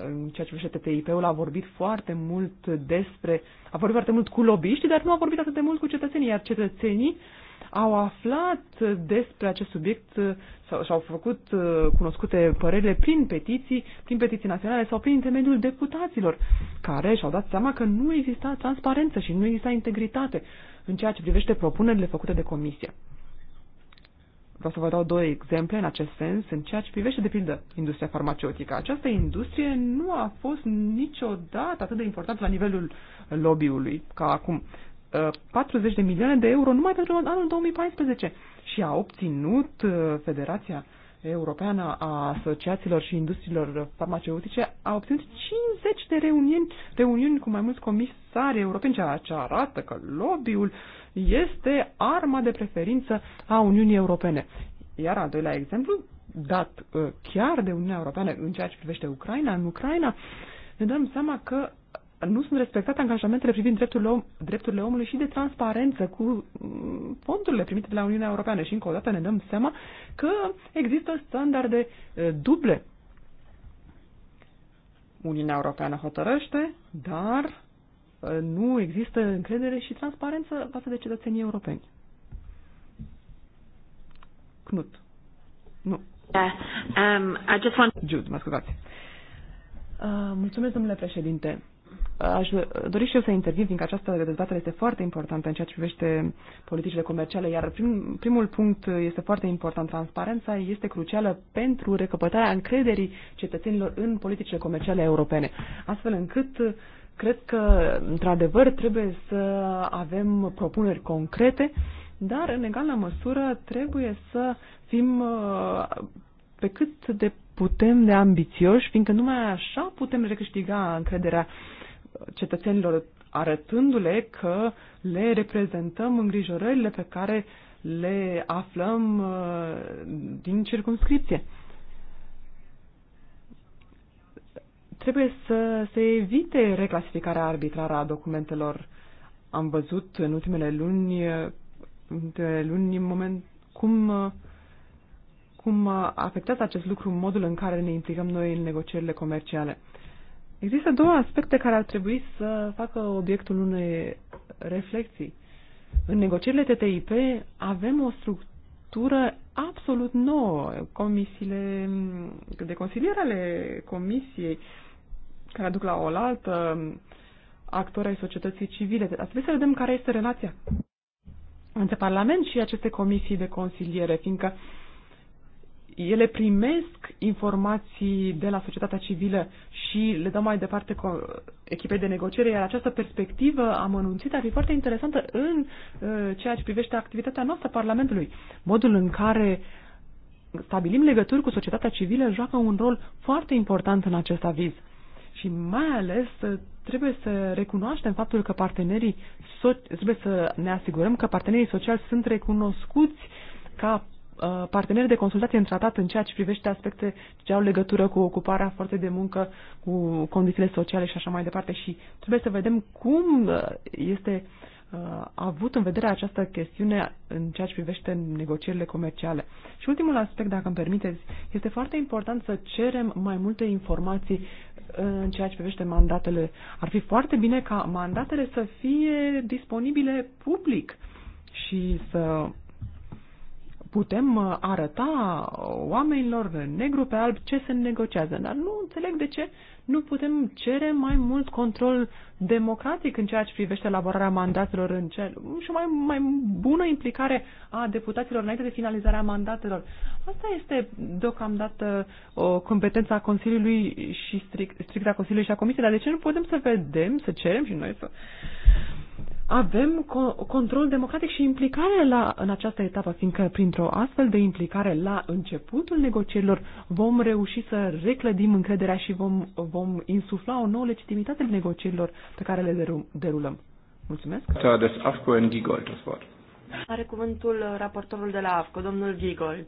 în ceea ce privește TTIP-ul, a vorbit foarte mult despre, a vorbit foarte mult cu lobiști, dar nu a vorbit atât de mult cu cetățenii, iar cetățenii au aflat despre acest subiect sau și-au făcut uh, cunoscute părerile prin petiții, prin petiții naționale sau prin intermediul deputaților, care și-au dat seama că nu exista transparență și nu exista integritate în ceea ce privește propunerile făcute de comisie. Vreau să vă dau două exemple în acest sens, în ceea ce privește, de pildă, industria farmaceutică. Această industrie nu a fost niciodată atât de importantă la nivelul lobby-ului ca acum. 40 uh, de milioane de euro numai pentru anul 2014 și a obținut uh, Federația Europeană a Asociațiilor și Industriilor Farmaceutice a obținut 50 de reuniuni, reuniuni cu mai mulți comisari europeni, ceea ce arată că lobby-ul uh, este arma de preferință a Uniunii Europene. Iar al doilea exemplu, dat uh, chiar de Uniunea Europeană în ceea ce privește Ucraina, în Ucraina ne dăm seama că nu sunt respectate angajamentele privind drepturile, om, drepturile omului și de transparență cu mm, fondurile primite de la Uniunea Europeană și încă o dată ne dăm seama că există standarde uh, duble. Uniunea Europeană hotărăște, dar nu există încredere și transparență față de cetățenii europeni. Knut. Nu. Uh, Um, I just want... Jude, mă scuzați. Uh, mulțumesc, domnule președinte. Aș dori și eu să intervin, fiindcă această dezbatere este foarte importantă în ceea ce privește politicile comerciale, iar prim, primul punct este foarte important. Transparența este crucială pentru recăpătarea încrederii cetățenilor în politicile comerciale europene, astfel încât Cred că, într-adevăr, trebuie să avem propuneri concrete, dar, în egală măsură, trebuie să fim uh, pe cât de putem de ambițioși, fiindcă numai așa putem recâștiga încrederea cetățenilor, arătându-le că le reprezentăm îngrijorările pe care le aflăm uh, din circumscripție. Trebuie să se evite reclasificarea arbitrară a documentelor. Am văzut în ultimele luni, în ultimele luni în moment, cum, cum afectează acest lucru modul în care ne implicăm noi în negocierile comerciale. Există două aspecte care ar trebui să facă obiectul unei reflexii. În negocierile TTIP avem o structură absolut nouă. Comisiile de consiliere ale comisiei care aduc la oaltă um, actori ai societății civile. Ar deci, trebui să vedem care este relația între Parlament și aceste comisii de consiliere, fiindcă ele primesc informații de la societatea civilă și le dau mai departe echipei de negociere, iar această perspectivă amănunțită ar fi foarte interesantă în uh, ceea ce privește activitatea noastră a Parlamentului. Modul în care stabilim legături cu societatea civilă joacă un rol foarte important în acest aviz și mai ales trebuie să recunoaștem faptul că partenerii so- trebuie să ne asigurăm că partenerii sociali sunt recunoscuți ca uh, parteneri de consultație în tratat în ceea ce privește aspecte ce au legătură cu ocuparea forței de muncă, cu condițiile sociale și așa mai departe și trebuie să vedem cum uh, este uh, a avut în vedere această chestiune în ceea ce privește negocierile comerciale. Și ultimul aspect, dacă îmi permiteți, este foarte important să cerem mai multe informații uh, în ceea ce privește mandatele. Ar fi foarte bine ca mandatele să fie disponibile public și să putem uh, arăta oamenilor negru pe alb ce se negociază, dar nu înțeleg de ce nu putem cere mai mult control democratic în ceea ce privește elaborarea mandatelor în cel și mai, mai bună implicare a deputaților înainte de finalizarea mandatelor. Asta este deocamdată o competență a Consiliului și strict, strict a Consiliului și a Comisiei, dar de ce nu putem să vedem, să cerem și noi să avem co- control democratic și implicare la, în această etapă, fiindcă printr-o astfel de implicare la începutul negocierilor vom reuși să reclădim încrederea și vom, vom insufla o nouă legitimitate în negocierilor pe care le deru- derulăm. Mulțumesc. Da, des Are cuvântul uh, raportorul de la AFCO, domnul Gigold.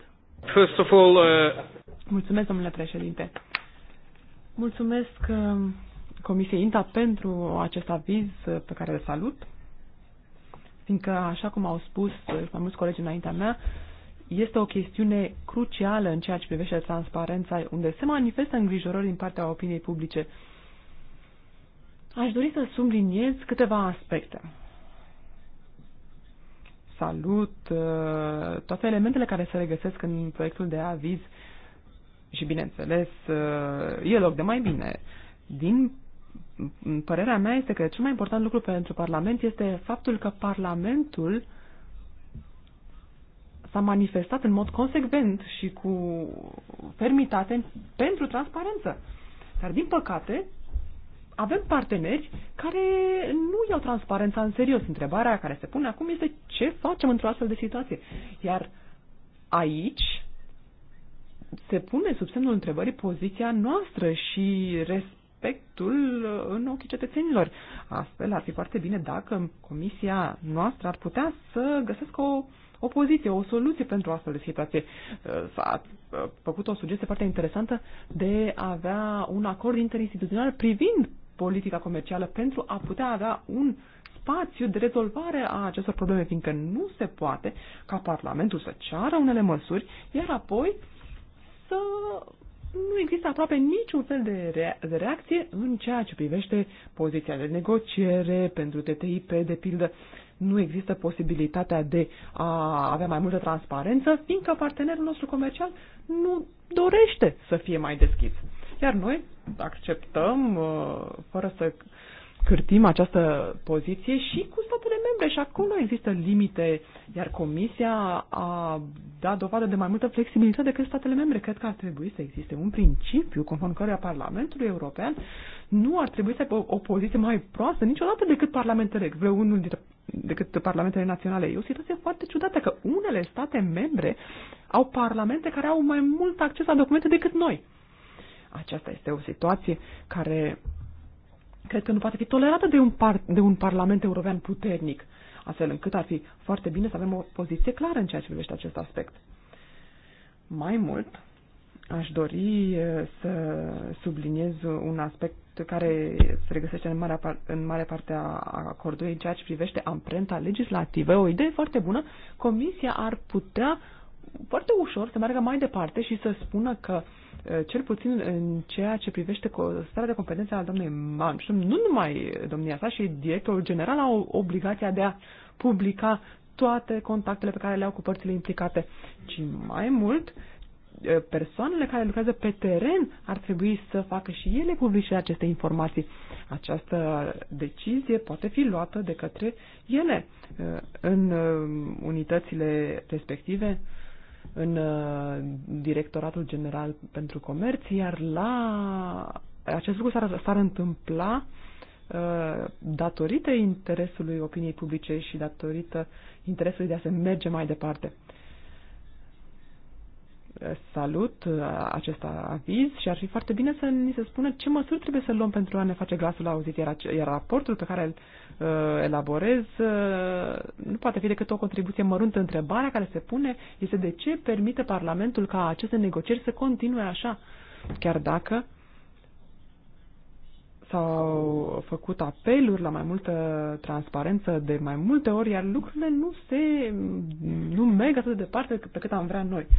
First of all, uh... Mulțumesc, domnule președinte. Mulțumesc uh, Comisiei INTA pentru acest aviz uh, pe care îl salut fiindcă, așa cum au spus mai mulți colegi înaintea mea, este o chestiune crucială în ceea ce privește transparența, unde se manifestă îngrijorări din partea opiniei publice. Aș dori să subliniez câteva aspecte. Salut uh, toate elementele care se regăsesc în proiectul de aviz și, bineînțeles, uh, e loc de mai bine. Din părerea mea este că cel mai important lucru pentru Parlament este faptul că Parlamentul s-a manifestat în mod consecvent și cu fermitate pentru transparență. Dar, din păcate, avem parteneri care nu iau transparența în serios. Întrebarea care se pune acum este ce facem într-o astfel de situație. Iar aici se pune sub semnul întrebării poziția noastră și respectul respectul uh, în ochii cetățenilor. Astfel ar fi foarte bine dacă comisia noastră ar putea să găsească o o poziție, o soluție pentru astfel de situație. Uh, s-a uh, făcut o sugestie foarte interesantă de a avea un acord interinstituțional privind politica comercială pentru a putea avea un spațiu de rezolvare a acestor probleme, fiindcă nu se poate ca Parlamentul să ceară unele măsuri, iar apoi să nu există aproape niciun fel de, rea- de reacție în ceea ce privește poziția de negociere pentru TTIP, de pildă. Nu există posibilitatea de a avea mai multă transparență, fiindcă partenerul nostru comercial nu dorește să fie mai deschis. Iar noi acceptăm, uh, fără să scârtim această poziție și cu statele membre și acolo există limite, iar Comisia a dat dovadă de mai multă flexibilitate decât statele membre. Cred că ar trebui să existe un principiu conform căruia Parlamentul European nu ar trebui să aibă o poziție mai proastă niciodată decât parlamentele, vreunul dintre decât parlamentele naționale. E o situație foarte ciudată că unele state membre au parlamente care au mai mult acces la documente decât noi. Aceasta este o situație care cred că nu poate fi tolerată de un, par, de un Parlament European puternic, astfel încât ar fi foarte bine să avem o poziție clară în ceea ce privește acest aspect. Mai mult, aș dori eh, să subliniez un aspect care se regăsește în mare par- în mare parte a acordului în ceea ce privește amprenta legislativă. O idee foarte bună. Comisia ar putea foarte ușor să meargă mai departe și să spună că uh, Eh, cel puțin în ceea ce privește starea de competență a domnului Malmström, nu numai domnia sa, și directorul general au obligația de a publica toate contactele pe care le au cu părțile implicate, ci mai mult eh, persoanele care lucrează pe teren ar trebui să facă și ele publice aceste informații. Această decizie poate fi luată de către ele eh, în unitățile respective în uh, Directoratul General pentru Comerț, iar la acest lucru s-ar, întâmpla uh, datorită interesului opiniei publice și datorită interesului de a se merge mai departe salut uh, acest aviz și ar fi foarte bine să ni se spună ce măsuri trebuie să luăm pentru a ne face glasul auzit, iar, iar raportul pe care îl uh, elaborez uh, nu poate fi decât o contribuție măruntă. Întrebarea care se pune este de ce permite Parlamentul ca aceste negocieri să continue așa, chiar dacă s-au făcut apeluri la mai multă transparență de mai multe ori, iar lucrurile nu se nu merg atât de departe pe cât am vrea noi. Uh,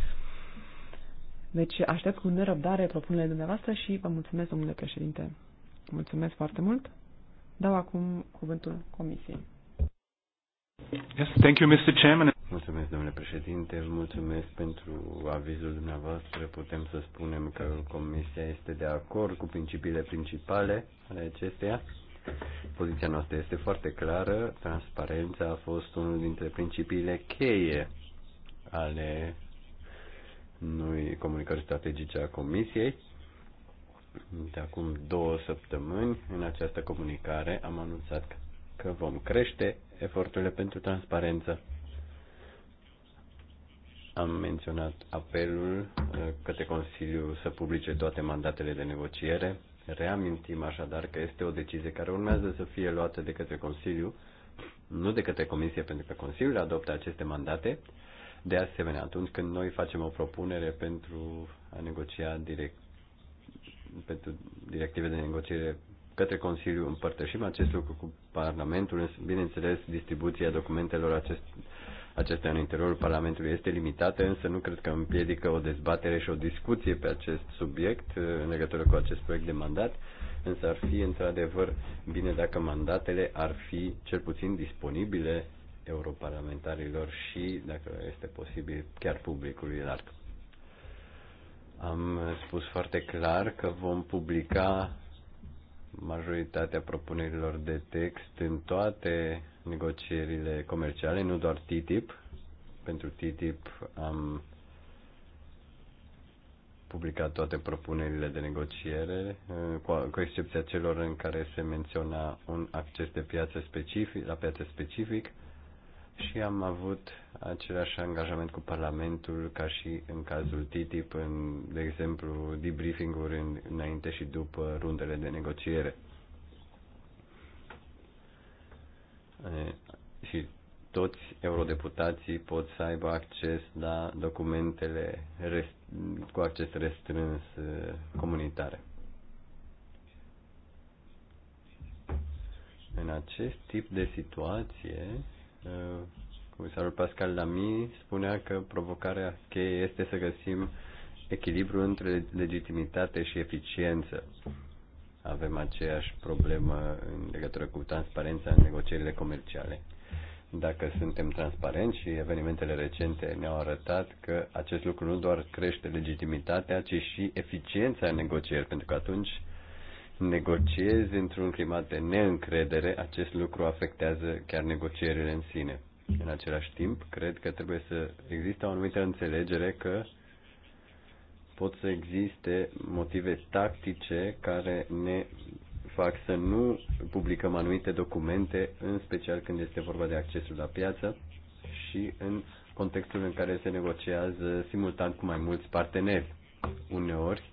deci aștept cu nerăbdare propunerile dumneavoastră și vă mulțumesc, domnule președinte. Mulțumesc foarte mult. Dau acum cuvântul comisiei. Yes, thank you, Mr. Chairman. Mulțumesc, domnule președinte, mulțumesc pentru avizul dumneavoastră. Putem să spunem că Comisia este de acord cu principiile principale ale acesteia. Poziția noastră este foarte clară. Transparența a fost unul dintre principiile cheie ale noi comunicări strategice a Comisiei. De acum două săptămâni, în această comunicare, am anunțat că vom crește eforturile pentru transparență. Am menționat apelul uh, către Consiliu să publice toate mandatele de negociere. Reamintim așadar că este o decizie care urmează să fie luată de către Consiliu, nu de către Comisie, pentru că Consiliul adoptă aceste mandate de asemenea, atunci când noi facem o propunere pentru a negocia direct, pentru directive de negociere către Consiliu, împărtășim acest lucru cu Parlamentul. Bineînțeles, distribuția documentelor acest, acestea în interiorul Parlamentului este limitată, însă nu cred că împiedică o dezbatere și o discuție pe acest subiect uh, în legătură cu acest proiect de mandat, însă ar fi într-adevăr bine dacă mandatele ar fi cel puțin disponibile europarlamentarilor și, dacă este posibil, chiar publicului larg. Am spus foarte clar că vom publica majoritatea propunerilor de text în toate negocierile comerciale, nu doar TTIP. Pentru TTIP am publicat toate propunerile de negociere, cu excepția celor în care se menționa un acces de piață specific, la piață specific și am avut același angajament cu Parlamentul ca și în cazul TTIP, în, de exemplu, debriefing-uri în, înainte și după rundele de negociere. E, și toți eurodeputații pot să aibă acces la documentele rest, cu acces restrâns comunitare. În acest tip de situație, Eh, comisarul Pascal Lamy spunea că provocarea cheie este să găsim echilibru între legitimitate și eficiență. Avem aceeași problemă în legătură cu transparența în negocierile comerciale. Dacă suntem transparenți și evenimentele recente ne-au arătat că acest lucru nu doar crește legitimitatea, ci și eficiența în negocieri, pentru că atunci negociezi într-un climat de neîncredere, acest lucru afectează chiar negocierile în sine. În același timp, cred că trebuie să există o anumită înțelegere că pot să existe motive tactice care ne fac să nu publicăm anumite documente, în special când este vorba de accesul la piață și în contextul în care se negociază simultan cu mai mulți parteneri. Uneori,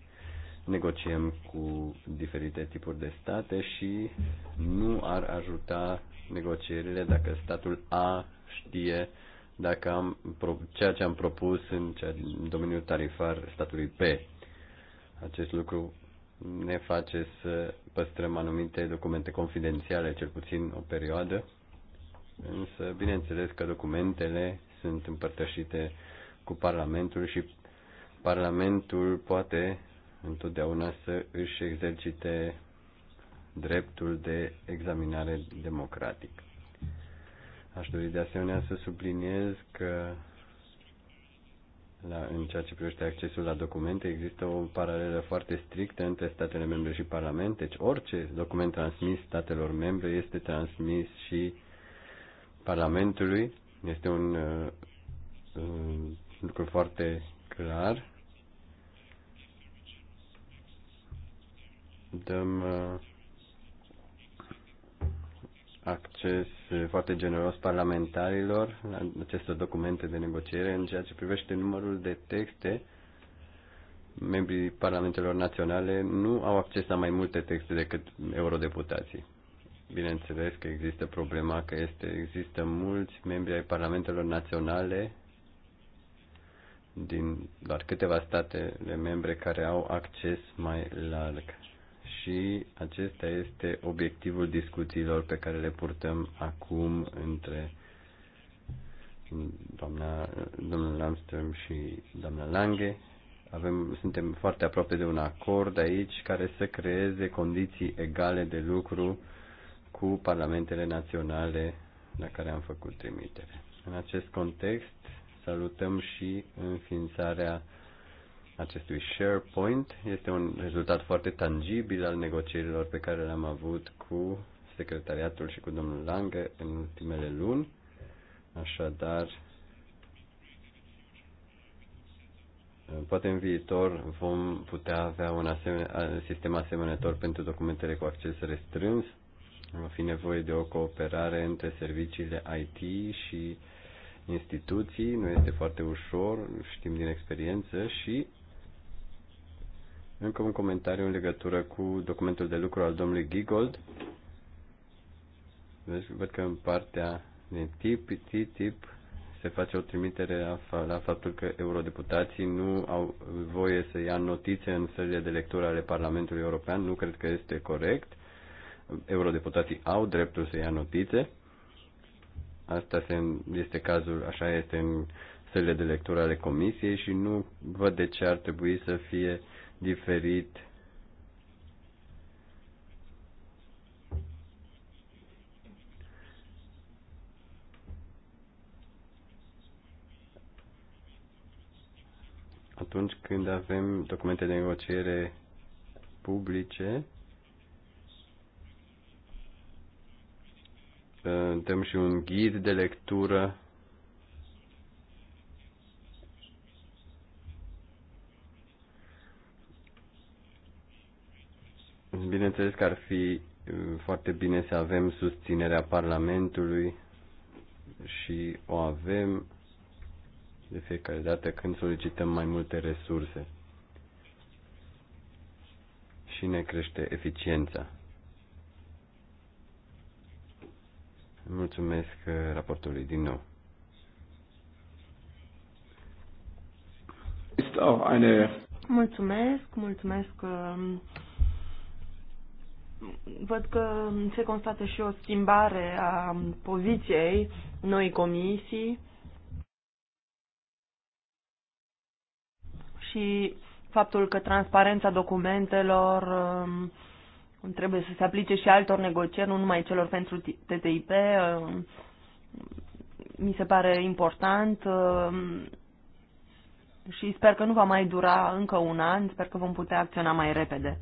negociem cu diferite tipuri de state și nu ar ajuta negocierile dacă statul A știe dacă am, ceea ce am propus în, ce, în domeniul tarifar statului B. Acest lucru ne face să păstrăm anumite documente confidențiale, cel puțin o perioadă, însă bineînțeles că documentele sunt împărtășite cu Parlamentul și Parlamentul poate întotdeauna să își exercite dreptul de examinare democratic. Aș dori de asemenea să subliniez că la, în ceea ce privește accesul la documente, există o paralelă foarte strictă între statele membre și Parlament, deci orice document transmis statelor membre este transmis și Parlamentului. Este un, uh, un lucru foarte clar dăm uh, acces foarte generos parlamentarilor la aceste documente de negociere în ceea ce privește numărul de texte. Membrii parlamentelor naționale nu au acces la mai multe texte decât eurodeputații. Bineînțeles că există problema că este, există mulți membri ai parlamentelor naționale din doar câteva statele membre care au acces mai larg și acesta este obiectivul discuțiilor pe care le purtăm acum între doamna, domnul Lamström și doamna Lange. Avem, suntem foarte aproape de un acord aici care să creeze condiții egale de lucru cu parlamentele naționale la care am făcut trimitere. În acest context, salutăm și înființarea acestui SharePoint este un rezultat foarte tangibil al negocierilor pe care le-am avut cu secretariatul și cu domnul Lange în ultimele luni. Așadar, poate în viitor vom putea avea un asemen- sistem asemănător pentru documentele cu acces restrâns. Va fi nevoie de o cooperare între serviciile IT și instituții. Nu este foarte ușor, știm din experiență și încă un comentariu în legătură cu documentul de lucru al domnului Gigold. Deci, văd că în partea din tip, tip, tip se face o trimitere la faptul că eurodeputații nu au voie să ia notițe în sările de lectură ale Parlamentului European. Nu cred că este corect. Eurodeputații au dreptul să ia notițe. Asta este cazul, așa este în sările de lectură ale Comisiei și nu văd de ce ar trebui să fie uh, diferit atunci când avem documente de negociere publice, dăm și un ghid de lectură Bineînțeles că ar fi uh, foarte bine să avem susținerea Parlamentului și o avem de fiecare dată când solicităm mai multe resurse și ne crește eficiența. Mulțumesc uh, raportului din nou. Mulțumesc, mulțumesc um, Văd că se constată și o schimbare a poziției noi comisii și faptul că transparența documentelor um, trebuie să se aplice și altor negocieri, nu numai celor pentru TTIP, um, mi se pare important um, și sper că nu va mai dura încă un an, sper că vom putea acționa mai repede.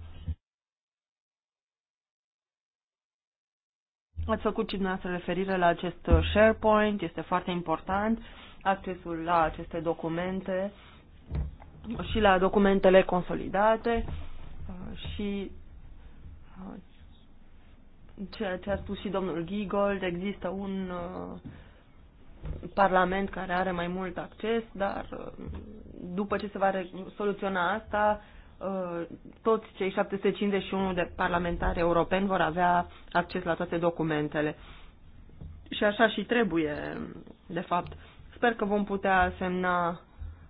Ați făcut și dumneavoastră referire la acest SharePoint, este foarte important accesul la aceste documente și la documentele consolidate uh, și uh, ceea ce a spus și domnul Gigold, există un uh, parlament care are mai mult acces, dar după ce se va soluționa asta, Uh, toți cei 751 de parlamentari europeni vor avea acces la toate documentele. Și așa și trebuie, de fapt. Sper că vom putea semna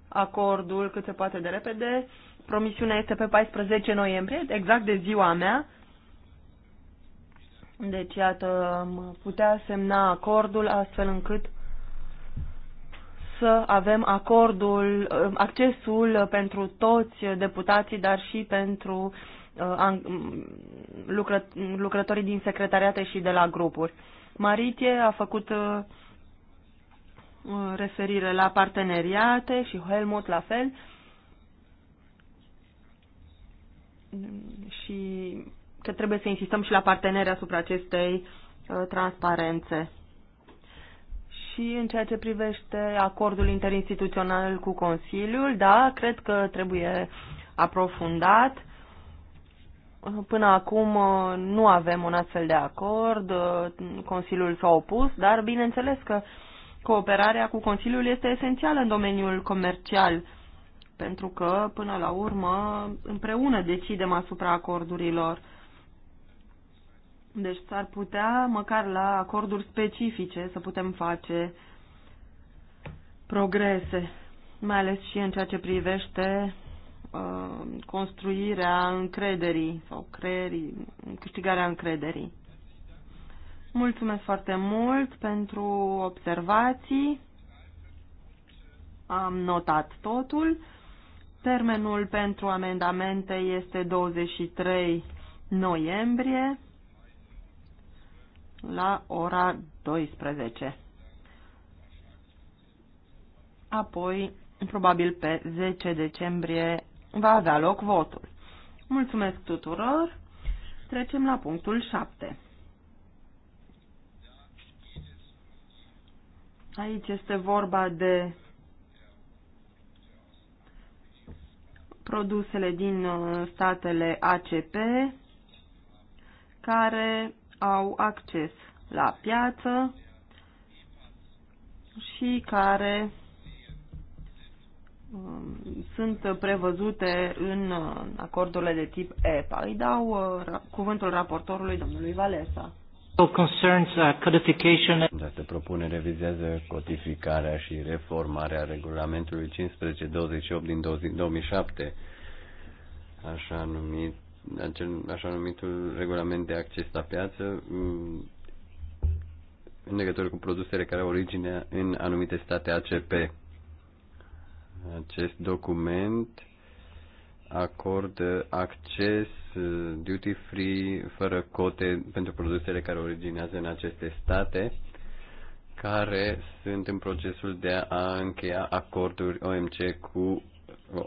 acordul cât se poate de repede. Promisiunea este pe 14 noiembrie, exact de ziua mea. Deci, iată, putea semna acordul astfel încât să avem acordul, uh, accesul pentru toți deputații, dar și pentru uh, lucrătorii din secretariate și de la grupuri. Maritie a făcut uh, referire la parteneriate și Helmut la fel. Și că trebuie să insistăm și la parteneri asupra acestei transparențe și în ceea ce privește acordul interinstituțional cu Consiliul, da, cred că trebuie aprofundat. Până acum uh, nu avem un astfel de acord, uh, Consiliul s-a opus, dar bineînțeles că cooperarea cu Consiliul este esențială în domeniul comercial, pentru că, până la urmă, împreună decidem asupra acordurilor deci s-ar putea, măcar la acorduri specifice, să putem face progrese, mai ales și în ceea ce privește uh, construirea încrederii sau creierii, câștigarea încrederii. Mulțumesc foarte mult pentru observații. Am notat totul. Termenul pentru amendamente este 23 noiembrie la ora 12. Apoi, probabil pe 10 decembrie, va avea loc votul. Mulțumesc tuturor! Trecem la punctul 7. Aici este vorba de produsele din uh, statele ACP care au acces la piață și care um, sunt prevăzute în uh, acordurile de tip EPA. Îi dau uh, cuvântul raportorului domnului Valesa. Uh, Această propunere vizează codificarea și reformarea regulamentului 1528 din 2007, așa numit acel așa numitul regulament de acces la piață mm, în legătură cu produsele care au origine în anumite state ACP. Acest document acordă acces mm, duty free fără cote pentru produsele care originează în aceste state care sunt în procesul de a încheia acorduri OMC cu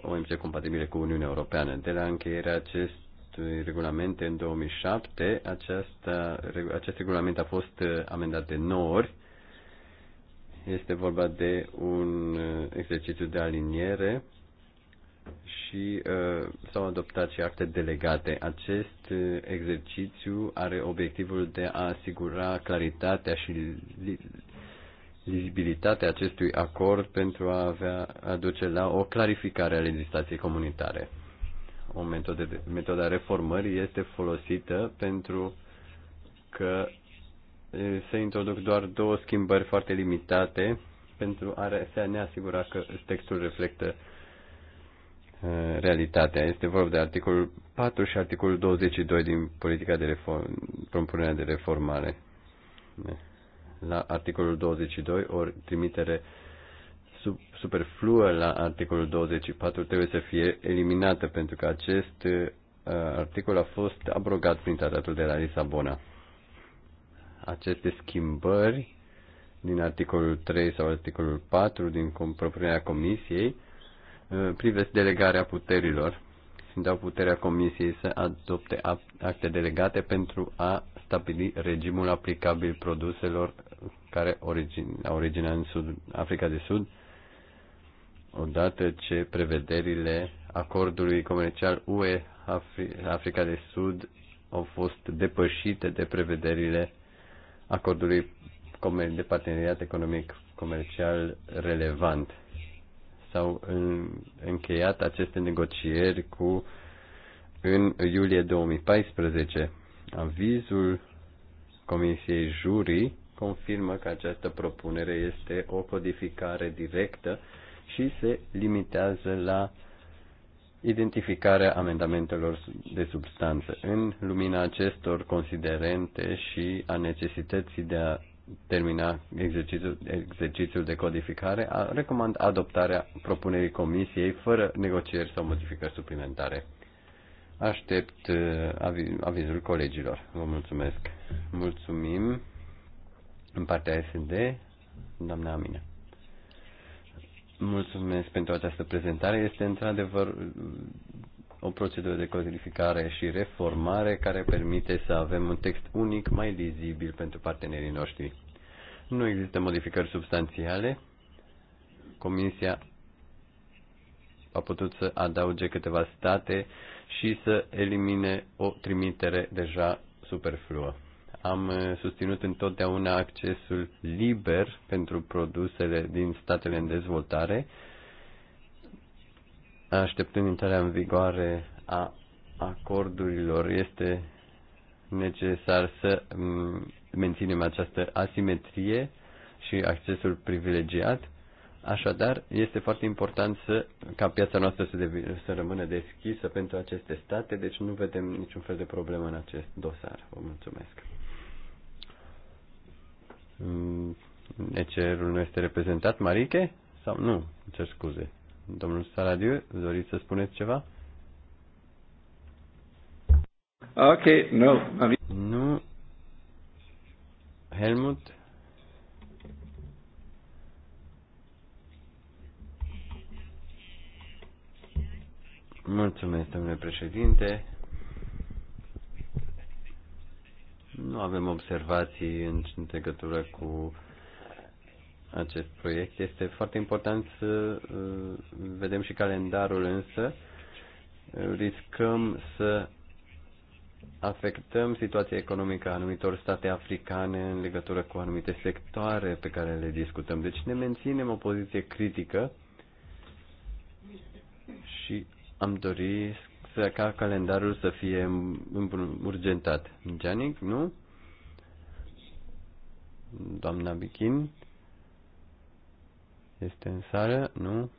OMC compatibile cu Uniunea Europeană. De la încheierea acest acestui regulament în 2007. Aceasta, acest regulament a fost uh, amendat de 9 ori. Este vorba de un uh, exercițiu de aliniere și uh, s-au adoptat și acte delegate. Acest uh, exercițiu are obiectivul de a asigura claritatea și lizibilitatea acestui acord pentru a avea, aduce la o clarificare a legislației comunitare o metodă, de, metoda reformării este folosită pentru că se introduc doar două schimbări foarte limitate pentru a ne asigura că textul reflectă realitatea. Este vorba de articolul 4 și articolul 22 din politica de reform, propunerea de reformare. La articolul 22, ori trimitere uh, superfluă la articolul 24 trebuie să fie eliminată, pentru că acest uh, articol a fost abrogat prin tratatul de la Lisabona. Aceste schimbări din articolul 3 sau articolul 4 din propunerea Comisiei uh, privesc delegarea puterilor și dau puterea Comisiei să adopte acte delegate pentru a stabili regimul aplicabil produselor care origine, au în Sud, Africa de Sud odată ce prevederile acordului comercial UE Africa de Sud au fost depășite de prevederile acordului de parteneriat economic comercial relevant. S-au încheiat aceste negocieri cu în iulie 2014. Avizul Comisiei Jurii confirmă că această propunere este o codificare directă și se limitează la identificarea amendamentelor de substanță. În lumina acestor considerente și a necesității de a termina exercițiul, exercițiul de codificare, a, recomand adoptarea propunerii comisiei fără negocieri sau modificări suplimentare. Aștept uh, avizul colegilor. Vă mulțumesc. Mulțumim. În partea SD, doamna Amina. Mulțumesc pentru această prezentare. Este într-adevăr uh, o procedură de codificare și reformare care permite să avem un text unic mai lizibil pentru partenerii noștri. Nu există modificări substanțiale. Comisia a putut să adauge câteva state și să elimine o trimitere deja superfluă am eh, susținut întotdeauna accesul liber pentru produsele din statele în dezvoltare, așteptând intrarea în vigoare a acordurilor. Este necesar să mm, menținem această asimetrie și accesul privilegiat. Așadar, este foarte important să, ca piața noastră să, devin, să rămână deschisă pentru aceste state, deci nu vedem niciun fel de problemă în acest dosar. Vă mulțumesc. Mm, ecr nu este reprezentat, Marike? Sau nu? Cer scuze. Domnul Saradiu, doriți să spuneți ceva? Ok, nu. No. Nu. Helmut? Mulțumesc, domnule președinte. Nu avem observații în legătură cu acest proiect. Este foarte important să uh, vedem și calendarul, însă uh, riscăm să afectăm situația economică a anumitor state africane în legătură cu anumite sectoare pe care le discutăm. Deci ne menținem o poziție critică și am dorit ca calendarul să fie urgentat. Janic, nu? Doamna Bikin? este în sală, nu?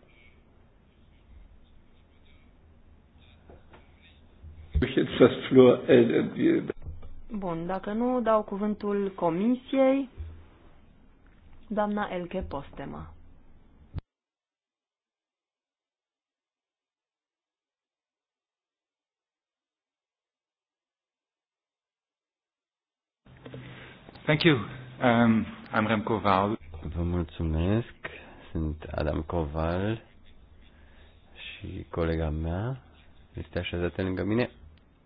Bun, dacă nu, dau cuvântul comisiei. Doamna Elke Postema. Thank you. Um, I'm Rem Koval. Vă mulțumesc. Sunt Adam Koval și colega mea este așezată lângă mine.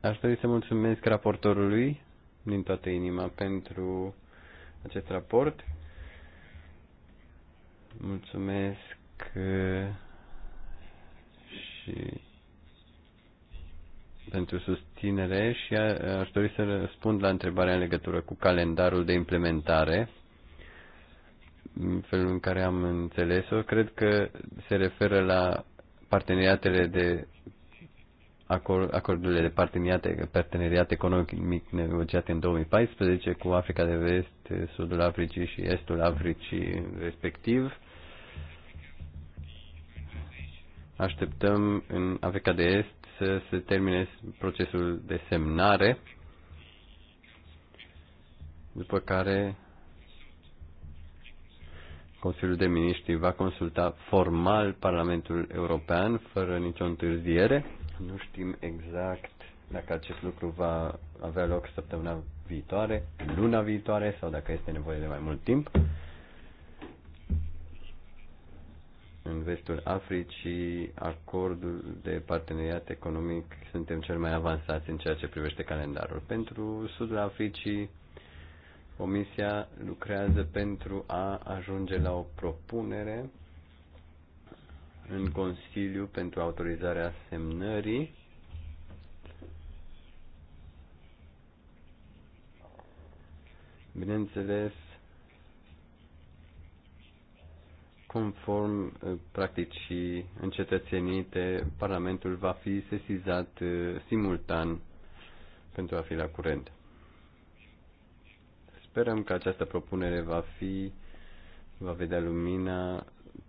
Aș dori să mulțumesc raportorului din toată inima pentru acest raport. Mulțumesc uh, și pentru susținere și aș dori să răspund la întrebarea în legătură cu calendarul de implementare în felul în care am înțeles-o, cred că se referă la parteneriatele de acord, acordurile de parteneriate, parteneriat economic negociate în 2014 cu Africa de Vest, Sudul Africii și Estul Africii respectiv. Așteptăm în Africa de Est să se termine procesul de semnare, după care Consiliul de Ministri va consulta formal Parlamentul European fără nicio întârziere. Nu știm exact dacă acest lucru va avea loc săptămâna viitoare, luna viitoare sau dacă este nevoie de mai mult timp. în vestul Africii, acordul de parteneriat economic, suntem cel mai avansați în ceea ce privește calendarul. Pentru Sudul Africii, Comisia lucrează pentru a ajunge la o propunere în Consiliu pentru autorizarea semnării Bineînțeles, conform uh, practicii încetățenite, Parlamentul va fi sesizat uh, simultan pentru a fi la curent. Sperăm că această propunere va fi va vedea lumina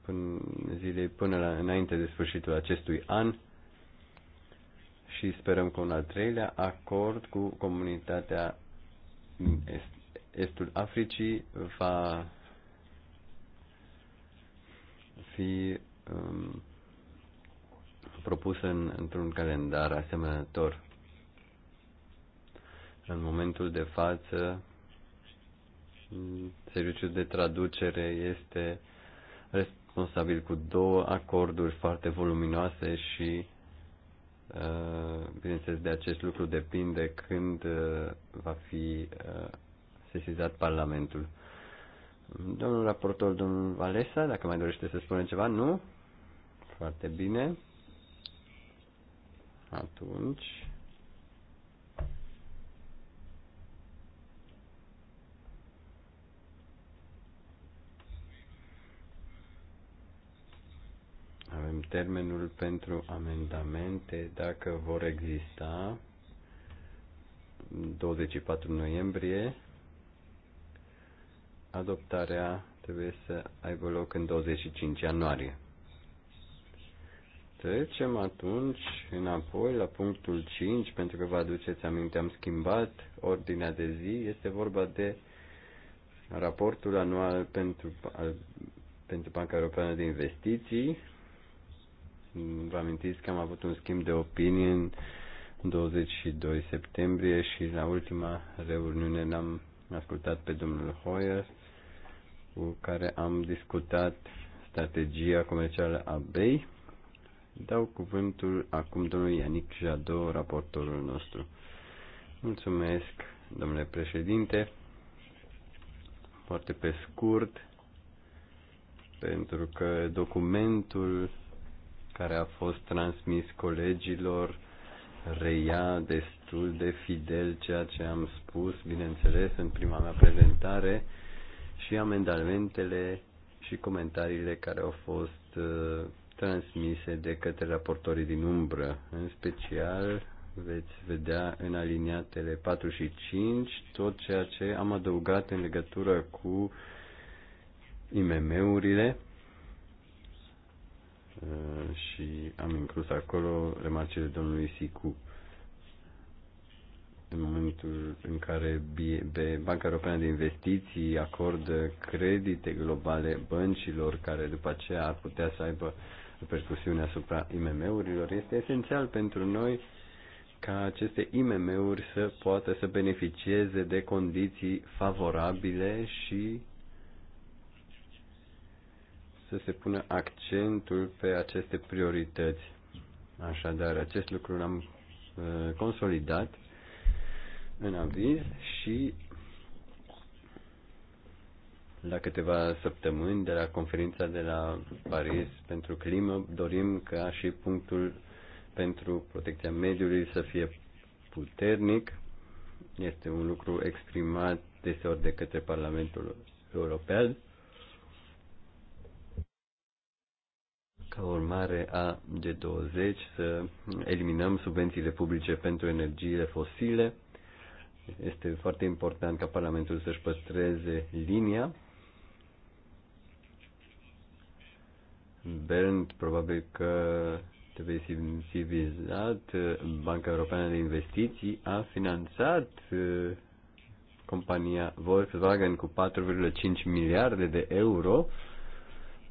până zile, până la, înainte de sfârșitul acestui an și sperăm că un al treilea acord cu comunitatea Est, Estul Africii va fi um, propusă în, într-un calendar asemănător. În momentul de față, serviciul de traducere este responsabil cu două acorduri foarte voluminoase și, uh, bineînțeles, de acest lucru depinde când uh, va fi uh, sesizat Parlamentul. Domnul raportor, domnul Valesa, dacă mai dorește să spune ceva, nu? Foarte bine. Atunci... Avem termenul pentru amendamente, dacă vor exista, 24 noiembrie adoptarea trebuie să aibă loc în 25 ianuarie. Trecem atunci înapoi la punctul 5, pentru că vă aduceți aminte, am schimbat ordinea de zi. Este vorba de raportul anual pentru, al, pentru Banca Europeană de Investiții. Vă amintiți că am avut un schimb de opinie în 22 septembrie și la ultima reuniune l-am ascultat pe domnul Hoyer cu care am discutat strategia comercială a BEI. Dau cuvântul acum domnului Ianic Jado, raportorul nostru. Mulțumesc, domnule președinte. Foarte pe scurt, pentru că documentul care a fost transmis colegilor reia destul de fidel ceea ce am spus, bineînțeles, în prima mea prezentare și amendamentele și comentariile care au fost uh, transmise de către raportorii din umbră. În special veți vedea în aliniatele 4 și 5 tot ceea ce am adăugat în legătură cu IMM-urile uh, și am inclus acolo remarcile domnului Sicu în momentul în care Banca Europeană de Investiții acordă credite globale băncilor care după aceea ar putea să aibă repercusiuni asupra IMM-urilor, este esențial pentru noi ca aceste IMM-uri să poată să beneficieze de condiții favorabile și să se pună accentul pe aceste priorități. Așadar, acest lucru l-am uh, consolidat în aviz și la câteva săptămâni de la conferința de la Paris pentru climă dorim ca și punctul pentru protecția mediului să fie puternic. Este un lucru exprimat deseori de către Parlamentul European. Ca urmare a G20 să eliminăm subvențiile publice pentru energiile fosile este foarte important ca Parlamentul să-și păstreze linia. Bernd, probabil că te vei simți vizat. Banca Europeană de Investiții a finanțat eh, compania Volkswagen cu 4,5 miliarde de euro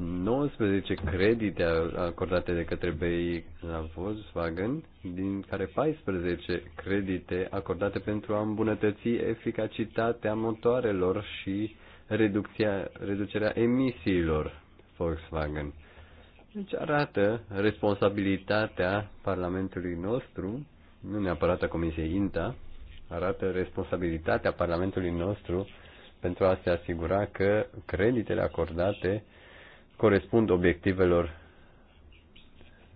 19 credite acordate de către BI la Volkswagen, din care 14 credite acordate pentru a îmbunătăți eficacitatea motoarelor și reducția, reducerea emisiilor Volkswagen. Deci arată responsabilitatea Parlamentului nostru, nu neapărat a Comisiei INTA, arată responsabilitatea Parlamentului nostru pentru a se asigura că creditele acordate corespund obiectivelor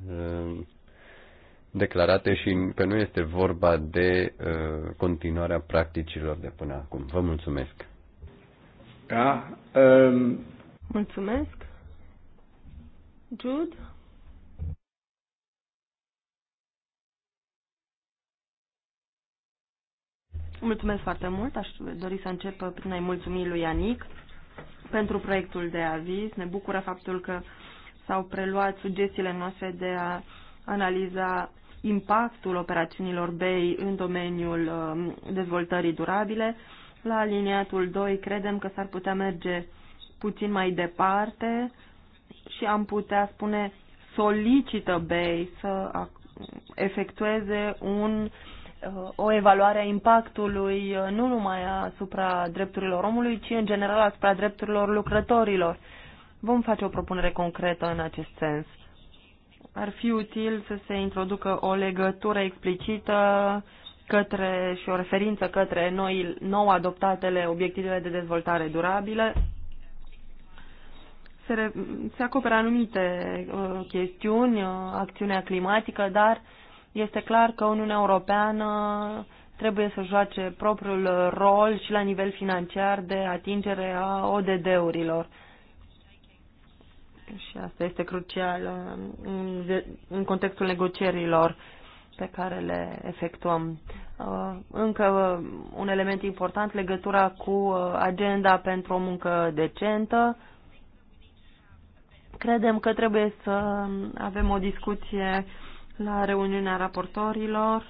uh, declarate și că nu este vorba de uh, continuarea practicilor de până acum. Vă mulțumesc. Da, um... Mulțumesc. Jude? Mulțumesc foarte mult. Aș dori să încep prin a-i mulțumi lui Anic pentru proiectul de aviz. Ne bucură faptul că s-au preluat sugestiile noastre de a analiza impactul operațiunilor BEI în domeniul um, dezvoltării durabile. La aliniatul 2 credem că s-ar putea merge puțin mai departe și am putea spune solicită BEI să efectueze un uh, o evaluare a impactului uh, nu numai asupra drepturilor omului, ci în general asupra drepturilor lucrătorilor. Vom face o propunere concretă în acest sens. Ar fi util să se introducă o legătură explicită către și o referință către noi, nou adoptatele obiectivele de dezvoltare durabilă. Se, re, se acoperă anumite uh, chestiuni, uh, acțiunea climatică, dar uh, este clar că Uniunea Europeană trebuie să joace propriul rol și la nivel financiar de atingere a ODD-urilor. Și asta este crucial um, în contextul negocierilor pe care le efectuăm. Uh, încă uh, un element important, legătura cu uh, agenda pentru o muncă decentă. Credem că trebuie să avem o discuție la reuniunea raportorilor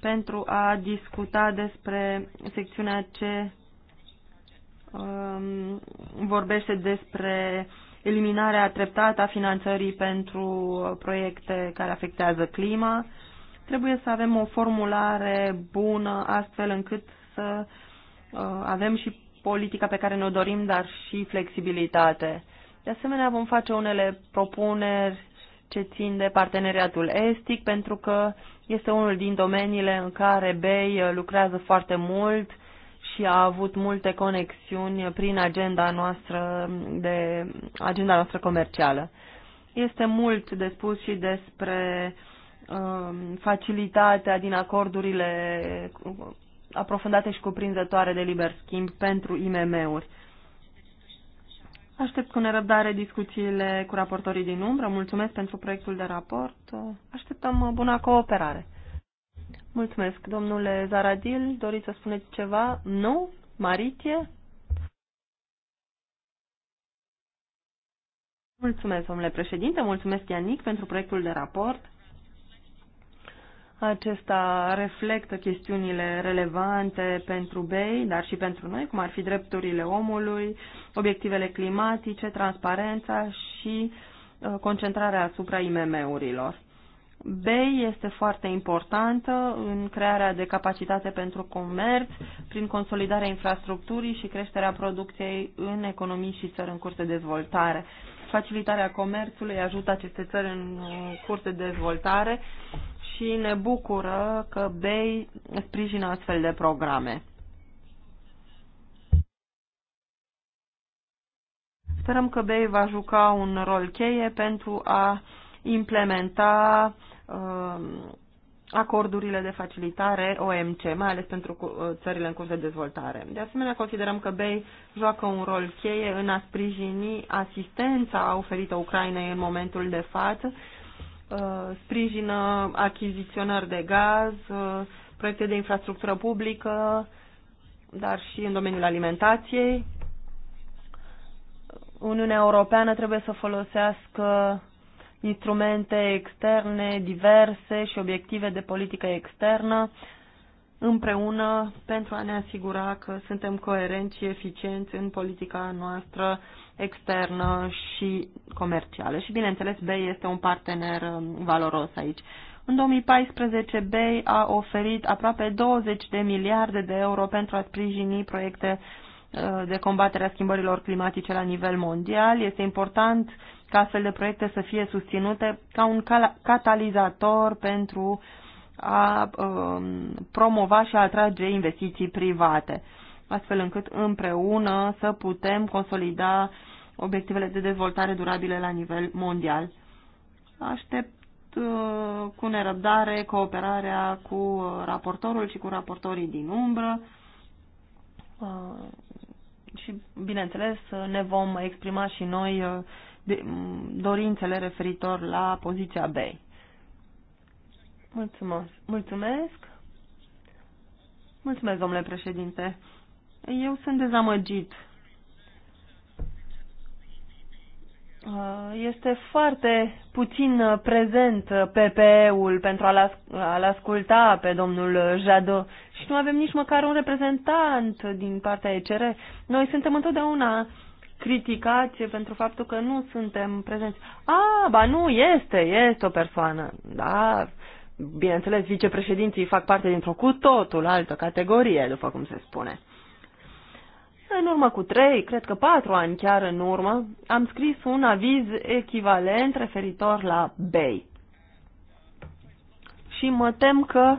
pentru a discuta despre secțiunea ce um, vorbește despre eliminarea treptată a finanțării pentru proiecte care afectează clima. Trebuie să avem o formulare bună astfel încât să uh, avem și politica pe care ne-o dorim, dar și flexibilitate. De asemenea, vom face unele propuneri ce țin de parteneriatul estic, pentru că este unul din domeniile în care BEI uh, lucrează foarte mult și a avut multe conexiuni prin agenda noastră, de, agenda noastră comercială. Este mult de spus și despre uh, facilitatea din acordurile aprofundate și cuprinzătoare de liber schimb pentru IMM-uri. Aștept cu nerăbdare discuțiile cu raportorii din umbră. Mulțumesc pentru proiectul de raport. Așteptăm buna cooperare. Mulțumesc. Domnule Zaradil, doriți să spuneți ceva? Nu? Maritie? Mulțumesc, domnule președinte. Mulțumesc, Ianic, pentru proiectul de raport. Acesta reflectă chestiunile relevante pentru BEI, dar și pentru noi, cum ar fi drepturile omului, obiectivele climatice, transparența și uh, concentrarea asupra IMM-urilor. BEI este foarte importantă în crearea de capacitate pentru comerț, prin consolidarea infrastructurii și creșterea producției în economii și țări în curs de dezvoltare. Facilitarea comerțului ajută aceste țări în uh, curs de dezvoltare și ne bucură că BEI sprijină astfel de programe. Sperăm că BEI va juca un rol cheie pentru a implementa uh, acordurile de facilitare OMC, mai ales pentru uh, țările în curs de dezvoltare. De asemenea, considerăm că BEI joacă un rol cheie în a sprijini asistența oferită Ucrainei în momentul de față Uh, sprijină achiziționări de gaz, uh, proiecte de infrastructură publică, dar și în domeniul alimentației. Uniunea Europeană trebuie să folosească instrumente externe diverse și obiective de politică externă împreună pentru a ne asigura că suntem coerenți și eficienți în politica noastră externă și comercială. Și, bineînțeles, BEI este un partener um, valoros aici. În 2014, BEI a oferit aproape 20 de miliarde de euro pentru a sprijini proiecte uh, de combaterea a schimbărilor climatice la nivel mondial. Este important ca astfel de proiecte să fie susținute ca un catalizator pentru uh, a um, promova și a atrage investiții private, astfel încât împreună să putem consolida obiectivele de dezvoltare durabile la nivel mondial. Aștept uh, cu nerăbdare cooperarea cu uh, raportorul și cu raportorii din umbră uh, și, bineînțeles, ne vom exprima și noi dorințele referitor la poziția B. Mulțumesc. Mulțumesc. Mulțumesc, domnule președinte. Eu sunt dezamăgit. Uh, este foarte puțin prezent PPE-ul pentru a-l, a asculta pe domnul Jadot și nu avem nici măcar un reprezentant din partea ECR. Noi suntem întotdeauna criticați pentru faptul că nu suntem prezenți. A, ba nu, este, este o persoană, da, Bineînțeles, vicepreședinții fac parte dintr-o cu totul altă categorie, după cum se spune. În urmă cu trei, cred că patru ani chiar în urmă, am scris un aviz echivalent referitor la BEI. Și mă tem că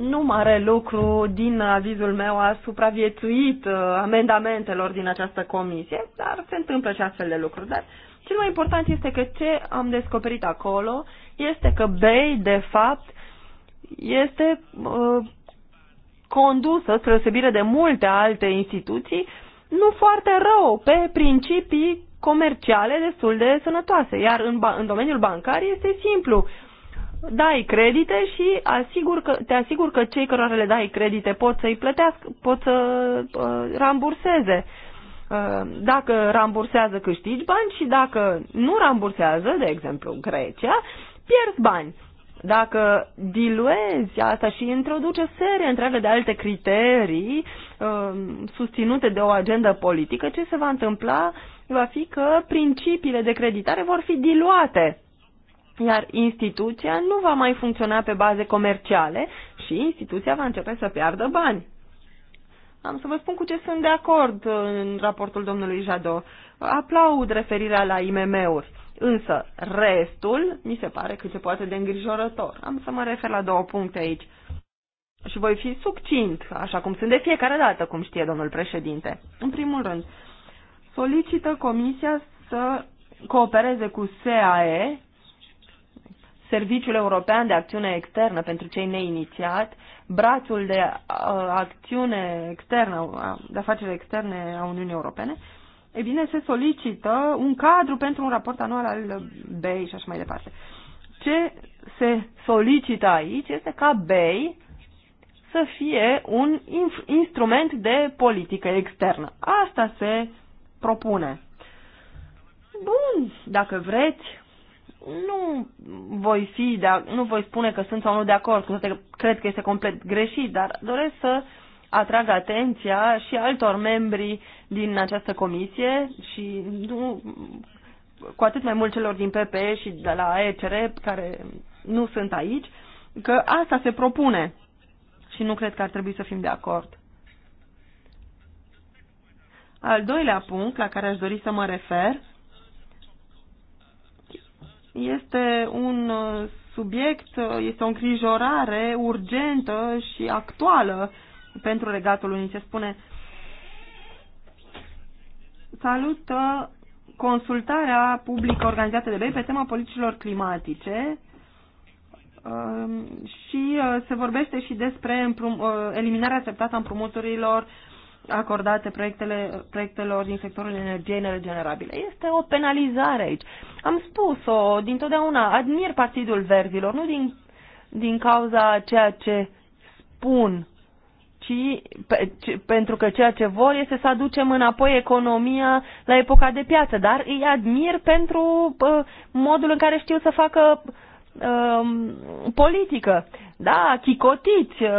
nu mare lucru din avizul meu a supraviețuit uh, amendamentelor din această comisie, dar se întâmplă și astfel de lucruri. Dar cel mai important este că ce am descoperit acolo este că BEI, de fapt, este uh, condusă, spre deosebire de multe alte instituții, nu foarte rău, pe principii comerciale destul de sănătoase. Iar în, în domeniul bancar este simplu. Dai credite și asigur că, te asigur că cei cărora le dai credite pot să-i plătească, pot să uh, ramburseze. Uh, dacă rambursează, câștigi bani și dacă nu rambursează, de exemplu Grecia, pierzi bani. Dacă diluezi asta și introduce o serie întreagă de alte criterii um, susținute de o agendă politică, ce se va întâmpla va fi că principiile de creditare vor fi diluate iar instituția nu va mai funcționa pe baze comerciale și instituția va începe să piardă bani. Am să vă spun cu ce sunt de acord în raportul domnului Jado. Aplaud referirea la IMM-uri. Însă, restul mi se pare cât se poate de îngrijorător. Am să mă refer la două puncte aici. Și voi fi subțint, așa cum sunt de fiecare dată, cum știe domnul președinte. În primul rând, solicită Comisia să coopereze cu SAE, Serviciul European de Acțiune Externă pentru cei neinițiat, brațul de uh, acțiune externă, uh, de afaceri externe a Uniunii Europene, e bine, se solicită un cadru pentru un raport anual al BEI și așa mai departe. Ce se solicită aici este ca BEI să fie un instrument de politică externă. Asta se propune. Bun, dacă vreți, nu voi fi, de, nu voi spune că sunt sau nu de acord, cu toate că cred că este complet greșit, dar doresc să uh, atrag atenția și altor membri din această comisie și nu, cu atât mai mult celor din PP și de la ECR care nu sunt aici, că asta se propune și nu cred că ar trebui să fim de acord. Al doilea punct la care aș dori să mă refer este un uh, subiect, uh, este o îngrijorare urgentă și actuală pentru Regatul Unii se spune salută consultarea publică organizată de BEI pe tema politicilor climatice um, și uh, se vorbește și despre uh, eliminarea acceptată a împrumuturilor acordate proiectele, proiectelor din sectorul energiei neregenerabile. Este o penalizare aici. Am spus-o dintotdeauna, admir Partidul Verzilor, nu din, din cauza ceea ce spun ci, pe, ci pentru că ceea ce vor este să aducem înapoi economia la epoca de piață, dar îi admir pentru uh, modul în care știu să facă uh, politică. Da, chicotiți, uh,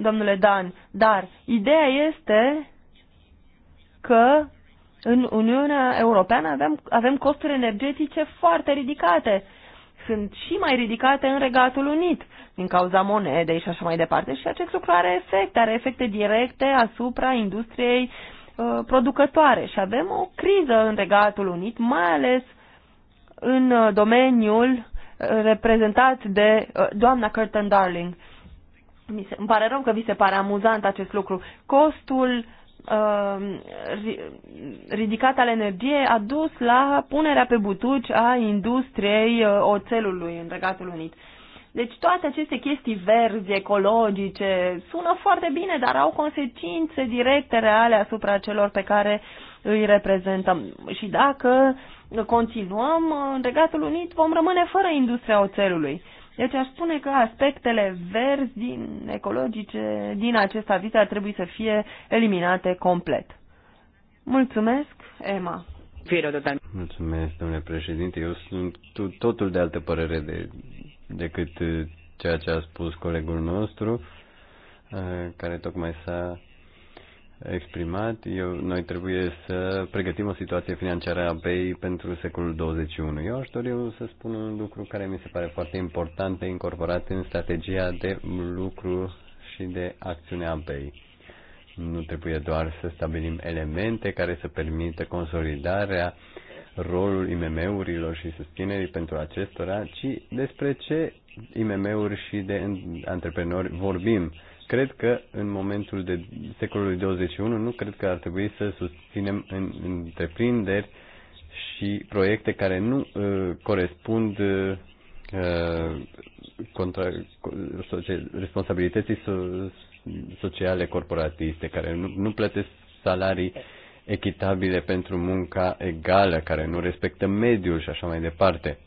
domnule Dan, dar ideea este că în Uniunea Europeană avem, avem costuri energetice foarte ridicate. Sunt și mai ridicate în Regatul Unit. Uh, din cauza monedei și așa mai departe. Și acest lucru are efecte, are efecte directe asupra industriei uh, producătoare. Și avem o criză în Regatul Unit, mai ales în uh, domeniul uh, reprezentat de doamna Curtin Darling. Mi se, îmi pare rău că vi se pare amuzant acest lucru. Costul uh, ridicat al energiei a dus la punerea pe butuci a industriei oțelului în Regatul Unit. Uh, deci toate aceste chestii verzi, ecologice, sună foarte bine, dar au consecințe directe, reale asupra celor pe care îi reprezentăm. Și dacă continuăm, în Regatul Unit vom rămâne fără industria oțelului. Deci aș spune că aspectele verzi, din, ecologice, din acest aviz ar trebui să fie eliminate complet. Mulțumesc, Emma. Mulțumesc, domnule președinte. Eu sunt totul de altă părere de decât eh, ceea ce a spus colegul nostru, eh, care tocmai s-a exprimat. Eu, noi trebuie să pregătim o situație financiară a BEI pentru secolul 21. Eu aș dori să spun un lucru care mi se pare foarte important de incorporat în strategia de lucru și de acțiune a BEI. Nu trebuie doar să stabilim elemente care să permită consolidarea uh, rolul IMM-urilor și susținerii pentru acestora, ci despre ce IMM-uri și de antreprenori vorbim. Cred că în momentul de secolului 21 nu cred că ar trebui să susținem în întreprinderi și proiecte care nu uh, corespund uh, contra, responsabilității so, sociale corporatiste, care nu, nu plătesc salarii echitabile pentru munca egală, care nu respectă mediul și așa mai departe.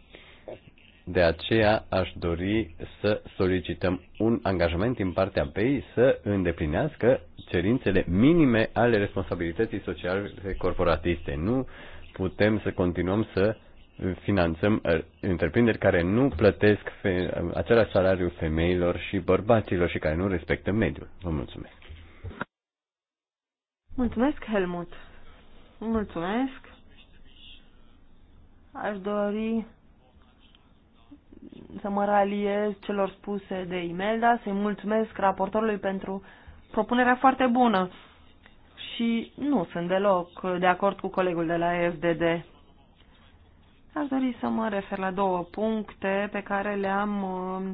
De aceea aș dori să solicităm un angajament din partea BEI să îndeplinească cerințele minime ale responsabilității sociale corporatiste. Nu putem să continuăm să finanțăm uh, întreprinderi care nu plătesc același salariu femeilor și bărbaților și care nu respectă mediul. Vă mulțumesc. Mulțumesc, Helmut. Mulțumesc. Aș dori să mă raliez celor spuse de Imelda, să-i mulțumesc raportorului pentru propunerea foarte bună. Și nu sunt deloc de acord cu colegul de la FDD. Aș dori să mă refer la două puncte pe care le-am uh,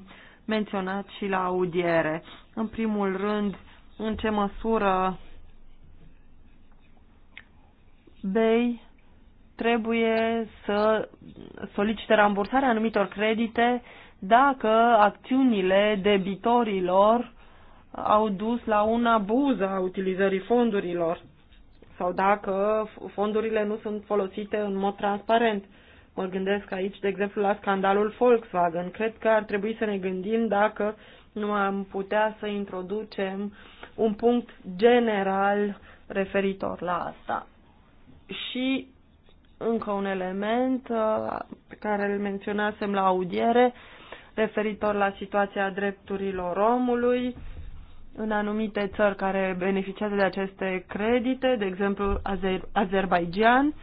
menționat și la audiere. În primul rând, în ce măsură BEI trebuie să solicite rambursarea anumitor credite dacă acțiunile debitorilor au dus la un abuz a utilizării fondurilor sau dacă fondurile nu sunt folosite în mod transparent. Mă gândesc aici, de exemplu, la scandalul Volkswagen. Cred că ar trebui să ne gândim dacă nu am putea să introducem un punct general referitor la asta și încă un element uh, pe care îl menționasem la audiere referitor la situația drepturilor omului în anumite țări care beneficiază de aceste credite, de exemplu Azerbaijan.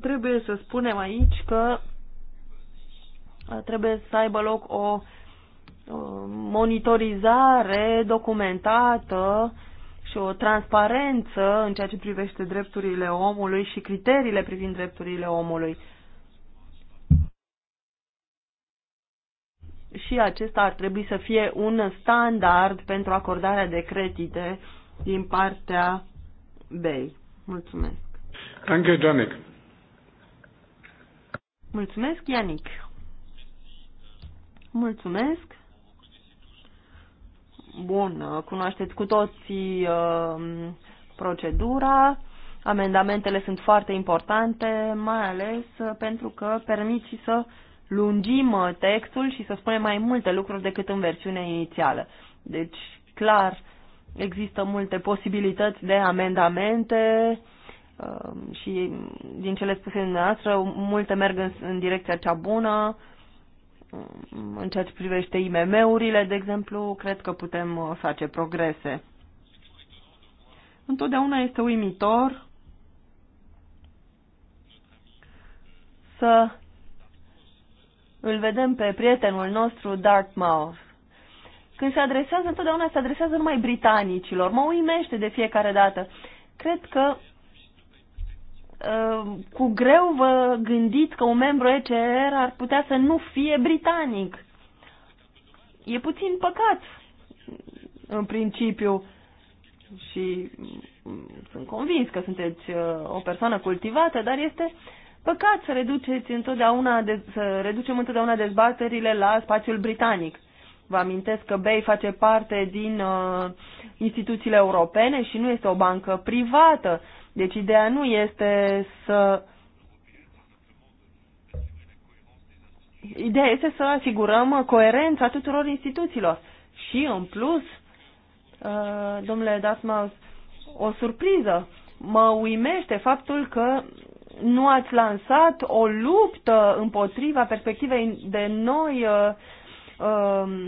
Trebuie să spunem aici că uh, trebuie să aibă loc o uh, monitorizare documentată și o transparență în ceea ce privește drepturile omului și criteriile privind drepturile omului. Și acesta ar trebui să fie un standard pentru acordarea de credite din partea BEI. Mulțumesc. Danke, Janik. Mulțumesc, Ianic. Mulțumesc. Bun, uh, cunoașteți cu toții uh, procedura. Amendamentele sunt foarte importante, mai ales uh, pentru că permit și să lungim textul și să spunem mai multe lucruri decât în versiunea inițială. Deci, clar, există multe posibilități de amendamente și din cele spuse dumneavoastră, multe merg în, în direcția cea bună, în ceea ce privește IMM-urile, de exemplu, cred că putem face progrese. Întotdeauna este uimitor să îl vedem pe prietenul nostru Dartmouth. Când se adresează, întotdeauna se adresează numai britanicilor. Mă uimește de fiecare dată. Cred că Uh, cu greu vă gândiți că un membru ECR ar putea să nu fie britanic. E puțin păcat, în principiu, și mm, sunt convins că sunteți uh, o persoană cultivată, dar este păcat să, reduceți întotdeauna de, să reducem întotdeauna dezbaterile la spațiul britanic. Vă amintesc că BEI face parte din uh, instituțiile europene și nu este o bancă privată. Deci ideea nu este să Ideea este să asigurăm coerența tuturor instituțiilor. Și, în plus, uh, domnule Dasmaus, o surpriză. Mă uimește faptul că nu ați lansat o luptă împotriva perspectivei de noi uh, um,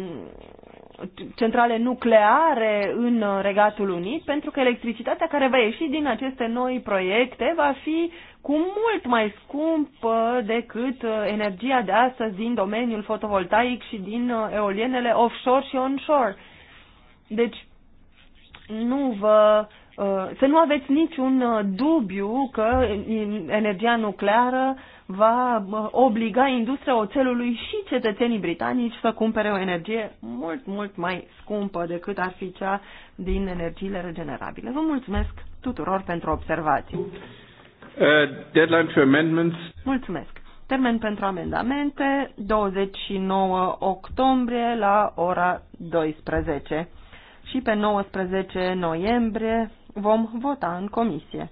centrale nucleare în uh, Regatul Unit, pentru că electricitatea care va ieși din aceste noi proiecte va fi cu mult mai scumpă decât uh, energia de astăzi din domeniul fotovoltaic și din uh, eolienele offshore și onshore. Deci, nu vă, să nu aveți niciun dubiu că energia nucleară va obliga industria oțelului și cetățenii britanici să cumpere o energie mult, mult mai scumpă decât ar fi cea din energiile regenerabile. Vă mulțumesc tuturor pentru observații. Uh, deadline for amendments. Mulțumesc. Termen pentru amendamente 29 octombrie la ora 12 și pe 19 noiembrie vom vota în comisie.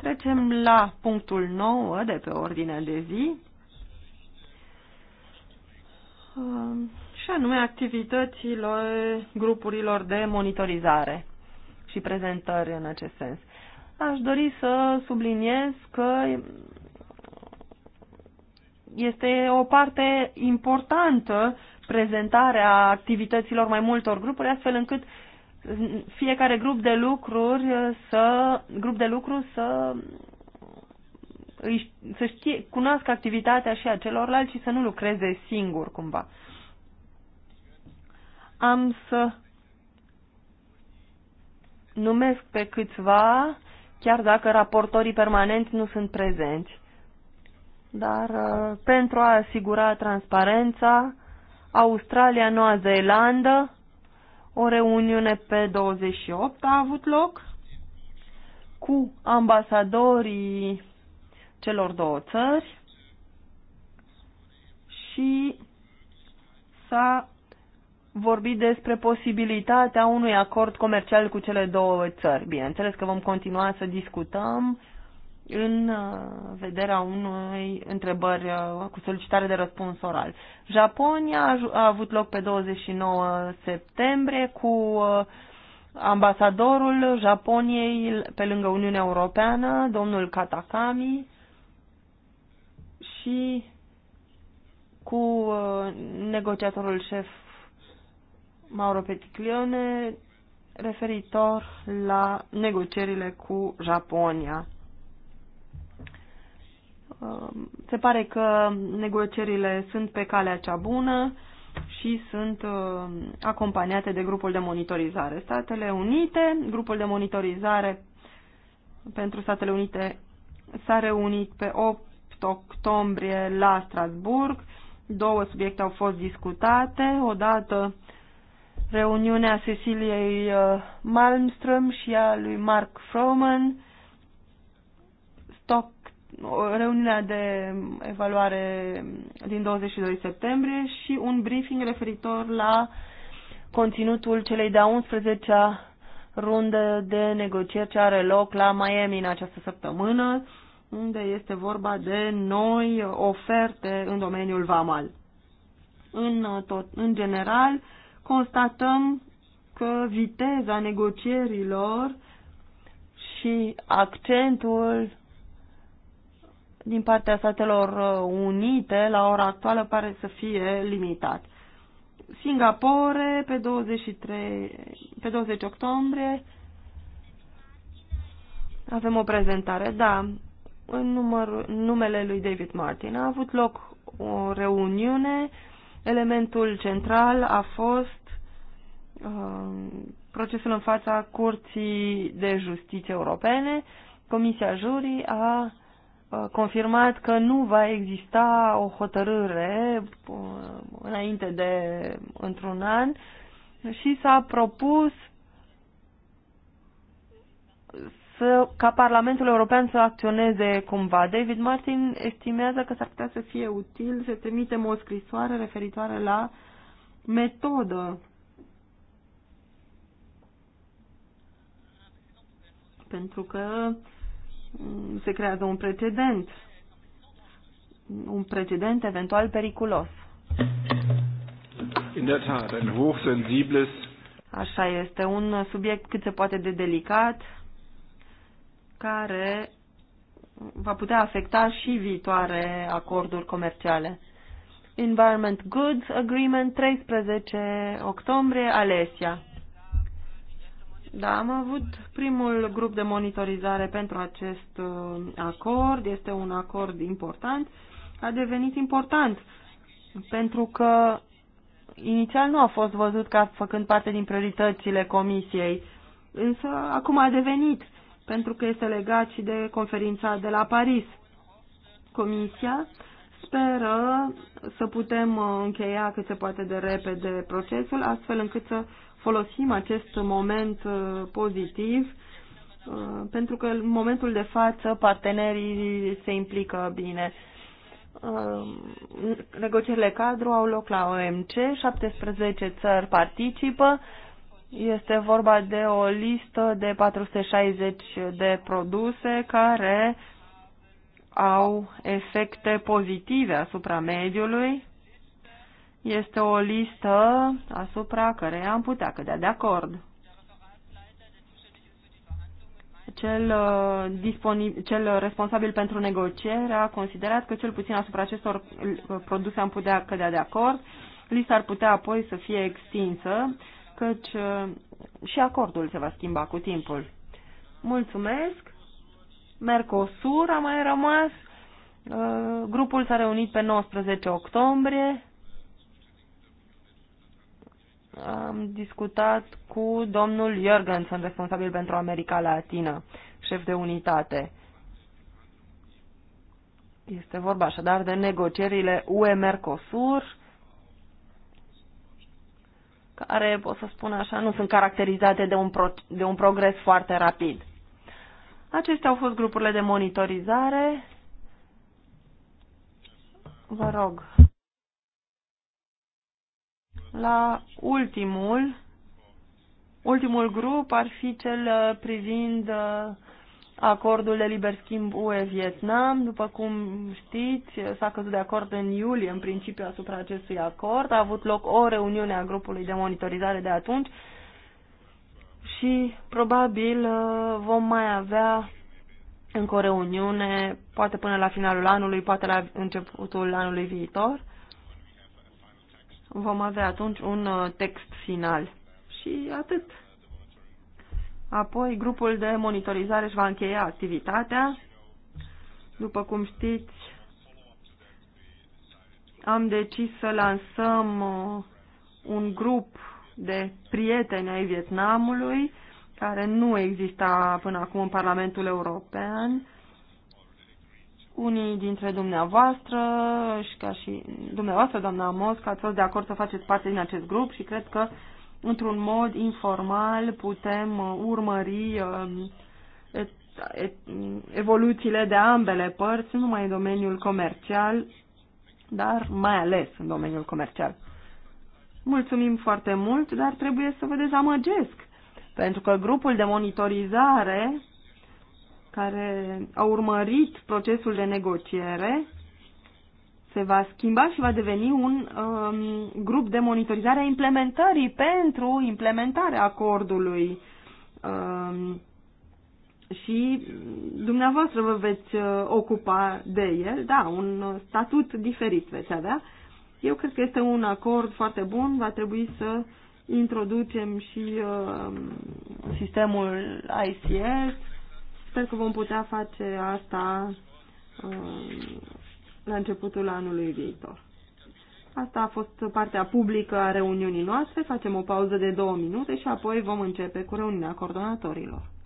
Trecem la punctul 9 de pe ordinea de zi, um, și anume activităților grupurilor de monitorizare și prezentări în acest sens. Aș dori să subliniez că este o parte importantă prezentarea activităților mai multor grupuri, astfel încât fiecare grup de lucruri să grup de lucru să îi, să știe, cunoască activitatea și a celorlalți și să nu lucreze singur cumva. Am să numesc pe câțiva, chiar dacă raportorii permanenți nu sunt prezenți. Dar uh, pentru a asigura transparența, Australia, Noua Zeelandă, o reuniune pe 28 a avut loc cu ambasadorii celor două țări și s-a vorbit despre posibilitatea unui acord comercial cu cele două țări. Bineînțeles că vom continua să discutăm în uh, vederea unei întrebări uh, cu solicitare de răspuns oral. Japonia a avut loc pe 29 septembrie cu uh, ambasadorul Japoniei pe lângă Uniunea Europeană, domnul Katakami, și cu negociatorul șef Mauro Peticlione referitor la negocierile cu Japonia. Um, se pare că negocierile sunt pe calea cea bună și sunt um, acompaniate de grupul de monitorizare. Statele Unite, grupul de monitorizare pentru Statele Unite s-a reunit pe 8 octombrie la Strasburg. Două subiecte au fost discutate. Odată reuniunea Ceciliei uh, Malmström și a lui Mark Froman, Stock reuniunea de evaluare din 22 septembrie și un briefing referitor la conținutul celei de-a 11-a rundă de negocieri ce are loc la Miami în această săptămână, unde este vorba de noi oferte în domeniul VAMAL. În, tot, în general, constatăm că viteza negocierilor și accentul din partea Statelor uh, Unite la ora actuală pare să fie limitat. Singapore pe 23 pe 20 octombrie avem o prezentare, da, în număr, numele lui David Martin. A avut loc o reuniune, elementul central a fost uh, procesul în fața Curții de Justiție Europene. Comisia Jurii a Uh, confirmat că nu va exista o hotărâre uh, înainte de într-un an și s-a propus să, ca Parlamentul European să acționeze cumva. David Martin estimează că s-ar putea să fie util să trimitem o scrisoare referitoare la metodă. Pentru că uh, se creează un precedent, un precedent eventual periculos. In der Tat, ein hochsensibles Așa este, un subiect cât se poate de delicat, care va putea afecta și viitoare acorduri comerciale. Environment Goods Agreement, 13 octombrie, Alesia. Da, am avut primul grup de monitorizare pentru acest uh, acord. Este un acord important. A devenit important pentru că inițial nu a fost văzut ca făcând parte din prioritățile comisiei, însă acum a devenit, pentru că este legat și de conferința de la Paris. Comisia speră să putem uh, încheia cât se poate de repede procesul, astfel încât să folosim acest moment uh, pozitiv uh, pentru că în momentul de față partenerii se implică bine. Uh, negocierile cadru au loc la OMC, 17 țări participă, este vorba de o listă de 460 de produse care au efecte pozitive asupra mediului este o listă asupra care am putea cădea de acord. Cel, uh, cel responsabil pentru negociere a considerat că cel puțin asupra acestor uh, produse am putea cădea de acord. Lista ar putea apoi să fie extinsă, căci uh, și acordul se va schimba cu timpul. Mulțumesc! Mercosur a mai rămas. Grupul s-a reunit pe 19 octombrie am discutat cu domnul Jorgensen, responsabil pentru America Latină, șef de unitate. Este vorba așadar de negocierile UE-Mercosur, care, pot să spun așa, nu sunt caracterizate de un, pro- de un progres foarte rapid. Acestea au fost grupurile de monitorizare. Vă rog, la ultimul. Ultimul grup ar fi cel uh, privind uh, acordul de liber schimb UE-Vietnam. După cum știți, s-a căzut de acord în iulie, în principiu, asupra acestui acord. A avut loc o reuniune a grupului de monitorizare de atunci și probabil uh, vom mai avea încă o reuniune, poate până la finalul anului, poate la începutul anului viitor. Vom avea atunci un uh, text final. Și atât. Apoi, grupul de monitorizare își va încheia activitatea. După cum știți, am decis să lansăm uh, un grup de prieteni ai Vietnamului, care nu exista până acum în Parlamentul European, unii dintre dumneavoastră și ca și dumneavoastră, doamna Amos, că ați fost de acord să faceți parte din acest grup și cred că într-un mod informal putem uh, urmări um, evoluțiile de ambele părți, nu numai în domeniul comercial, dar mai ales în domeniul comercial. Mulțumim foarte mult, dar trebuie să vă dezamăgesc, pentru că grupul de monitorizare care au urmărit procesul de negociere se va schimba și va deveni un um, grup de monitorizare a implementării pentru implementarea acordului. Um, și dumneavoastră vă veți uh, ocupa de el, da, un statut diferit veți avea. Eu cred că este un acord foarte bun, va trebui să introducem și uh, sistemul ICS, Sper că vom putea face asta uh, la începutul anului viitor. Asta a fost partea publică a reuniunii noastre. Facem o pauză de două minute și apoi vom începe cu reuniunea coordonatorilor.